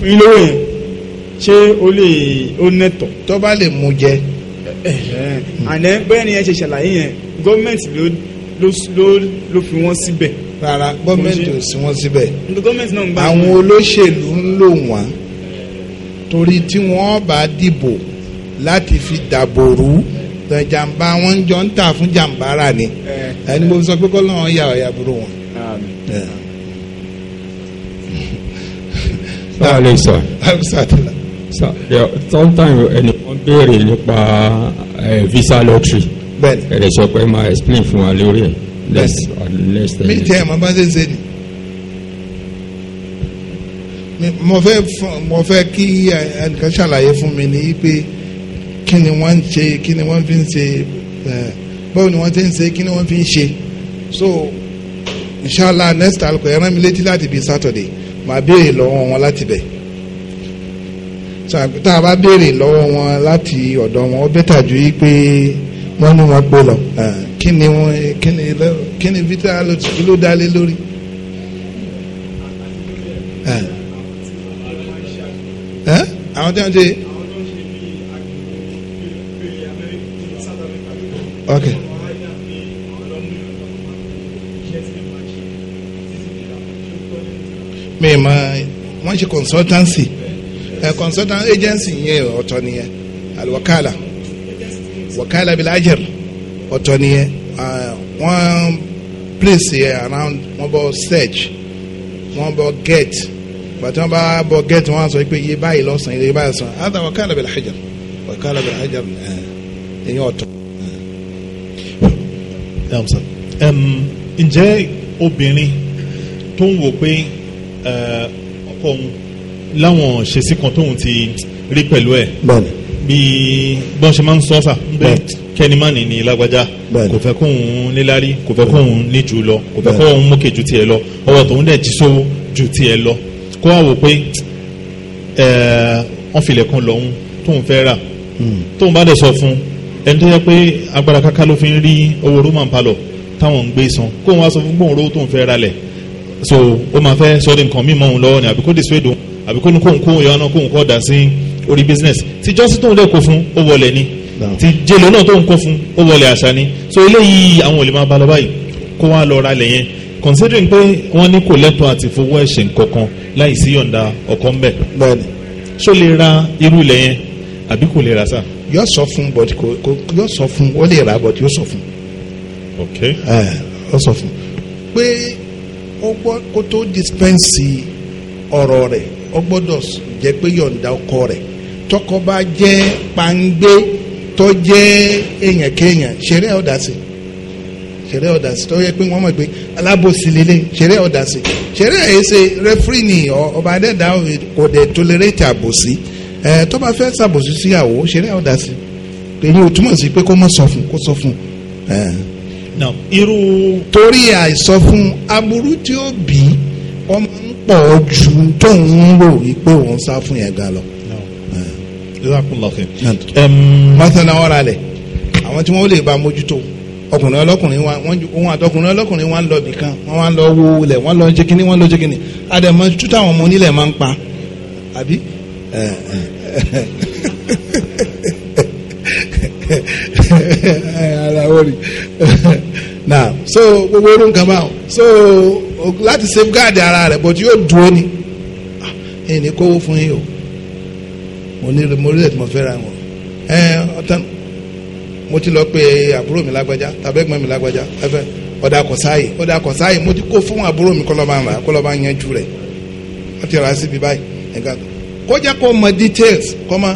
fún ilé yẹn ṣé o lè o nẹ́tọ̀. tó bá lè mú jẹ. àná bẹ́ẹ̀ ni ẹ ṣe ṣàlàyé yẹn gọ́ọ̀mẹ̀ntì ló ló ló fi wọ́n síbẹ̀. rárá gọ́ọ̀mẹ̀ntì ò sí wọ́n síbẹ̀. gọ́ọ̀mẹ̀ntì náà ń gbà. àwọn olóṣèlú ń lò wọ́n torí tí wọ́n bá dìbò láti fi dàbòrú jàǹbá wọn jọ ń tà fún jàǹbá ara ni ẹni mo sọ pé kọ́ lọ́wọ́ yà ọ̀yà wọn. sáàlẹ̀ sọ sáàlẹ̀ sometimes ẹnìkan béèrè nípa visa lottery ẹ̀rẹ̀ sọ pé máa explain fún wa lórí ẹ̀ uh, mi tẹ ẹ ma bá ṣe ṣe ni mo fẹ́ mo fẹ́ kí ẹnìkan ṣàlàyé fún mi ní pé kí ni wọ́n ń ṣe kí ni wọ́n fi ń ṣe báwo ni wọ́n ti ń ṣe kí ni wọ́n fi ń ṣe so inshallah next alukọ ẹ rán mi létí láti bíi saturday màá béèrè lọ́wọ́ wọn láti bẹ̀ tá a bá béèrè lọ́wọ́ wọn láti ọ̀dọ̀ wọn ó bẹ́tà ju yí pé wọ́n ní wọ́n pé lọ kí ni wọ́n kí ni kí ni vita ló dá lé lórí. àwọn tí wọ́n ti. ok. mi ma wọ́n ṣe consultancy ẹ consultant agency yẹn ọ̀tọ̀ nìyẹn alwakala wakala bilajer ọ̀tọ̀ nìyẹn wọ́n place yẹn around wọ́n bọ search wọ́n bọ get bàtí wọ́n bá bọ get wọ́n sọ pé iye báyìí lọ́sàn iye báyìí lọ́sàn àtàwọn wakala bilajer wakala bilajer ẹ̀yìn ọ̀tọ̀. Um, ǹjẹ́ obìnrin tó ń wò pé ọkọ òun láwọn ṣèṣì kan tóun ti rí pẹ̀lú ẹ̀ bí bọ́n ṣe máa ń sọ sà bẹ́ẹ̀ kẹ́ni má ní ní lágbájá kò fẹ́ kóun níláárí kò fẹ́ kóun ní jù lọ kò fẹ́ kóun mókè ju tiẹ̀ lọ ọwọ́ tóun dẹ̀ jí sówó ju tiẹ̀ lọ kó wá wò pé wọ́n filẹ̀ kan lọ́hún tóun fẹ́ rà hmm. tóun bá dẹ̀ sọ fún un ẹni tó yẹ pé agbára kankan ló fi ń rí owó roman palọ táwọn ń gbé san kó wọn aṣọ fún gbóhùn rówó tó ń fẹ́ ra lẹ̀ so ó máa fẹ́ sọ de nǹkan mímọ́ òun lọ́wọ́ ni àbí kó dissuade òun àbí kó ní kóhùn kóhùn yọ ọ́nà kóhùn kọ́ da sí orí business tí jọ́sí tóun lè kó fún ó wọlé ni ti jẹlẹ náà tó ń kó fún ó wọlé àṣà ni so eléyìí àwọn olè máa ba lọ báyìí kó wá lọ ra lẹ̀ yẹn considering pé wọ́n ní kò lẹ́tọ̀ọ́ àti fowó ẹ̀ṣẹ̀ kankan láì sí yọ̀ǹda ọ̀kan bẹ̀ so lè ra irú lẹ̀ àbí kò lè rà sá. yóò sọ fún bọ́tí kò kò yóò sọ fún ó lè rà bọ́tí yóò sọ fún. ok ẹ ó sọ fún pé ó gbọ́ kó tó dispense ọ̀rọ̀ rẹ̀ ó gbọ́dọ̀ jẹ́ pé yọ̀ǹda ọkọ rẹ̀ tọkọ bá jẹ́ pangbé tó jẹ́ èèyàn kéèyàn ṣeré ọ̀dà sí i sẹrẹ ọdà sí tọ́wọ́ pé wọ́n mọ̀ pé alábòsí lélẹ̀ sẹrẹ ọdà sí sẹrẹ ẹ̀ ṣe rẹfúrì ni ọba adẹ́dá kò dẹ̀ tolerate àbòsí ẹ tó bá fẹ́ ṣàbòsí síyàwó ṣeré ọ̀dà sí èyí ò túmọ̀ sí pé kó mọ̀ sọ fún kó sọ fún. irú. torí àìsọ fún aburú tí ó bí ọmọ ń pọ̀ ju tóun ń rò pé òun sá fún yẹn gan lọ. mọ́tàlá ọ̀rà lẹ̀ àwọn tí wọ́n lè bá mójútó ọkùnrin ọlọ́kùnrin wa wọn àtọkùnrin ọlọ́kùnrin wa ń lọ bìkan wọn wá ń lọ wo ilẹ̀ wọn lọ jẹ́ wọn lọ jẹ́ kínní àdèmọ́ àwọn ọmọ onílẹ̀ máa ń pa àbí ara wọn ni now so gbogbo orú nǹkan báwọn so láti safeguard ara rẹ̀ but yóò dúró ni ah, ẹ̀yìn ní kówó fún yín o mo ní mo rí ẹ̀ tí mo fẹ́ ra wọn ẹ ọ̀tán mo ti lọ pé àbúrò mi lágbájá tàbẹ́gbọ́n mi lágbájá ẹ̀fẹ́ ọ̀dà kọ̀sáyì ọ̀dà kọ̀sáyì mo ti kó fún àbúrò mi kọ́lọ́ bá ń rà kọ́lọ́ bá ń yanjú rẹ̀ wọ́n ti rà síbi báyìí ẹ̀ka tó kó jẹ́ kó mọ details kó mọ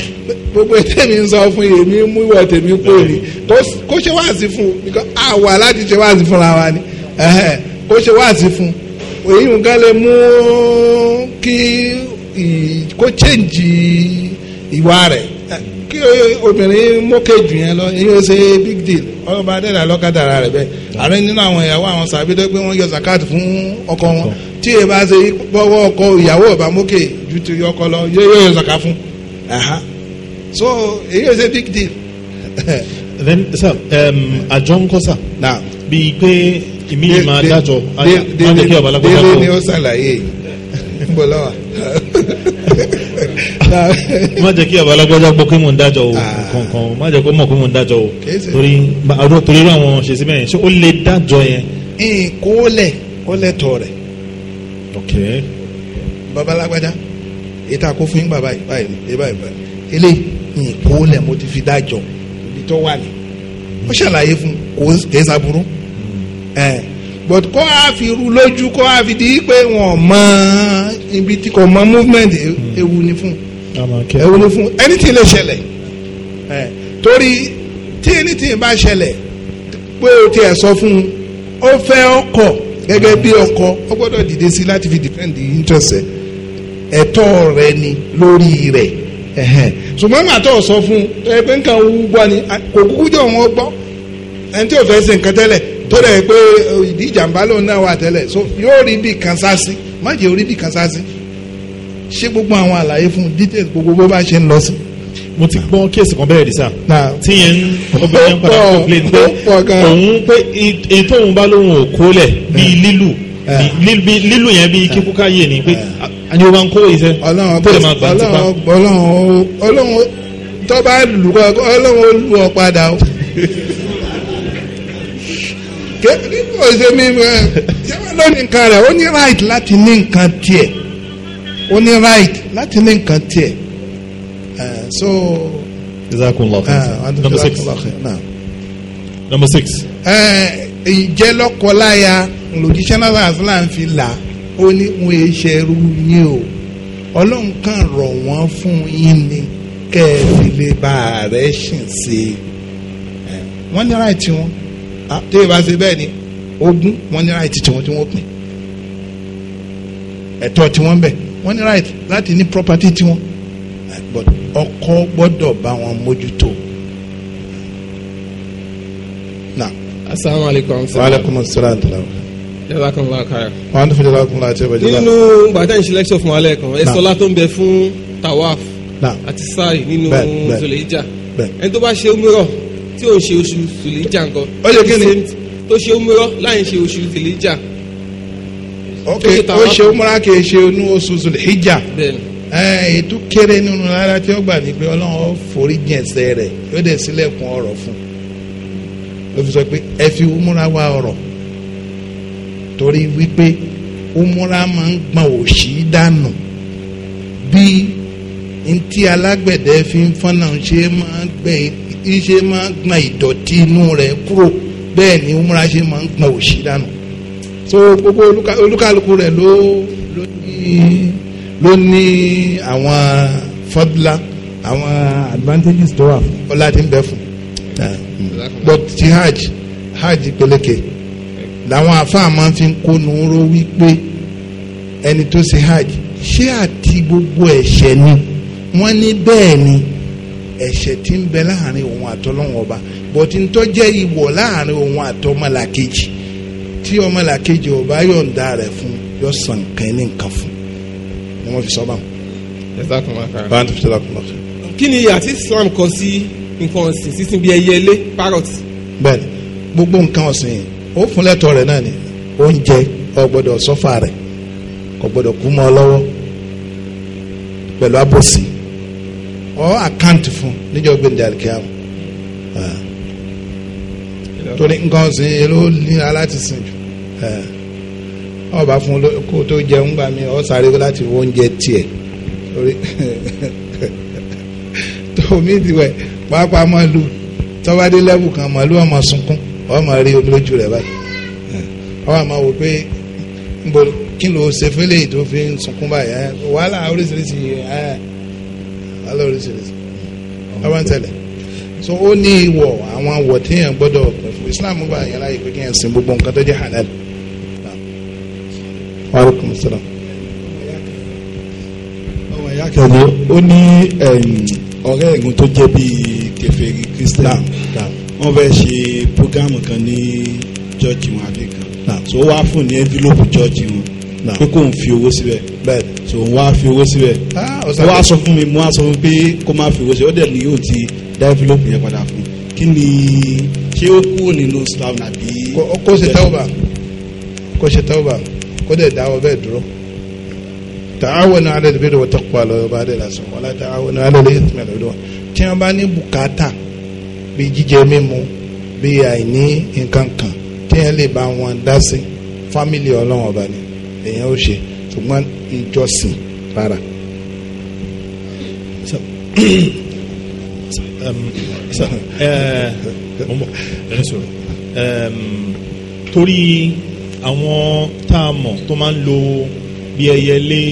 gbogbo tèmi ń sọ fún èmi mú ìwọ tèmi kúrò ní kó ṣe wáàsí fún because àwa láti ṣe wáàsí fúnra wa ni kó ṣe wáàsí fún èyí nǹkan lè mú kí kó change ìwà rẹ̀ kí obìnrin mọ́kẹ́jù yẹn lọ yóò ṣe big deal ọba adẹ́rẹ́ alọ́kadàra rẹ̀ bẹ́ẹ̀ àárín nínú àwọn ìyàwó àwọn sàbídọ́ pé yọ zakat fún ọkọ wọn tí èyí bá ṣe bọ́wọ́ ọkọ ìyàwó ọba mọ́kẹ́ ju ti ọkọ lọ yóò yóò zaka fún so èyí ò ṣe big deal. then sir um, àjọ ń kọ́ sà. na bíi pé èmi yìí máa dájọ́ máa ní kí ọba alágbádá kọ́. délé ni ó ṣàlàyé ń bọ̀ lọ́wọ́. má jẹ́ kí ọba alágbádá gbọ́ pé mò ń dájọ́ o ah. kankan má jẹ́ kó mọ̀ pé mò ń dájọ́ o torí àdó torí àwọn ṣe síbẹ̀ yẹn ṣé ó lè dájọ́ yẹn. kó lẹ̀ kó lẹ̀ tọ̀ rẹ̀. ok. baba alágbádá ètò àkófin yín bàbá yìí báyìí ní báyìí báyìí eléyìí nǹkó lẹ̀ mo ti fi dájọ́ ibi tó wà ní. ó ṣàlàyé fún kò kéésà burú ẹ but kó a fi ru lójú kó a fi di pé wọn mọ ibi tí kò mọ movement e, ewu ni fún ewu ni fún anything lè ṣẹlẹ̀ ẹ torí tí anything bá ṣẹlẹ̀ pé o tiẹ̀ sọ fún un ó fẹ́ ọkọ̀ gẹ́gẹ́ bí ọkọ̀ ó gbọ́dọ̀ dìde sí láti fi defend the interest ẹ̀ ẹ̀tọ́ rẹ ni lórí rẹ̀ ṣùgbọ́n màá tọ̀ sọ fún ẹ pé nǹkan wú gbọ́ ni kò kúkú jọ wọn gbọ́ ẹni tí ò fẹ́ ṣe nǹkan tẹ́lẹ̀ tó dẹ̀ pé ìdí ìjàmbá lòun náà wà tẹ́lẹ̀ so yóò rí bí kan sá sí má jẹ́ orí bí kan sá sí ṣé gbogbo àwọn àlàyé fún details gbogbo bó bá ṣe ń lọ sí. mo ti gbọ́ kéèsì kan bẹ́ẹ̀ rí sá tí yẹn ọbẹ̀ yẹn padà complain pé òun pé ètò òun bá lóun ò kólẹ̀ bíi lílù Eh. lílù yẹn bí kíkú káyè ni pé àni eh. o máa ń kó iṣẹ́ tó lè máa gbà tipa. ọlọ́run ọlọ́run tó bá lù ọ ọlọ́run lù ọ padà o kébìlì kò ṣe mí eh, jẹ́wọ́ ló nǹkan rẹ̀ ó ní right láti ní nǹkan tiẹ̀ ó ní right láti ní nǹkan tiẹ̀ so. jazakumullahu khair number six. number six ìjẹ́ lọ́kọláya lòdìṣẹ́ náà sàásìlà ń là ó ní wọn ẹ ṣẹrú yín o ọlọ́run kàn rọ̀ wọ́n fún yín ni kẹ́ ẹ fi lè ba ààrẹ ṣìn sí i wọ́n ní ráìtì wọn tí ìbá ṣe bẹ́ẹ̀ ni ogún wọ́n ní ráìtì tiwọn tí wọ́n pín ẹ̀tọ́ tiwọn bẹ̀ wọ́n ní ráìtì láti ní property tiwọn ọkọ gbọ́dọ̀ bá wọn mójútó. asalaamualeykum. waaleykum salaam. jazakallah khair. wàá ní fi jazakallah àti ẹ̀bẹ̀ jazakallah. nínú gbàtà ìṣẹ̀lẹ̀ ṣọ̀ fún alẹ́ kan èso ọlá tó ń bẹ fún tawaf àti sáì nínú zolija ẹni tó bá ṣe umrọ tí ò ń ṣe oṣù zolija nǹkan. ó yẹ kí ni tó ṣe umrọ láì ṣe oṣù zolija. ok ó ṣe umrọ kì í ṣe inú oṣù zolija. bẹ́ẹ̀ni ètò kéré nínú rárá tí ó gbà ní pé ọlọ́run ó forí jìn ẹ̀ṣẹ̀ rẹ̀ yóò dẹ̀ ṣílẹ̀kùn ọ̀rọ̀ fún ló fi sọ pé ẹ fi umura wa ọ̀rọ̀ torí wípé umura máa ń gbọ̀n òṣì dànù bí ntí alágbẹ̀dẹ fi ń fọ́nà ṣe máa ń ṣe máa ń ìdọ̀tí inú rẹ̀ kúrò bẹ́ẹ̀ ni umura ṣe máa ń gbọ̀n òṣì dànù so gbogbo olúkálùkù rẹ̀ ló ló ní ló ní àwọn fọdúlà àwọn advantages tó wà fún ọlá tí ń bẹ fún but ti hajj hajj peléke làwọn afáà máa fi ń kó nuuro wípé ẹni tó ṣe hajj ṣé àti gbogbo ẹ̀ṣẹ̀ ni wọ́n ní bẹ́ẹ̀ ni ẹ̀ṣẹ̀ tí ń bẹ láàrin òun àtọ́lọ́wọ́n ọba bọ̀tí ń tọ́jẹ́ ìwọ̀ láàrin òun àtọmọlàkejì tí ọmọlàkejì ọba yọ̀ǹda rẹ̀ fún yọ sàn kàn ní nǹkan fún ni wọ́n fi sọ báwọn. ẹ sáà kún wa kàrà. báwọn tó fi sọ báwọn kún kí ni yàtí Islam kọ sí. Si nǹkan ọ̀sìn sísìn bíi ẹyẹlé parrot. bẹ́ẹ̀ni gbogbo nǹkan ọ̀sìn ó fúnlẹ̀tọ̀ rẹ̀ náà ni oúnjẹ ọgbọ́dọ̀ sọ́fà rẹ̀ ọgbọ́dọ̀ kú mọ́ ọ lọ́wọ́ pẹ̀lú abọ́sí ọ àkáǹtì fún níjọ́ gbẹ̀ndẹ̀ àríkẹ́yàwó ah. torí nǹkan ọ̀sìn yẹn ló ní alátìsìn jù eh. ọba fún kó tó jẹun gbà mí ọ sáré láti wọ oúnjẹ tiẹ̀ torí tómi ti wẹ̀. pàápàá màálù tọ́wádé lẹ́bù kan màálù ọmọ sunkún ọmọ rí omi lójú rẹ̀ báyìí ọmọ àmọ́ wò pé kí ló ṣe fẹ́lẹ̀ tó fi ń sunkún báyìí wàhálà oríṣiríṣi wàhálà oríṣiríṣi ọmọ ń tẹ̀lé so ó ní ìwọ̀ àwọn àwọ̀ tí gbọdọ gbọ́dọ̀ Islam bá yẹn láyé pé kí èèyàn sin gbogbo nǹkan tó halal. ó ní ọ̀rẹ́ ẹ̀gún tó kèfèrí Christian wọ́n fẹ́ ṣe programu kan ní church wọn àbí kan so wá fún ní envelope church wọn kókó ń fi owó síbẹ̀ so ń wá fi owó síbẹ̀ ah, ó wá sọ fún mi mo wá sọ fún mi pé kó má fi owó síbẹ̀ ó dẹ̀ ní yóò ti dá envelope yẹn padà fún kí ni ṣé ó kúrò nínú Islam àbí. kó ṣe tawba kó ṣe tawba kó dẹ̀ dáwọ́ bẹ́ẹ̀ dúró ta'awanu ala al-birri wa taqwa lọ́wọ́ bá dé lásán wala ta'awanu ala al-ithmi wal-'udwan tí wọ́n bá ní bùkátà bí jíjẹ mímu bí àìní nǹkan kan tí wọ́n lè bá wọn dá sí fámìlì ọlọ́wọ́n ọba ni èèyàn ó ṣe ṣùgbọ́n ìjọsìn rárá. Um, uh, um, torí àwọn tá a mọ̀ tó máa ń lo bí ẹyẹlé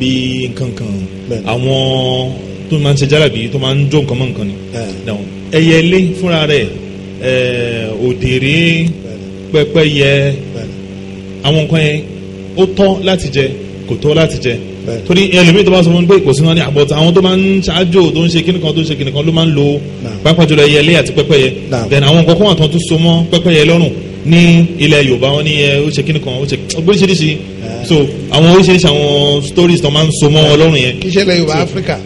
bí nkankan àwọn tó máa ń ṣe jálàbí tó máa ń jó nǹkan mọ́ nǹkan ni ẹyẹlé fúnra rẹ̀ òdèrè pẹ́pẹ́yẹ àwọn nǹkan yẹn ó tọ́ láti jẹ kò tọ́ láti jẹ torí ẹlòmíì tó bá sọ fún mi pé kò sí wọn ní àbọ̀t àwọn tó máa ń ṣáájú tó ń ṣe kíni kan tó ń ṣe kíni kan ló máa ń lo pápá jùlọ ẹyẹlé àti pẹ́pẹ́yẹ then àwọn nǹkan kan àtàn tó so mọ́ pẹ́pẹ́yẹ lọ́rùn ní ilẹ̀ yorùbá wọn ní ẹ ó ṣe kíni kan ó ṣe oríṣiríṣi ah. so àwọn oríṣiríṣi àwọn stories tó máa ń so mọ́ ọlọ́run yẹn. ìṣẹ̀lẹ̀ yorùbá áfíríkà.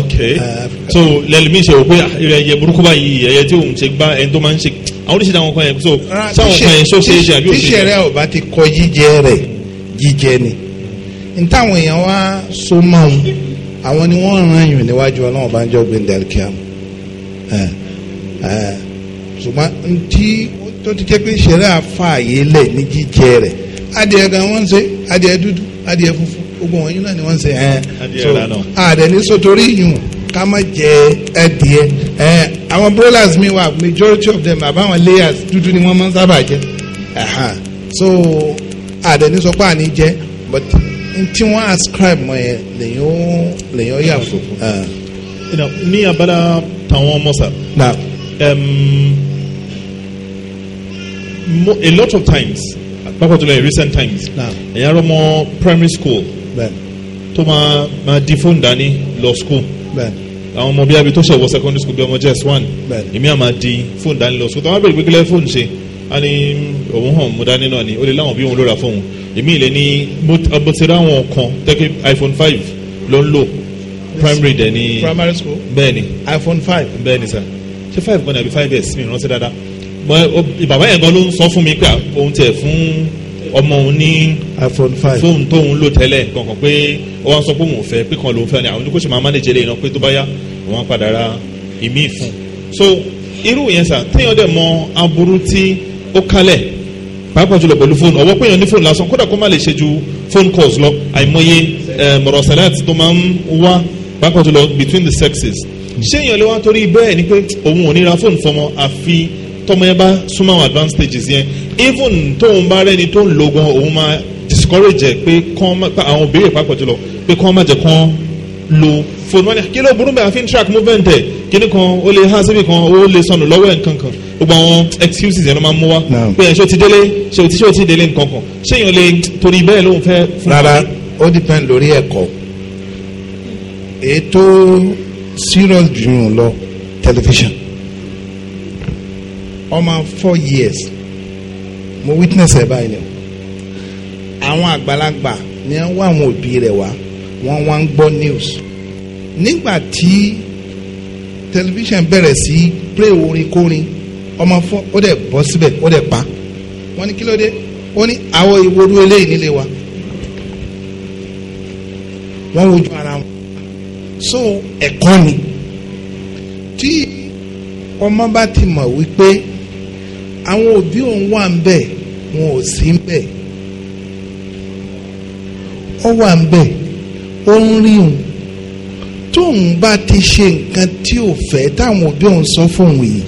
ok ah, so lẹ́lẹ́mí ṣe òpin ah, ẹ̀yẹ burúkú báyìí ẹ̀yẹ tí òun ṣe gbá ẹni tó máa ń ṣe àwọn oríṣiríṣi àwọn kan yẹn so sáwọn kan yẹn ṣó ṣe é ṣe àbí òṣèṣe. tíṣẹ̀rẹ̀ ọba ti kọ jíjẹ rẹ̀ jíjẹ ni n táwọn èèyàn wá so mọ́ wọn àwọn ni wọ́n ràn yàn níwájú ọlọ́run bá ń tó ti jẹ́ pé ìṣẹ̀lẹ̀ àfààyè lẹ̀ ní jíjẹ rẹ̀ adìẹ gan wọ́n ń ṣe adìẹ dúdú adìẹ funfun gbogbo wọn yín náà ni wọ́n ń ṣe ẹ̀ so àdẹ ní sotori yùn ká má jẹ adìẹ ẹ̀ àwọn broilers mi wà majority of them àbáwọn layers dúdú ni wọ́n máa ń sábà jẹ so àdẹ ní sọ pé àní jẹ but tí wọ́n ascribe mọ́ yẹn lèyìn ó lèyìn ó yà fún. ní abala tàwọn ọmọ sà a lot of times particularly in recent times ẹ̀yà rọ mọ primary school tó máa máa di fóònù dání lọ school àwọn ọmọ bí abi tó ṣe wọ secondary school bí ọmọ jess one èmi àmà di fóònù dání lọ school tó àwọn abẹ́rẹ́ gbẹ́gbẹ́lẹ́ fóònù ṣe a ní òun hàn mú dání náà ni ó lè láwọn bí òun ló ra fóònù èmi ìlẹ̀ ní mo ti ráwọn kan tẹ́kẹ́ iphone five ló ń lò primary dẹ̀ ní primary school bẹ́ẹ̀ ni iphone five bẹ́ẹ̀ ni sir ṣé five gan ni àbí five years mi ìrántí dáadáa bàbá yẹn gan ló ń sọ fún mi pé òun tiẹ̀ fún ọmọ òun ní iphone five fóònù tóun lò tẹ́lẹ̀ kankan pé ó wá ń sọ pé òun ò fẹ́ pé kan lòun fẹ́ ni àwọn oníkóṣe máa mánéjì eléyìí náà pé tó bá yá òun á padà ra ìmí fún so irú yẹn sà téèyàn dẹ̀ mọ aburú tí ó kálẹ̀ pàápàá jùlọ pẹ̀lú fóònù ọwọ́ péyàn ní fóònù lásán kódà kó má lè ṣe ju phone calls lọ àìmọye eh, mọ̀rọ̀sálàt tó máa ń wá pàápàá jùlọ between the sexes hmm. ṣé èèyàn lè wá torí bẹ́ẹ̀ ni pé òun ò ní ra fóònù fọmọ àfi tọmọ yẹn bá súnmọ́ àwọn advanced stages yẹn even tóun bá rẹ́ni tó ń lo gan òun máa discourage ẹ̀ pé kán àwọn òbèrè pàápàá jùlọ pé kán má jẹ́ kán lo phone wọn ni kí ló burú bẹ́ẹ̀ àfi ń track movement ẹ̀ kíní kan ó lè há síbi kan ó lè sọnù lọ́wọ́ ẹ̀ nǹkan kan gbogbo àwọn excuses yẹn ló máa ń mú wá pé ẹ̀ ṣé o ti délé ṣé o ti ṣé o ti délé nǹkan kan ṣé èèyàn lè torí bẹ́ẹ̀ lóun fẹ́ rárá ó depend lórí ẹ̀kọ́ ètò serious jù lọ television ọmọ four years mo witness ẹ báyìí ni àwọn àgbàlagbà ni wọ́n wá àwọn òbí rẹ̀ wá wọ́n wá ń gbọ́ news nígbà tí tẹlifíṣàn bẹ̀rẹ̀ sí play orin kórin ọmọ fọ́ ó dẹ̀ bọ́ síbẹ̀ ó dẹ̀ pa wọ́n ní kí ló dé ó ní àwọ̀ ìwòrú eléyìí nílé wa wọ́n wojú ara wọn so ẹ̀kọ́ ni tí ọmọ bá ti mọ̀ wípé àwọn òbí òun wà ń bẹ̀ wọn ò sí ń bẹ̀ ó wà ń bẹ̀ ó ń rí òun tóun bá ti ṣe nǹkan tí ò fẹ́ táwọn òbí òun sọ fóun yìí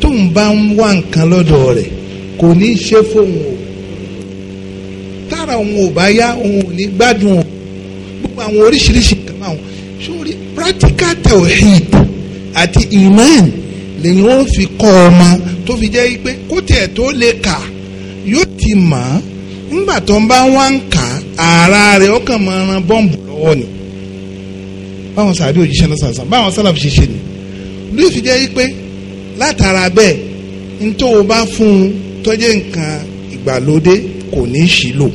tóun bá ń wá nǹkan lọ́dọ̀ rẹ̀ kò ní í ṣe fóun o tára òun ò bá yá òun ò ní gbádùn o gbogbo àwọn oríṣiríṣi nǹkan máa sórí practical tawhid àti iman lèyìn ó fi kọ́ ọmọ tó fi jẹ́ pé kó tiẹ̀ tó lè kà yóò ti mọ̀ ọ́ nígbà tó ń bá wá ń kà ara rẹ̀ ó kàn máa ran bọ́ǹbù lọ́wọ́ ni báwọn sàbí òjíṣẹ́ náà sàṣà báwọn sàlàf ṣe ṣe ni ló fi jẹ́ pé látara bẹ́ẹ̀ nítorí o bá fún un tọ́jẹ́ nǹkan ìgbàlódé kò ní í ṣìlò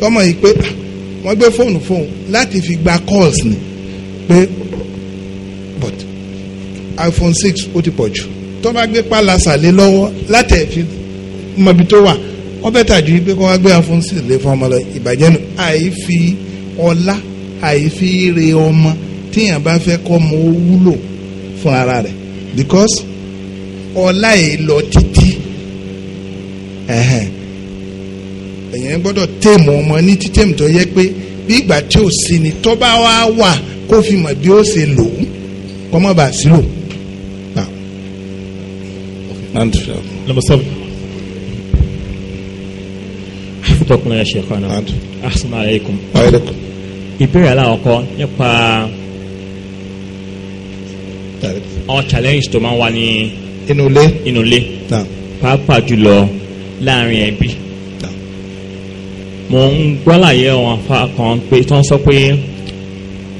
lọ́mọ yìí pé ah, wọ́n gbé fóònù fóònù láti fi gba calls ni pé but iPhone six ó ti pọ̀ jù tó bá gbé pálásà lé lọ́wọ́ látẹ̀ fi mọ̀bi tó wà wọ́n bẹ́ẹ̀ tàjú pé kó wá gbé afúnṣe lé fún ọmọ lọ ìbàjẹ́ nù àìfi ọlá àìfi ire ọmọ tíyàn bá fẹ́ kọ́ mọ wúlò fún ara rẹ̀ because ọlá yìí lọ títí èyàn gbọ́dọ̀ tèmù ọmọ ní títèmù tó yẹ pé bí ìgbà tí ò sí ni tó bá wà kó fi mọ̀ bí ó ṣe lò ó kọ́mọ́ bá sí and number seven. tọkùn yẹn ṣe kan náà asalaamu aleykum. aleykum. ìbéèrè aláwọ̀kọ́ nípa àwọn challenge tó máa ń wà ní. inú ilé. inú ilé. pàápàá jùlọ láàrin ẹbí. mo ń gbọ́ láyé àwọn afá kan pé tí wọ́n sọ pé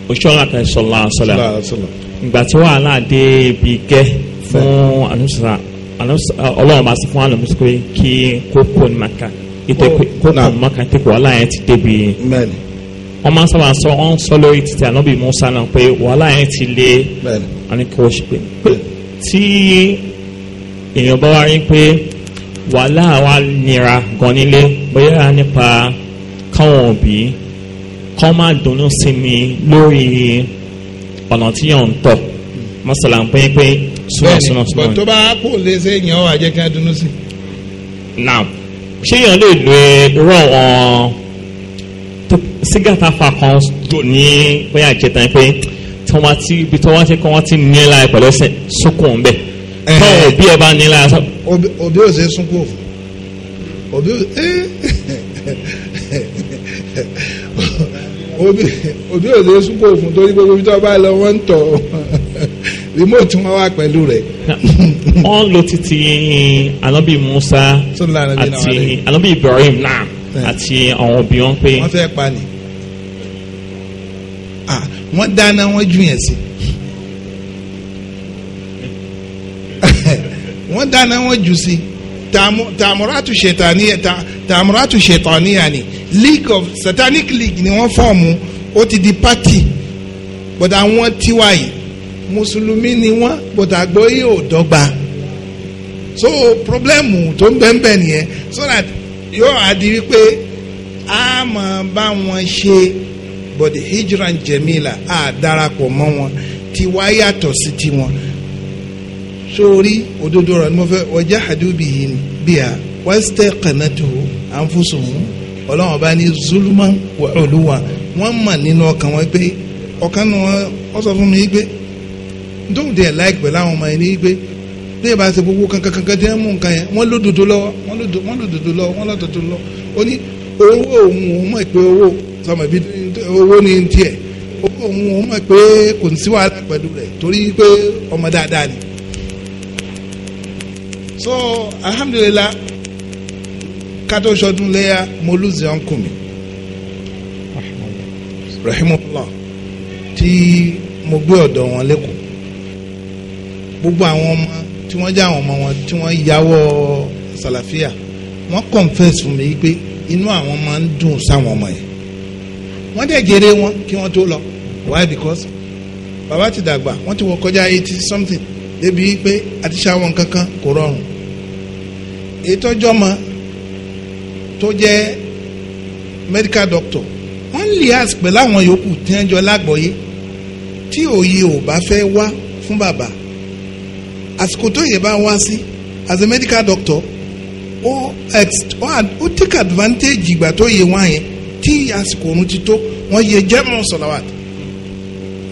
òṣìṣọ́ra kan sọ̀lá sọ̀lá ìgbà tí wàhálà dé ibi gẹ́ fún àtúnṣe ọlọ́run bá sọ fún àlọ́ mùsùlùmí pé kí kó kó ní maka kó kó ní maka tí kò wàhálà yẹn ti débi wọ́n máa ń sábà sọ wọ́n ń sọ lórí títí ànábì musa náà pé wàhálà yẹn ti lé àníkàwọ́ sí pé tí èèyàn bá wá rí pé wàhálà wa nira gan nílé bóyá nípa káwọn òbí kọ́ máa dùnnú sí mi lórí ọ̀nà tí yàn ń tọ̀ mọ́sálà hmm. ń pín pín bẹ́ẹ̀ni bọ tó bá kó lè ṣe yàn ọ àjẹ kí n dunú sí. now ṣé yàn lè lo irú àwọn sígàtà fa kan tó ní bóyá ìjẹta ni pé tọ́wọ́n ti ibi tọ́wọ́n ti kọ́ wọ́n ti ní láyé pẹ̀lú ẹsẹ̀ sunkún bẹ́ẹ̀ tọ́wọ́ òbí ẹ bá ní láyé. òbí ò ṣe sunkún òfò òbí òbí ò ṣe sunkún òfò torí gbogbo ibi tí bá lọ wọ́n ń tọ̀ ọ́ remote wọn wà pẹ̀lú rẹ̀. wọ́n lo titi anabi musa àti anabi ibrahim náà eh. àti àwọn òbí wọn pé. wọ́n fẹ́ pa ni wọ́n dáná wọ́n jù yẹn sí. wọ́n dáná wọ́n jù sí tààmúrátù ṣètàníyà tààmúrátù ṣètàníyà ni league of satanic league ni wọ́n fọ́ọ̀mù ó ti di party but àwọn tiwa yìí mùsùlùmí ni wọ́n bọ̀dà àgbọ́yé ò so problemu tó ń bẹ́ẹ̀ bẹ́ẹ̀ nìyẹn so that yóò adi wípé a máa bá wọn ṣe bọ̀dẹ̀ hijran jẹ̀míìlà a darapọ̀ mọ́ wọn tiwa yàtọ̀ sí tiwọn sórí òdodo rẹ̀ ni mo fẹ́ ọjà àdúbì yìí bíyà wọ́n ṣe kànáàtò àǹfọ̀sọ̀hún ọlọ́run ọba ní zulman wọ́n mọ̀ nínú ọkàn wọn pé ọ̀kan náà sọ fún mi pé dóò dẹ̀ láìpẹ́ pẹ̀lú àwọn ọmọ yẹn ní pé bí ìbá ṣe gbogbo kankan kankan tí wọ́n mú nǹkan yẹn wọ́n lódodo lọ́wọ́ wọ́n lódodo lọ́wọ́ wọ́n lódodo lọ́wọ́ ó ní owó òun òun mọ̀ pé owó sọmọ ibi owó ní tiẹ̀ owó òun òun mọ̀ pé kò ní sí wàhálà pẹ̀lú rẹ̀ torí pé ọmọ dáadáa ni. so alhamdulillah kátó sọdún léyà mo lùzì ọ̀nkù mi rahimahullah tí mo gbé ọ̀dọ̀ wọn lẹ́kọ̀ọ́ gbogbo àwọn ọmọ tí wọ́n jẹ́ àwọn ọmọ wọn tí wọ́n yáwọ́ sàlàfíà wọ́n confess fún mi pé inú àwọn máa ń dùn sáwọn ọmọ yẹn wọ́n dẹ̀ gèrè wọn kí wọ́n tó lọ why because bàbá ti dàgbà wọ́n ti wọ kọjá eighty something débi pé àti ṣàwọn kankan kò rọrùn ètò ọjọ́mọ tó jẹ́ medical doctor Only ask lias pẹ̀lú àwọn yòókù tí wọ́n jọ lágbọ̀ọ́yé tí òye ò bá fẹ́ wá fún bàbá àsìkò tó yẹ bá wá sí as a medical doctor ó ó take advantage ìgbà tó yẹ wá yẹn tí àsìkò òun ti tó wọ́n yẹ german sọ̀làwàt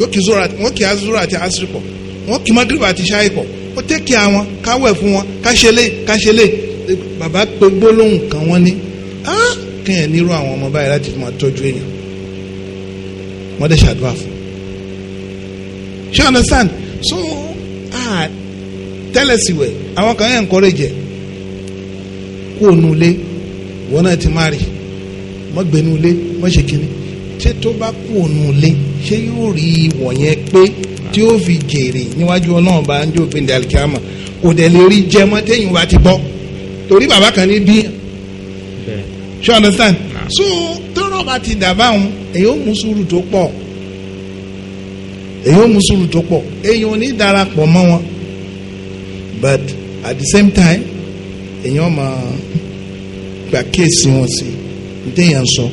yóò kí zora wọ́n kí azura àti asirikọ̀ wọ́n kí magriba àti ṣáìkọ̀ ó tẹ́kẹ̀ àwọn káwẹ̀ fún wọn káṣẹlẹ̀ káṣẹlẹ̀ bàbá pé gbólóhùn kan wọ́n ní kéèyàn nírú àwọn ọmọ báyìí láti máa tọ́jú èèyàn wọ́n dẹ̀ ṣàdúrà fún ṣé understand so ah tẹ́lẹ̀ sí wẹ̀ àwọn kan yẹn ń kọ́rẹ́ jẹ kó nu ilé wọn náà ti má rí mọ́ gbẹnu ilé mọ́ ṣe kínní tí tó bá kó nu ilé ṣé yóò rí ìwọ̀ yẹn pé tí ó fi jèrè níwájú ọlọ́run bá ń jó gbẹ̀ndẹ̀ alikiyama kò dẹ̀ lè rí jẹ téyìn wa ti bọ́ torí bàbá kan ní bí ṣé o understand so tọ́rọ̀ bá ti dà báwọn èyí ó mú sùúrù tó pọ̀ èyí ó mú sùúrù tó pọ̀ èyí ò ní darapọ̀ mọ́ wọn but at the same time èèyàn máa gba kéèsì wọn sí ní téèyàn ń sọ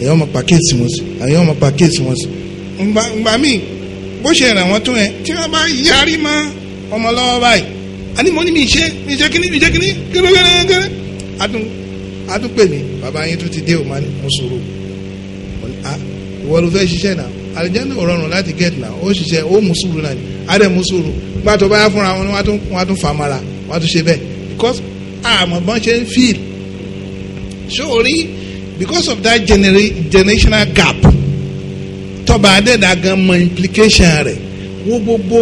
èèyàn máa pa kéèsì wọn sí èèyàn máa pa kéèsì wọn sí. ngbà ngbà míì bó ṣe ràn wọ́n tó yẹn tí wọ́n bá yarí mọ́ ọmọ lọ́wọ́ báyìí àní mo ní mi ṣe mi ṣe kíní mi ṣe kíní gẹ́gẹ́gẹ́gẹ́ adún adún pè mí bàbá yín tó ti dé òun máa ní mo sọ̀rọ̀ ah, ìwọ ló fẹ́ ṣiṣẹ́ náà àlìjáná ò rọrùn láti get náà ó ṣiṣẹ́ ó mú sùúrù náà ni adé mú sùúrù gbàtọ̀ báyà fúnra wọn wọ́n tún wọ́n tún famara wọ́n tún ṣe bẹ́ẹ̀ because àmọ́ bọ́n ṣe ń feel sórí because of that genera generational gap tọba adẹ́dá gan mọ implication rẹ̀ wo gbogbo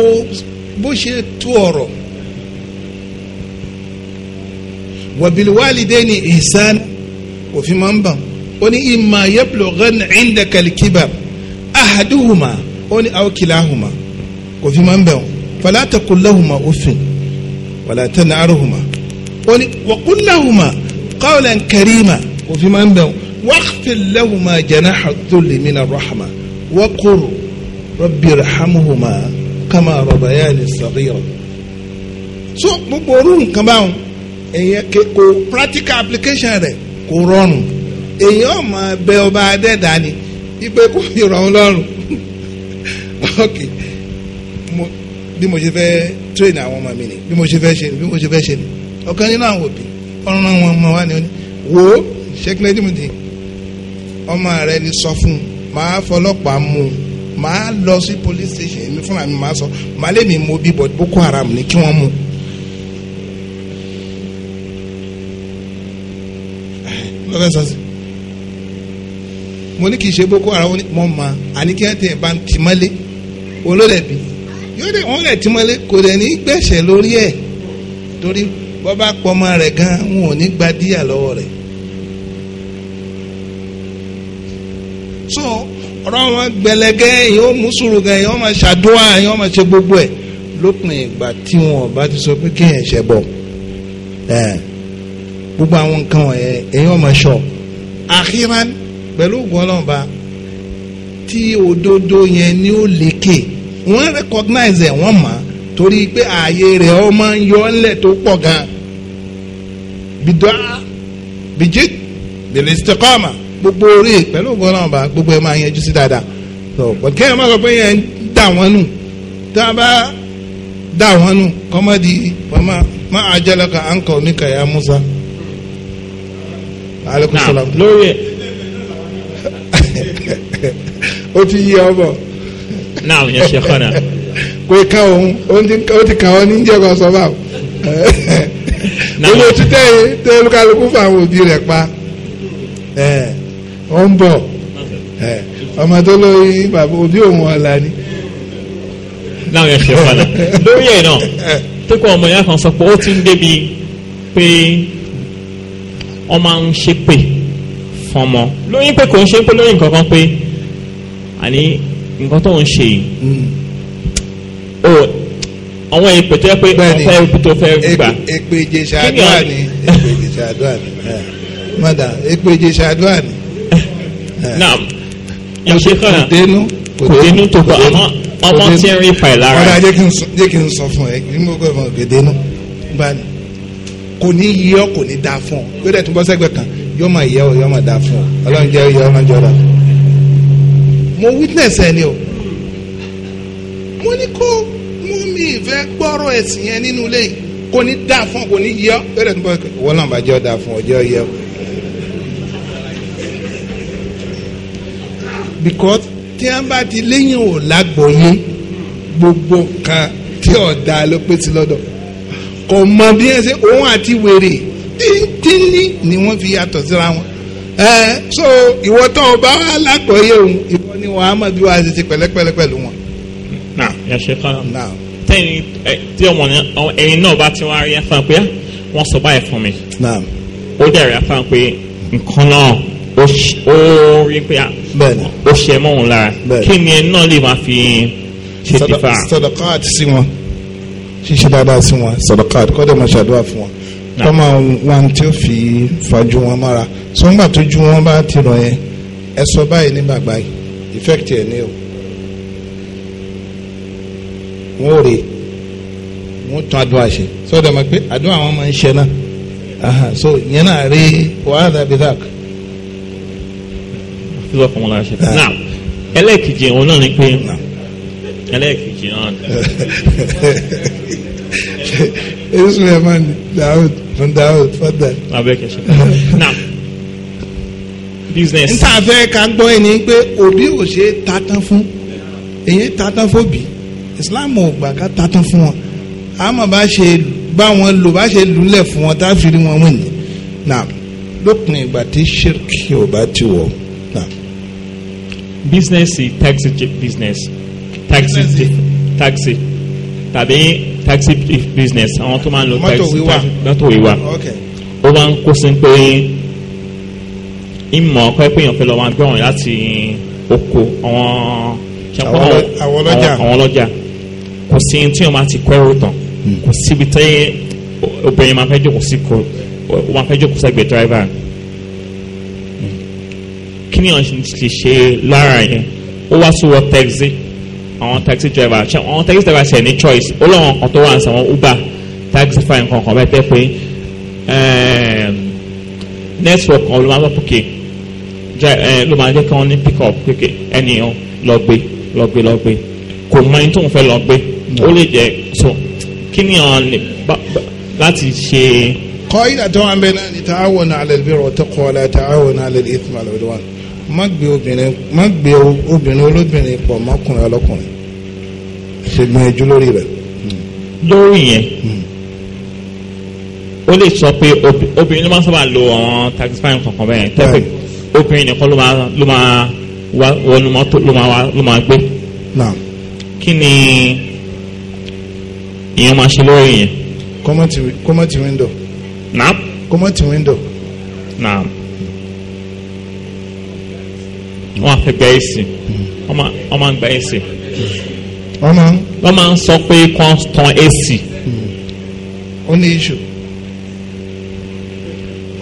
bó ṣe tó ọ̀rọ̀ wàbíliwálidé ni ìsán òfin máa ń bà ó ní ìmọ̀ yẹ́pùlọ̀ gan ní ìndẹ̀kẹ̀lì kíbà ahaduhuma ó ní aw kilahuma òfin máa ń bẹ̀ wọ́n fala taqul lahuma uffin wala tanharhuma ó ní wa qul lahuma qawlan karima òfin máa ń bẹ̀ wọ́n wakhfid lahuma janaha dhulli minar rahma wa qur rabbi irhamhuma kama rabbayani saghira so gbogbo orú nǹkan báwọn èèyàn kò practical application rẹ̀ kò rọrùn èèyàn máa bẹ ọba adẹ́dá ni ipe kò fi ràn wọn lọ́rùn ok mo bí mo ṣe fẹ́ train àwọn ọmọ mi ni bí mo ṣe fẹ́ ṣe ni bí mo ṣe fẹ́ ṣe ni ọ̀kan nínú àwọn òbí ọ̀run àwọn ọmọ wa ni wo ṣẹ́kínlẹ́ jìmọ̀dé ọmọ rẹ ni sọ fún un màá fọlọ́pàá mú un màá lọ sí police station èmi fúnra mi màá sọ màá lè mi mú bíbọ Boko Haram ni kí wọ́n mú un. sọ́sì mo ní kì í ṣe boko haram mọ́ ma àníkẹ́tì ẹ̀ bá ń tì mọ́lé olólẹ̀bí yóò dé wọ́n lẹ̀ tì mọ́lé kò dẹ̀ ní gbẹ̀ṣẹ̀ lórí ẹ̀ torí bọ́ bá pọmọ rẹ̀ gan wọn ò ní gba díyà lọ́wọ́ rẹ̀. so ọ̀rọ̀ wọn gbẹlẹgẹ yóò mú sùúrù gan yóò máa ṣàdúrà yóò máa ṣe gbogbo ẹ̀ lópin ìgbà tí wọn bá ti sọ pé kéèyàn ṣẹ bọ̀ gbogbo àwọn nǹkan wọ̀nyẹn èyí wọn máa ṣọ àkíran. pẹ̀lú ògùn ọlọ́run ba tí òdodo yẹn ni ó lékè wọ́n recognize ẹ̀ wọ́n mọ̀ torí pé ààyè rẹ̀ ọ ma ń yọ ọ́nlẹ̀ tó pọ̀ gan bidọ́ bijit gbogbo orí pẹ̀lú ògùn gbogbo ẹ̀ máa yẹjú sí dáadáa pé yẹn ń dà wọ́n nù bá dà wọ́n nù kọ́mọ́dì ka kàyà Musa. lórí ẹ O ti yí ọbọ. náà yẹn ṣe kọ́nà. kò ká òun ó ti kà ọ́ ní jẹ́kọ̀ sọ́ba o. olè títẹ̀ yìí tẹ olúkálukú fún àwọn òbí rẹ̀ pa ó ń bọ̀ ọmọ tó lórí bàbá òbí òun ọ̀la ni. náà yẹn ṣe kọ́nà lórí ẹ̀ náà tó kọ́ ọmọ yẹn kan sọ pé ó ti ń débi pé ọmọ ń ṣépè fọmọ lóyún pé kò ń ṣe pé lóyún kankan pé àní nǹkan tó ń ṣe yìí mm. o oh, àwọn èpè tó yẹ pé ọ̀fẹ́ èpè tó fẹ́ gbà. èpè ìjèṣà àdúrà ni èpè ìjèṣà àdúrà ni mọ̀dà èpè ìjèṣà àdúrà ni. naam yàtọ̀ kọ́ra kò dénú kò dénú tó bọ̀ àmọ́ ọmọ tí ń rí fa ẹ̀ lára. ọ̀dà jẹ́ kí n sọ fún ẹ ní mo gbọ́ ìmọ̀ kò ní yí ọ kò ní dáa fún ọ gbọ́dọ̀ tún bọ́ sẹ́gbẹ̀ẹ́ kan yóò máa yẹ ọ yóò máa dà fún ọ ọlọ́run jẹ́ yọ ọmọ jọ mo witness ẹ ni o mo ní kó mú mi ìfẹ́ gbọ́rọ̀ ẹ̀sìn yẹn nínú ilé yìí kò ní dà fún ọ kò ní yẹ ọ bẹ́ẹ̀ tó bá wọ́n náà bá jẹ́ ọ dà fún ọ jẹ́ ọ yẹ ọ. because tí wọ́n bá ti léyìn ò lágbóyé gbogbo kan tí ọ̀dà ló pé sí lọ́dọ̀ kò mọ bí ẹ ṣe òun àti wèrè tíní ni wọ́n fi yàtọ̀ síra wọn ẹ so ìwọ tó o bá wà lágbọ̀ọ́yé òun ìwọ ni wọ́n á mọ̀ bí wọ́n á ṣe pẹ̀lẹ́pẹ̀lẹ́ pẹ̀lú wọn. na yà ṣe kọ́ tẹ́yìn tí ọmọ ẹ̀yin náà bá ti wá rí afán pé wọ́n sọ báyìí fún mi ó dẹ̀ rí afán pé nǹkan náà ó rí pé ó ṣe mọ́ òun lára kí ni ẹ náà lè máa fi ṣe tìfà. sọdọ̀kọ́ àti sí wọn ṣíṣe dáadáa sí wọn sọdọ̀kọ́ àti kọ́dọ̀ máa ṣàdúrà fún wọn kọ́ máa wá tí ó fi fajú wọn mọ́ra sọ́ngbà tó ju wọn bá ti rọ̀ yẹn ẹ sọ báyìí ní bàbá yìí effect ẹ̀ ní o wọ́n rè wọ́n tún àdúrà ṣe sọ́dọ̀ ma pé àdúrà wọn máa ń ṣe náà so yẹn náà rí wàhálà bí dáàkì lọ fún wọn ṣe. Ah. now ẹlẹ́ẹ̀kejì òun náà ni pé ẹlẹ́ẹ̀kejì náà. ايه داود من داود اتفضل عباك يا شيخ نعم business. níta fẹ́ ká gbọ́ ẹni pé òbí ò ṣe tatán fún èyí tatán fòbí Islam ò gbà ká tatán fún wọn àmọ́ bá ṣe bá wọn lò bá ṣe lulẹ̀ fún wọn tá a fi rí wọn wọ̀nyí náà lópin ìgbà tí ṣírkì ò bá ti wọ̀ business taxi business taxi taxi tàbí taxi business àwọn tó máa ń lo taxi mọ́tò wíwà ó wá ń kó sí pé ìmọ̀ ọ̀pẹ́ pé èèyàn fẹ́ lọ́wọ́ agbẹ́wọ̀n láti oko àwọn ọlọ́jà kò sí tí wọ́n máa ti kọ́ ẹrù tán hmm. kò síbi tẹ́ obìnrin máa fẹ́ jókòó sí kò ó máa fẹ́ jókòó sẹ́gbẹ̀ẹ́ dírẹ́fà hmm. kí ni wọ́n ti ṣe lára yẹn ó wá sí wọ tẹ́gì àwọn taxi driver ṣe àwọn taxi driver ṣe ní choice ó lọ́wọ́ nǹkan tó wà ń sàwọn uber taxify nǹkan kan bẹ́ẹ̀ tẹ́ pé ehm, network kan ló máa lọ pòkè eh, ló máa jẹ́ kí wọ́n ní pick up kéke ẹnìyàn lọ gbé lọ gbé lọ gbé kò mọ ẹni tó ń fẹ́ lọ gbé ó lè jẹ́ so kí ni àwọn láti ṣe. kọ́ ìdàtọ́ àmì náà ni tààwọn alẹ́ bí rọ̀ tẹ́kọ̀ọ́ la tààwọn alẹ́ ìtumọ̀ àlọ́ ìdọ́wọ́n má gbé obìnrin má gbé obìnrin olóbìnrin pọ̀ mọ́kùnrin ọlọ́kùnrin ṣègbọn ẹjú lórí rẹ̀. lórí yẹn hmm. ó lè sọ pé obìnrin ló máa sábà lo ọ̀hún taxifying kankan bẹ́ẹ̀ tẹ́pẹ́ obìnrin nìkan ló máa ló máa wá wọnú mọ́tò ló máa wá ló gbé. kí ni ìyẹn máa ṣe lórí yẹn. kọ́mọ̀tì kọ́mọ̀tì window. kọ́mọ̀tì window. naam wọ́n fẹ́ gba ẹ̀sìn wọ́n máa ń gba ẹ̀sìn wọ́n máa ń sọ pé kàn tán ẹ̀sìn. ó ní iṣu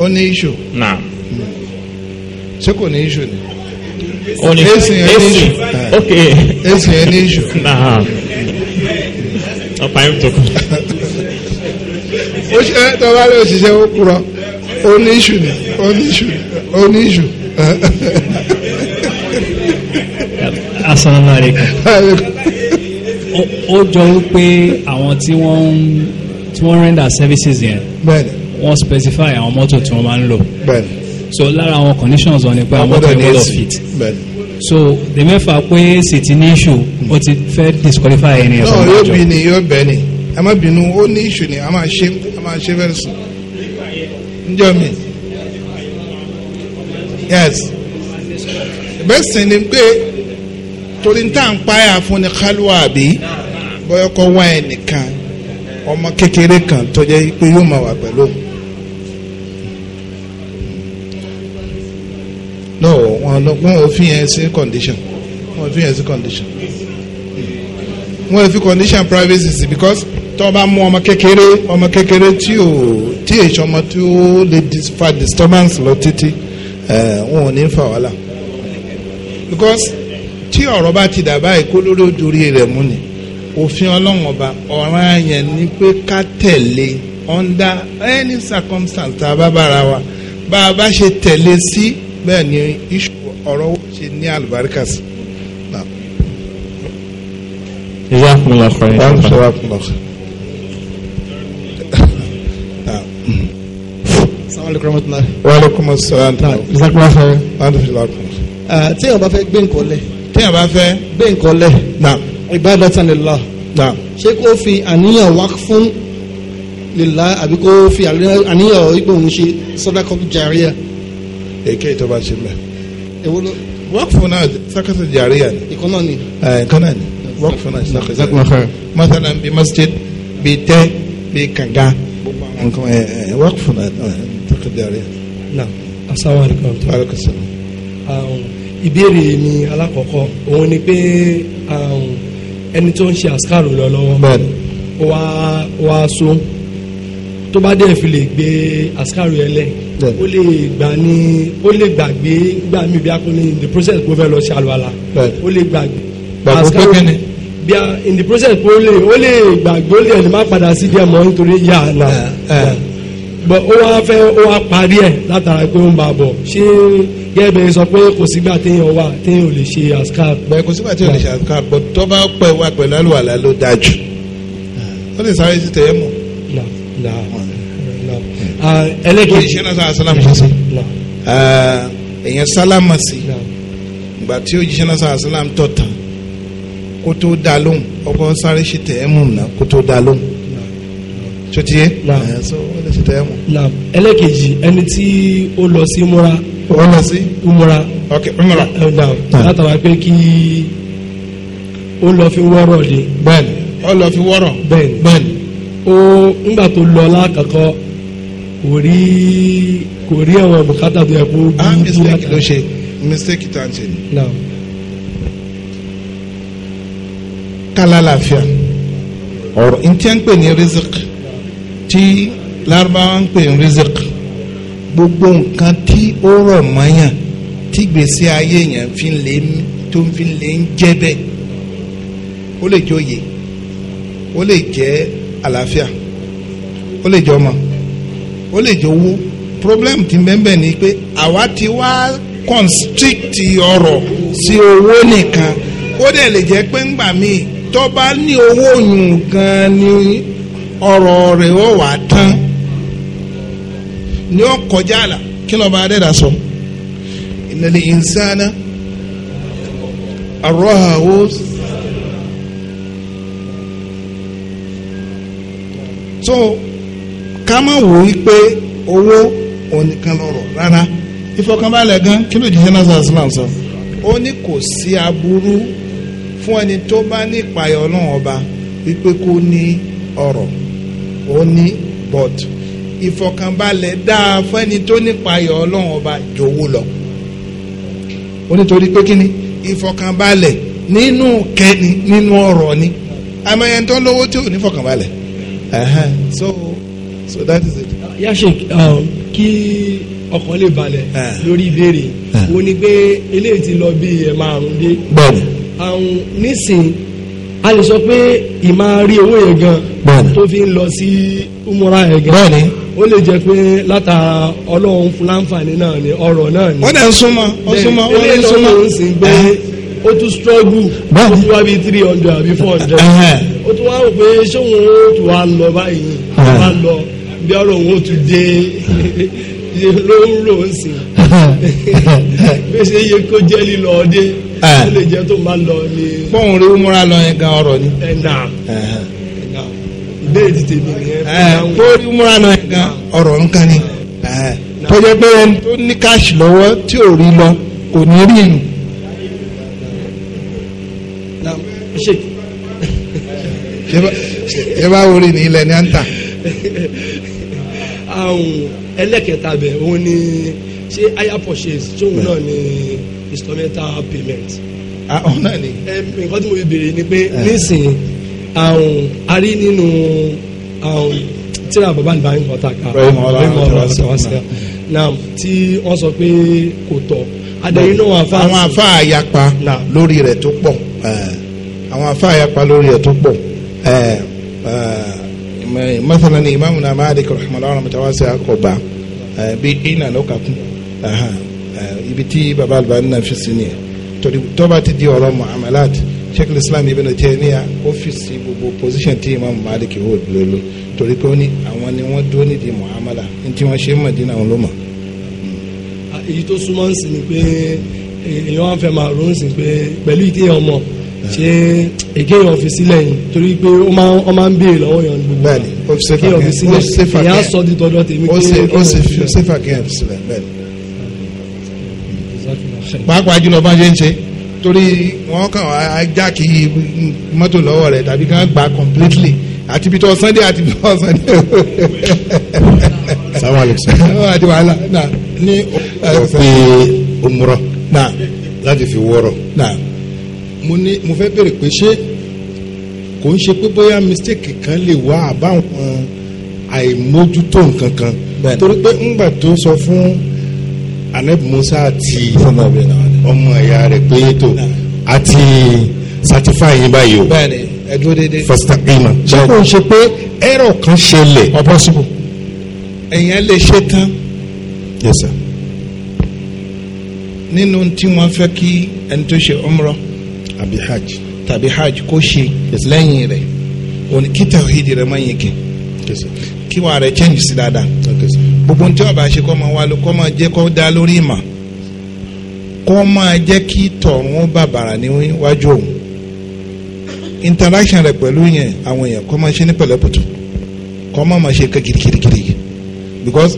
ó ní iṣu. náà ṣé kò ní iṣu ni. ó ní ẹ̀sìn ẹ̀ ní iṣu ok ẹ̀sìn ẹ̀ ní iṣu. náà ọ̀pá yóò tó kàn ó ṣe tó bá lè ṣiṣẹ́ ó kúrọ oníṣù ni oníṣù oníṣù. Assalamu alaikum. ó jọ wípé àwọn tí wọ́n ń tí wọ́n render services yẹn wọ́n specify àwọn mọ́tò tí wọ́n máa ń lò so lára àwọn conditions wọn ni pé àwọn mọ́tò ní health fit so the mẹ́fà pé sì ti ní issue ó ti fẹ́ disqualify ẹni ẹ̀fọ́ náà jọ. yóò bí ni yóò bẹ̀ ni ẹ má bínú ó ní issue ni a máa ṣe a máa ṣe very soon njọ mi yes Best sì ni pé torí tá à ń páyà fún ni kálíwà àbí bọ́yọ̀ kọ́ wá ẹnìkan ọmọ kékeré kan tó jẹ́ pé yóò máa wà pẹ̀lú òun. wọn wọn ò fi yẹn sí condition wọn ò fi yẹn sí condition wọn ò fi condition privacy sí because tó bá mú ọmọ kékeré ọmọ kékeré tí ò tí èyí ọmọ tí ó lè fa disturbance lọ títí ẹ eh, wọn ò ní fa wàhálà because tí ọ̀rọ̀ bá ti dà báyìí kó lórí òdòrí rẹ̀ mú ni òfin ọlọ́run ọba ọ̀ràn yẹn ni pé ká tẹ̀lé under any circumstance tá a bá bára wa bá a bá ṣe tẹ̀lé sí bẹ́ẹ̀ ni iṣu ọ̀rọ̀ ṣe ní àlùbáríkà sí. Wa alaikum assalam. Ah, tí o bá fẹ́ gbé nǹkan lẹ̀ téèyàn bá fẹ́. gbé nǹkan lẹ̀. na ibadatan lillah. na ṣé kó fi àníyàn wá fún lillah àbí kó fi àníyàn ipò òun ṣe sadaqa jariya. èké tó bá ṣe mẹ́. èwo ló. waqfu náà sadaqa jariya ni. ìkan náà ni. ìkan náà ni waqfu náà sadaqa jariya. masalan bi masjid bi tẹ́ bi kànga. waqfu náà sadaqa jariya. na asalaamaaleykum. waaleykum salaam ìbéèrè mi alákọ̀ọ́kọ́ òun ni pé um, ẹni tó ń ṣe àṣkàrò lọ lọ́wọ́ wa wa so tó bá dẹ̀ fi lè gbé àṣkàrò yẹn lẹ̀ ó lè gbà ní ó lè gbàgbé gbà mí bí akóni in the process kó fẹ́ lọ ṣe àlùwàlà ó lè gbàgbé àṣkàrò bí in the process kó lè ó lè gbàgbé ó lè má padà sí díẹ̀ mọ́ nítorí yà á nà bọ ó wá fẹ́ ó wá parí ẹ̀ látara pé ó ń bá bọ̀ ṣé gẹ́gẹ́ sọ pé kò sígbà téèyàn wà téèyàn ò lè ṣe àṣkáp. bẹ́ẹ̀ kò sígbà téèyàn ò lè ṣe àṣkáp bọ tó bá pẹ wá pẹ̀lú àlùwàlà ló dáa jù ó lè sáré sí tẹyẹ mọ. ẹlẹ́kẹ̀ẹ́ ìṣẹ́ náà sọ àṣàlámù ṣe sí èèyàn sálámà sí ìgbà tí ó jíṣẹ́ náà sọ àṣàlámù tọ̀ tán kó tó dá lóhùn ọkọ sáré sí tẹyẹ mọ̀ náà kó tó dá lóhùn tẹ́ mu. na ẹlẹ́kejì ẹni tí ó lọ sí múra. ó lọ sí. múra. ok múra. na látara pé kí ó lọ fi wọ́rọ̀ de. bẹ́ẹ̀ni ó lọ fi wọ́rọ̀. bẹ́ẹ̀ni bẹ́ẹ̀ni ó ńgbà tó lọ lákàkọ́ kò rí kò rí àwọn bùkátà tó yẹ kó. ah mistake ló ṣe mistake tó ń ṣe. na. kálá làáfíà ọ̀rọ̀ ntí à pè ní rizq ti lárúbáwá ń pè ń rizq gbogbo nǹkan tí ó rọ̀ mọ́yàn tí gbèsè ayé yẹn fi lè tó fi lè ń jẹ́ bẹ́ẹ̀ ó lè jẹ́ òye ó lè jẹ́ àlàáfíà ó lè jẹ́ ọmọ ó lè jẹ́ owó problem ti bẹ́ẹ̀ ni pé àwa ti wá constrict ọrọ̀ sí owó nìkan ó dẹ̀ lè jẹ́ pé ńgbà míì tó bá ní owó yùn gan ni ọrọ̀ rẹ̀ ó wà tán ni ó kọjá àlà kí lọ́ba adẹ́dà sọ innal insana arọ́hàwó so ká má wò ó pé owó ònìkan lọ́rọ̀ rárá ìfọkànbalẹ̀ gan kí ló jíjẹ́ náà sàlám sọ ó ní kò sí aburú fún ẹni tó bá ní ìpayọ̀ ọlọ́run ọba wípé kó ní ọrọ̀ ó ní bọ́ọ̀dù ìfọ̀kànbalẹ̀ dáa fẹ́ni tó nípayọ̀ ọlọ́run ọba jọ̀wọ́ lọ. ó nítorí pé kí ni ìfọ̀kànbalẹ̀ nínú kẹ́ni nínú ọ̀rọ̀ ni àmọ́ ẹni tó lówó tí ò ní fọ̀kànbalẹ̀. so so that is it. yashe um, kí ọkàn lè balẹ̀ lórí ìbéèrè wo ni pé eléyìí ti lọ bí ẹ̀ márùn-ún dé. bẹ́ẹ̀ni. nísìnyí a lè sọ pé ìmáa rí owó yẹn gan tó fi ń lọ sí umura yẹn gan ó lè jẹ́ pé látara ọlọ́run fún láǹfààní náà ni ọ̀rọ̀ náà ni. ó dẹ̀ ń súnmọ́ ó súnmọ́ ó dẹ̀ ń súnmọ́ ó sì ń gbé ó tún struggle ó tún wá bíi three hundred àbí four hundred ó tún wá rò pé ṣóun ó tún wá lọ báyìí wá lọ bí ọ̀rọ̀ òun ó tún dé ló ń rò ó sì bí ó ṣe yẹ kó jẹ́ lílọ ọdẹ ó lè jẹ́ tó máa lọ ni. pọ́ùn rí múra lọ yẹn gan ọ̀rọ̀ ni. ẹ̀ nà léèdì tèmi nìyẹn. kórí múra náà gan ọ̀rọ̀ nǹkan ni tọ́jọ́ pé ẹni tó ní káàṣì lọ́wọ́ tí ò rí lọ kò ní rí nù. ṣé bá wọlé ní ilẹ̀ ní à ń tà. ẹlẹ́kẹ̀ta bẹ̀ òun ni ṣé higher purchase tóun náà ni instrumental payment. ọ̀hún náà ni. nǹkan tí mo fi béèrè ni pé nísìnyí àrùn arí nínú àrùn tíra bàbá nìbá yín kọta ká rẹmọlá sọwọsẹ náà tí wọ́n sọ pé kò tọ́ adẹ̀yìn náà àfa. àwọn àfa àyapa lórí rẹ̀ tó pọ̀ àwọn àfa àyapa lórí rẹ̀ tó pọ̀ masala ni imaamu na maadi rahmalahu rahmatawasi akọba bi ina lọka kun ibi tí baba alibani na fi si ni torí tọba ti di ọ̀rọ̀ muamalat sheikh islam ibn taymiya ọ́fíìsì gbogbo position tí imam malik hold lólo torí pé ó ní àwọn ni wọ́n dúró nídìí muhammadu ní tí wọ́n ṣe mọ̀dínà òun ló mọ̀. èyí tó súnmọ́ ń sìn ni pé èèyàn wá fẹ́ máa ronú sí pé pẹ̀lú ìdíyàn ọmọ ṣé èkéyàn eh, fi sílẹ̀ yìí torí pé ó máa ń béèrè lọ́wọ́ yàn gbogbo bẹ́ẹ̀ni ó fi sẹ́fà kẹ́ẹ̀ ó fi sẹ́fà kẹ́ẹ̀ èèyàn sọ di tọdọ tèmi pé ó sì fi sẹ́fà kẹ́ẹ̀ sílẹ̀ bẹ́ẹ̀ni. pàápàá jùlọ bá ṣe ń ṣe torí wọ́n kàn á jákì mọ́tò lọ́wọ́ rẹ̀ tàbí kàn gbà completely àti bí tọ́ sunday àti bí tọ́ sunday. salamu alaykum. àti wàhálà na ní. ọ pé omurọ. náà láti fi wọ́rọ̀. na mo ní mo fẹ́ bèrè pé ṣé kò ń ṣe pé bóyá mistake kan lè wá àbáwọn àìmójútó nǹkan kan torí pé ńgbà tó sọ fún anabi musa àti ọmọ ẹ̀yà rẹ̀ pé tó àti certify yín báyìí o bẹ́ẹ̀ni ẹ dúró déédéé fastaqima ṣé kò ń ṣe pé ẹ̀rọ kan ṣẹlẹ̀ or possible ẹ̀yàn lè ṣe tán yes sir nínú tí wọ́n fẹ́ kí ẹni tó ṣe umrah àbí hajj tàbí hajj kó ṣe lẹ́yìn rẹ̀ òní kí tawhid rẹ̀ máa yẹ kí kí wàá rẹ̀ change sí dáadáa gbogbo ní tí bá ṣe kọ́ máa wá lọ kọ́ máa jẹ́ kọ́ dá lórí ìmọ̀ kọ́ máa jẹ́ kí tọ̀run bàbàrà níwájú òun interaction rẹ̀ pẹ̀lú yẹn àwọn èèyàn kọ́ máa ṣe ní pẹ̀lẹ́pùtù kọ́ máa máa ṣe ká girigirigiri because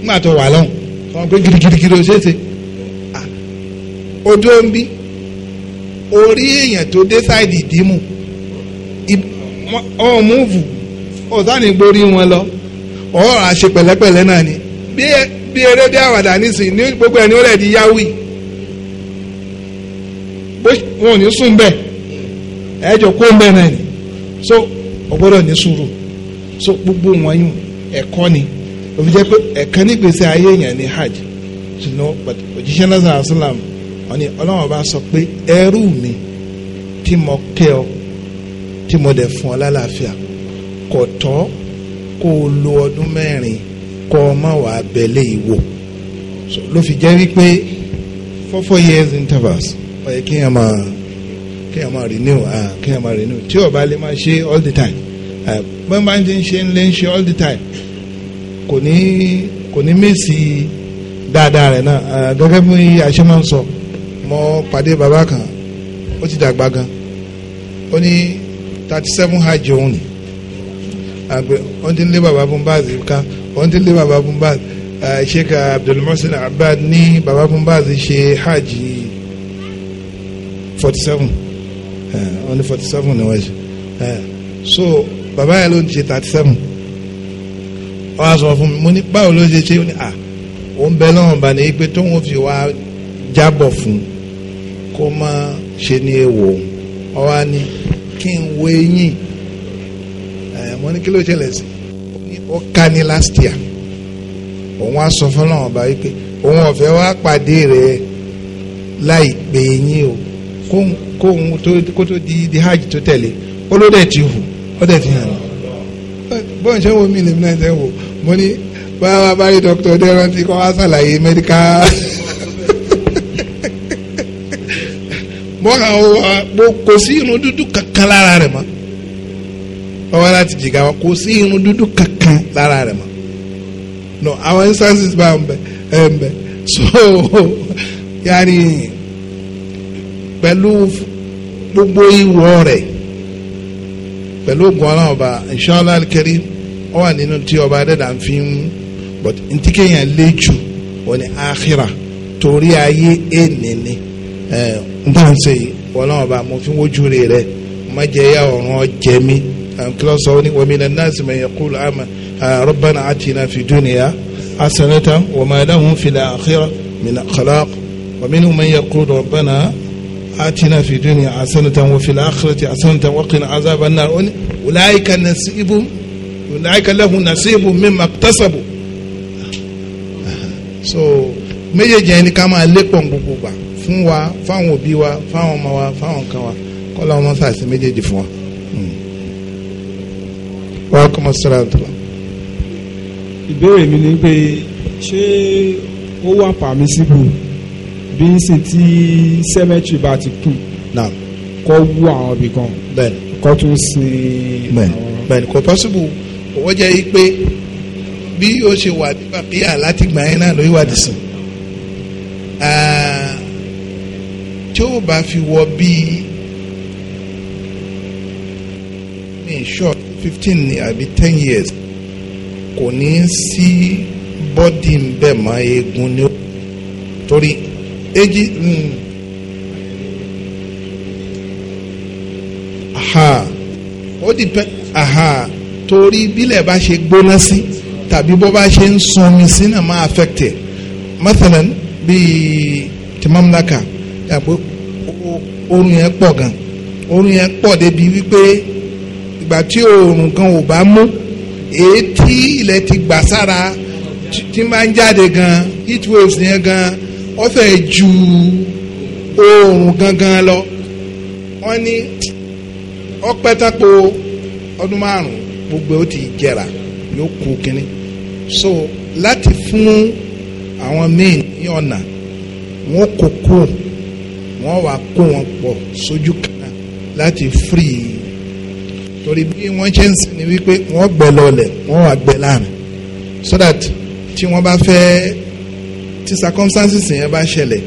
nígbà tó wà lọ́hùn kọ́ máa pé girigirigiri ó ṣeéṣe odó ń bí orí èèyàn tó dé sáìdì ìdímù ọ̀hún múùfù ọ̀sán ìgbórí wọn lọ ọ̀hún àṣepẹ̀lẹ́pẹ̀lẹ́ náà ni. bí eré bí àwàdà nísìnyí ní gbogbo ẹni ó rẹ̀ wọn ò ní sùn bẹ́ẹ̀ ẹ̀jọ̀ kó bẹ́ẹ̀ náà ni so ọgbọ́dọ̀ ní sùúrù so gbogbo wọn yùn ẹ̀kọ́ ni òfin jẹ́ pé ẹ̀kan nígbèsè ayé èèyàn hajj ṣùgbọ́n òjíṣẹ́ náà wọn ni ọlọ́wọ́n bá ọ tí mo dẹ̀ fún ọ lálàáfíà tọ́ kó o lo ọdún kọ́ ọmọ wà abẹ́lé ìwò so ló fi jẹ́ wípé four four years intervals ó yẹ kéèyàn máa kéèyàn máa renew ah kéèyàn máa renew tí ó bá lè máa ṣe all the time bọ́n bá ń ti ń ṣe ń lé ń ṣe all the time kò ní kò ní mèsì dáadáa rẹ̀ náà gẹ́gẹ́ bí aṣẹ́ máa ń sọ mo pàdé bàbá kan ó ti dàgbà gan ó ní thirty seven hajj òun ni àgbẹ̀ ó ti ń lé bàbá fún báàzì ká wọ́n ti lé baba bumbaz sheikh abdul abad ní baba bumbaz ṣe hajj forty seven Only forty seven ni wọ́n ṣe so baba yẹn ló ń ṣe thirty seven wọ́n á sọ fún mi mo ní báwo ló ṣe ṣe ó ní à òun bẹ lọ́wọ́n bá ní pé tóun fi wá jábọ̀ fún kó má ṣe ní èèwọ̀ ọ wá ní kí n wo eyín ẹ̀ mo ní kí ló ṣẹlẹ̀ sí i ó ká ní last year òun á sọ fọlọ́run ọba wípé òun ọ̀fẹ́ wá pàdé rẹ̀ láìpẹ́ yín o kóhun kó tó di di hajj tó tẹ̀lé ó ló dẹ̀ ti hù ó dẹ̀ ti hàn bọ́n ṣe wo mí lèmi náà ṣe wò mo ní báwa bá rí dr deran tí kò wá ṣàlàyé mẹ́díkà mo kà ó kò sí irun dúdú kankan lára rẹ̀ mọ́. wọ́n wá láti Jigawa kò sí irun dúdú kankan lára rẹ̀ mọ́ no our instances bá ń bẹ ẹ ń bẹ so yaani gbogbo ìwọ rẹ̀ pẹ̀lú ògùn ọlọ́run ọba inshallah al-karim wà nínú tí ọba adẹ́dà ń fi ń but ntí kéèyàn lé jù ó ní àkírà torí ayé èèní ni ẹ ń bá ń ọba mo fi ń wojú àǹkílọ̀ sọ ní wa minan nasi man yaqulu àmà rabbana atina fi dunya hasanatan wa ma lahum fil akhirati min khalaq wa minhum man yaqulu rabbana atina fi dunya hasanatan wa fil akhirati hasanatan wa qina azaban nar ulaika nasibum ulaika lahum nasibum mimma iktasabu so méjèèjì ẹni ká máa lépọ̀ gbogbo gbà fún wa fáwọn òbí wa fáwọn ọmọ wa fáwọn kan wa kọ́lá ọmọ sáà sí méjèèjì fún wa. Hmm wàhálà mọ́sálàtọ̀. ìbéèrè mi ni pé ṣé ó wà pàmísìbù bí n sì ti sẹ́mẹ́tì bá ti kù kọ́ wú àwọn ibì kan kọ́ tún sin àwọn. kò pọ́sibù owó jẹ́ pé bí ó ṣe wà ní bàbíyà láti gbà yín náà lóyún wàdí sùn tí ó bá fi wọ bíi ní ìṣọ́ọ̀tì fifteen ni àbí ten years kò ní sí bọ́dì ń bẹ̀ mọ́ eegun ni ó torí eji hmm. ó dìpẹ́ torí bílẹ̀ bá ṣe gbóná sí tàbí bó bá ṣe ń sunmi sí náà máa affect it mathalan bíi tìmọ́mùláka yàgbé orun yẹn pọ̀ gan orun yẹn pọ̀ débi wípé ìgbà tí oòrùn kan ò bá mú èyí tí ilẹ̀ ti gbà sára tí máa ń jáde gan heat waves yẹn gan ó fẹ́ ju oòrùn gangan lọ wọ́n ní ọpẹ́ tápò ọdún márùn gbogbo ó ti jẹrà yóò kú kínní so láti fún àwọn míì ní ọ̀nà wọ́n kò kú wọ́n wá kó wọn pọ̀ sójú kan láti free torí bí wọ́n ṣe ń sìn ni wípé wọ́n gbẹ lọlẹ̀ wọ́n wà gbẹ láàrin so that tí wọ́n bá fẹ́ tí circumstances yẹn bá ṣẹlẹ̀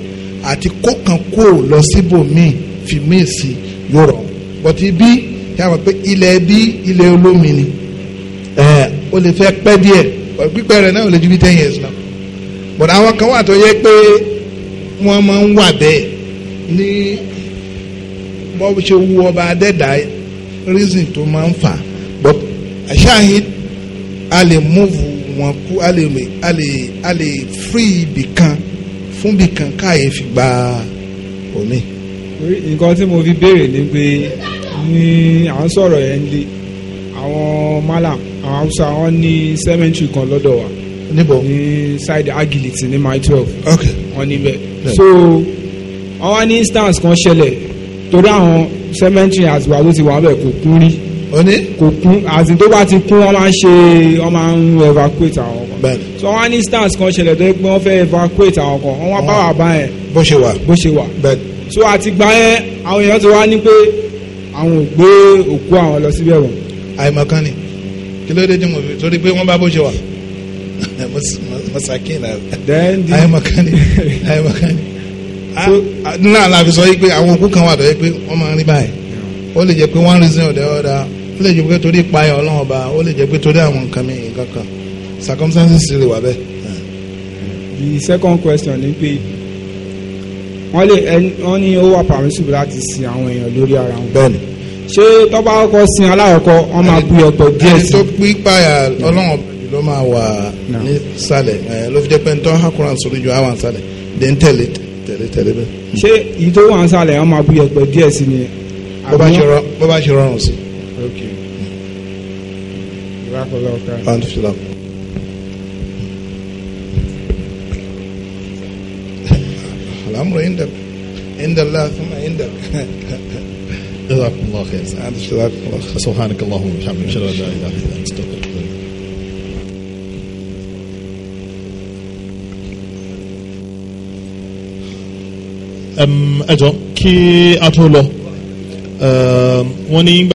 àti kókan kó lọ síbòmíì fi míì sí yóò rọrùn but ibi yà wọ́n pé ilẹ̀ bí ilẹ̀ olómi ni o lè fẹ́ pẹ́ díẹ̀ pípẹ́ rẹ̀ náà ò lè ju bí ten years náà but àwọn kan wà tó yẹ pé wọ́n máa ń wà bẹ́ẹ̀ ní bọ́ ṣe wú ọba adẹ́dàá reason to máa ń fà but ṣáàhìn a lè move wọn kú a lè a lè a lè free ibì kan fún ibì kan káyè fi gba omi. nǹkan tí mo fi béèrè ni pé ní à ń sọ̀rọ̀ yẹn lé àwọn malam àwọn Hausa wọn ní cemetery kan lọ́dọ̀ wa níbo ní side agility ní mile twelve okay wọn níbẹ̀ so wọn wá ní instance kan ṣẹlẹ̀ torí àwọn cemetery as wà ló ti wà bẹ́ẹ̀ kò kún rí. o ní. kò kún àti tó bá ti kún wọ́n máa ń ṣe wọ́n máa ń evacuate àwọn kan. bẹ́ẹ̀ni. so wọ́n á ní stars kan ṣẹlẹ̀ tó yẹ pé wọ́n fẹ́ evacuate àwọn kan wọ́n wá bá wà bá yẹn. bó ṣe wà. bó ṣe wà. bẹ́ẹ̀ni. so àti gbà yẹn àwọn èèyàn ti wá ní pé àwọn ò gbé òkú àwọn lọ síbẹ̀ wọ̀. àìmọ̀kan ni kí ló dé tí mo fi torí pé wọ́n bá bó ṣe wà. mo sàkíyàn àìmọ̀kan ni àìmọ̀kan ni náà la fi sọ yìí pé àwọn òkú kan wà tó yẹ pé wọ́n máa ń rí báyìí ó lè jẹ́ pé one reason or the other ó lè jẹ́ pé torí ìpayà ọlọ́run ọba ó lè jẹ́ pé torí àwọn nǹkan mi nǹkan kan circumstances lè wà bẹ́ẹ̀. the second question ni pé wọ́n lè wọ́n ní ó wà permissible láti sin àwọn èèyàn lórí ara wọn. bẹ́ẹ̀ni. ṣé tọ́ba ọkọ sin aláwọ̀kọ wọ́n máa bu ọ̀pọ̀ díẹ̀ sí. ẹni tó pípayà ọlọ́run ló máa wà ní ló fi jẹ́ pé ń tọ́ hakuran sórí ju àwọn sálẹ̀ dé ń tẹ̀lé tẹ̀lé-tẹ̀lé bẹ́ẹ̀. ṣé èyí tó wà ń sàlẹ̀ wọn máa bu yẹ̀pẹ̀ díẹ̀ sí ni. bó bá ṣe rọrùn sí. ok ìwákọ̀lá ọ̀ka. and filam. alamuru indak indala kuma indak. جزاكم الله خير. سبحانك اللهم وبحمدك اشهد ان لا ẹjọ́ kí a tó lọ wọ́n ní.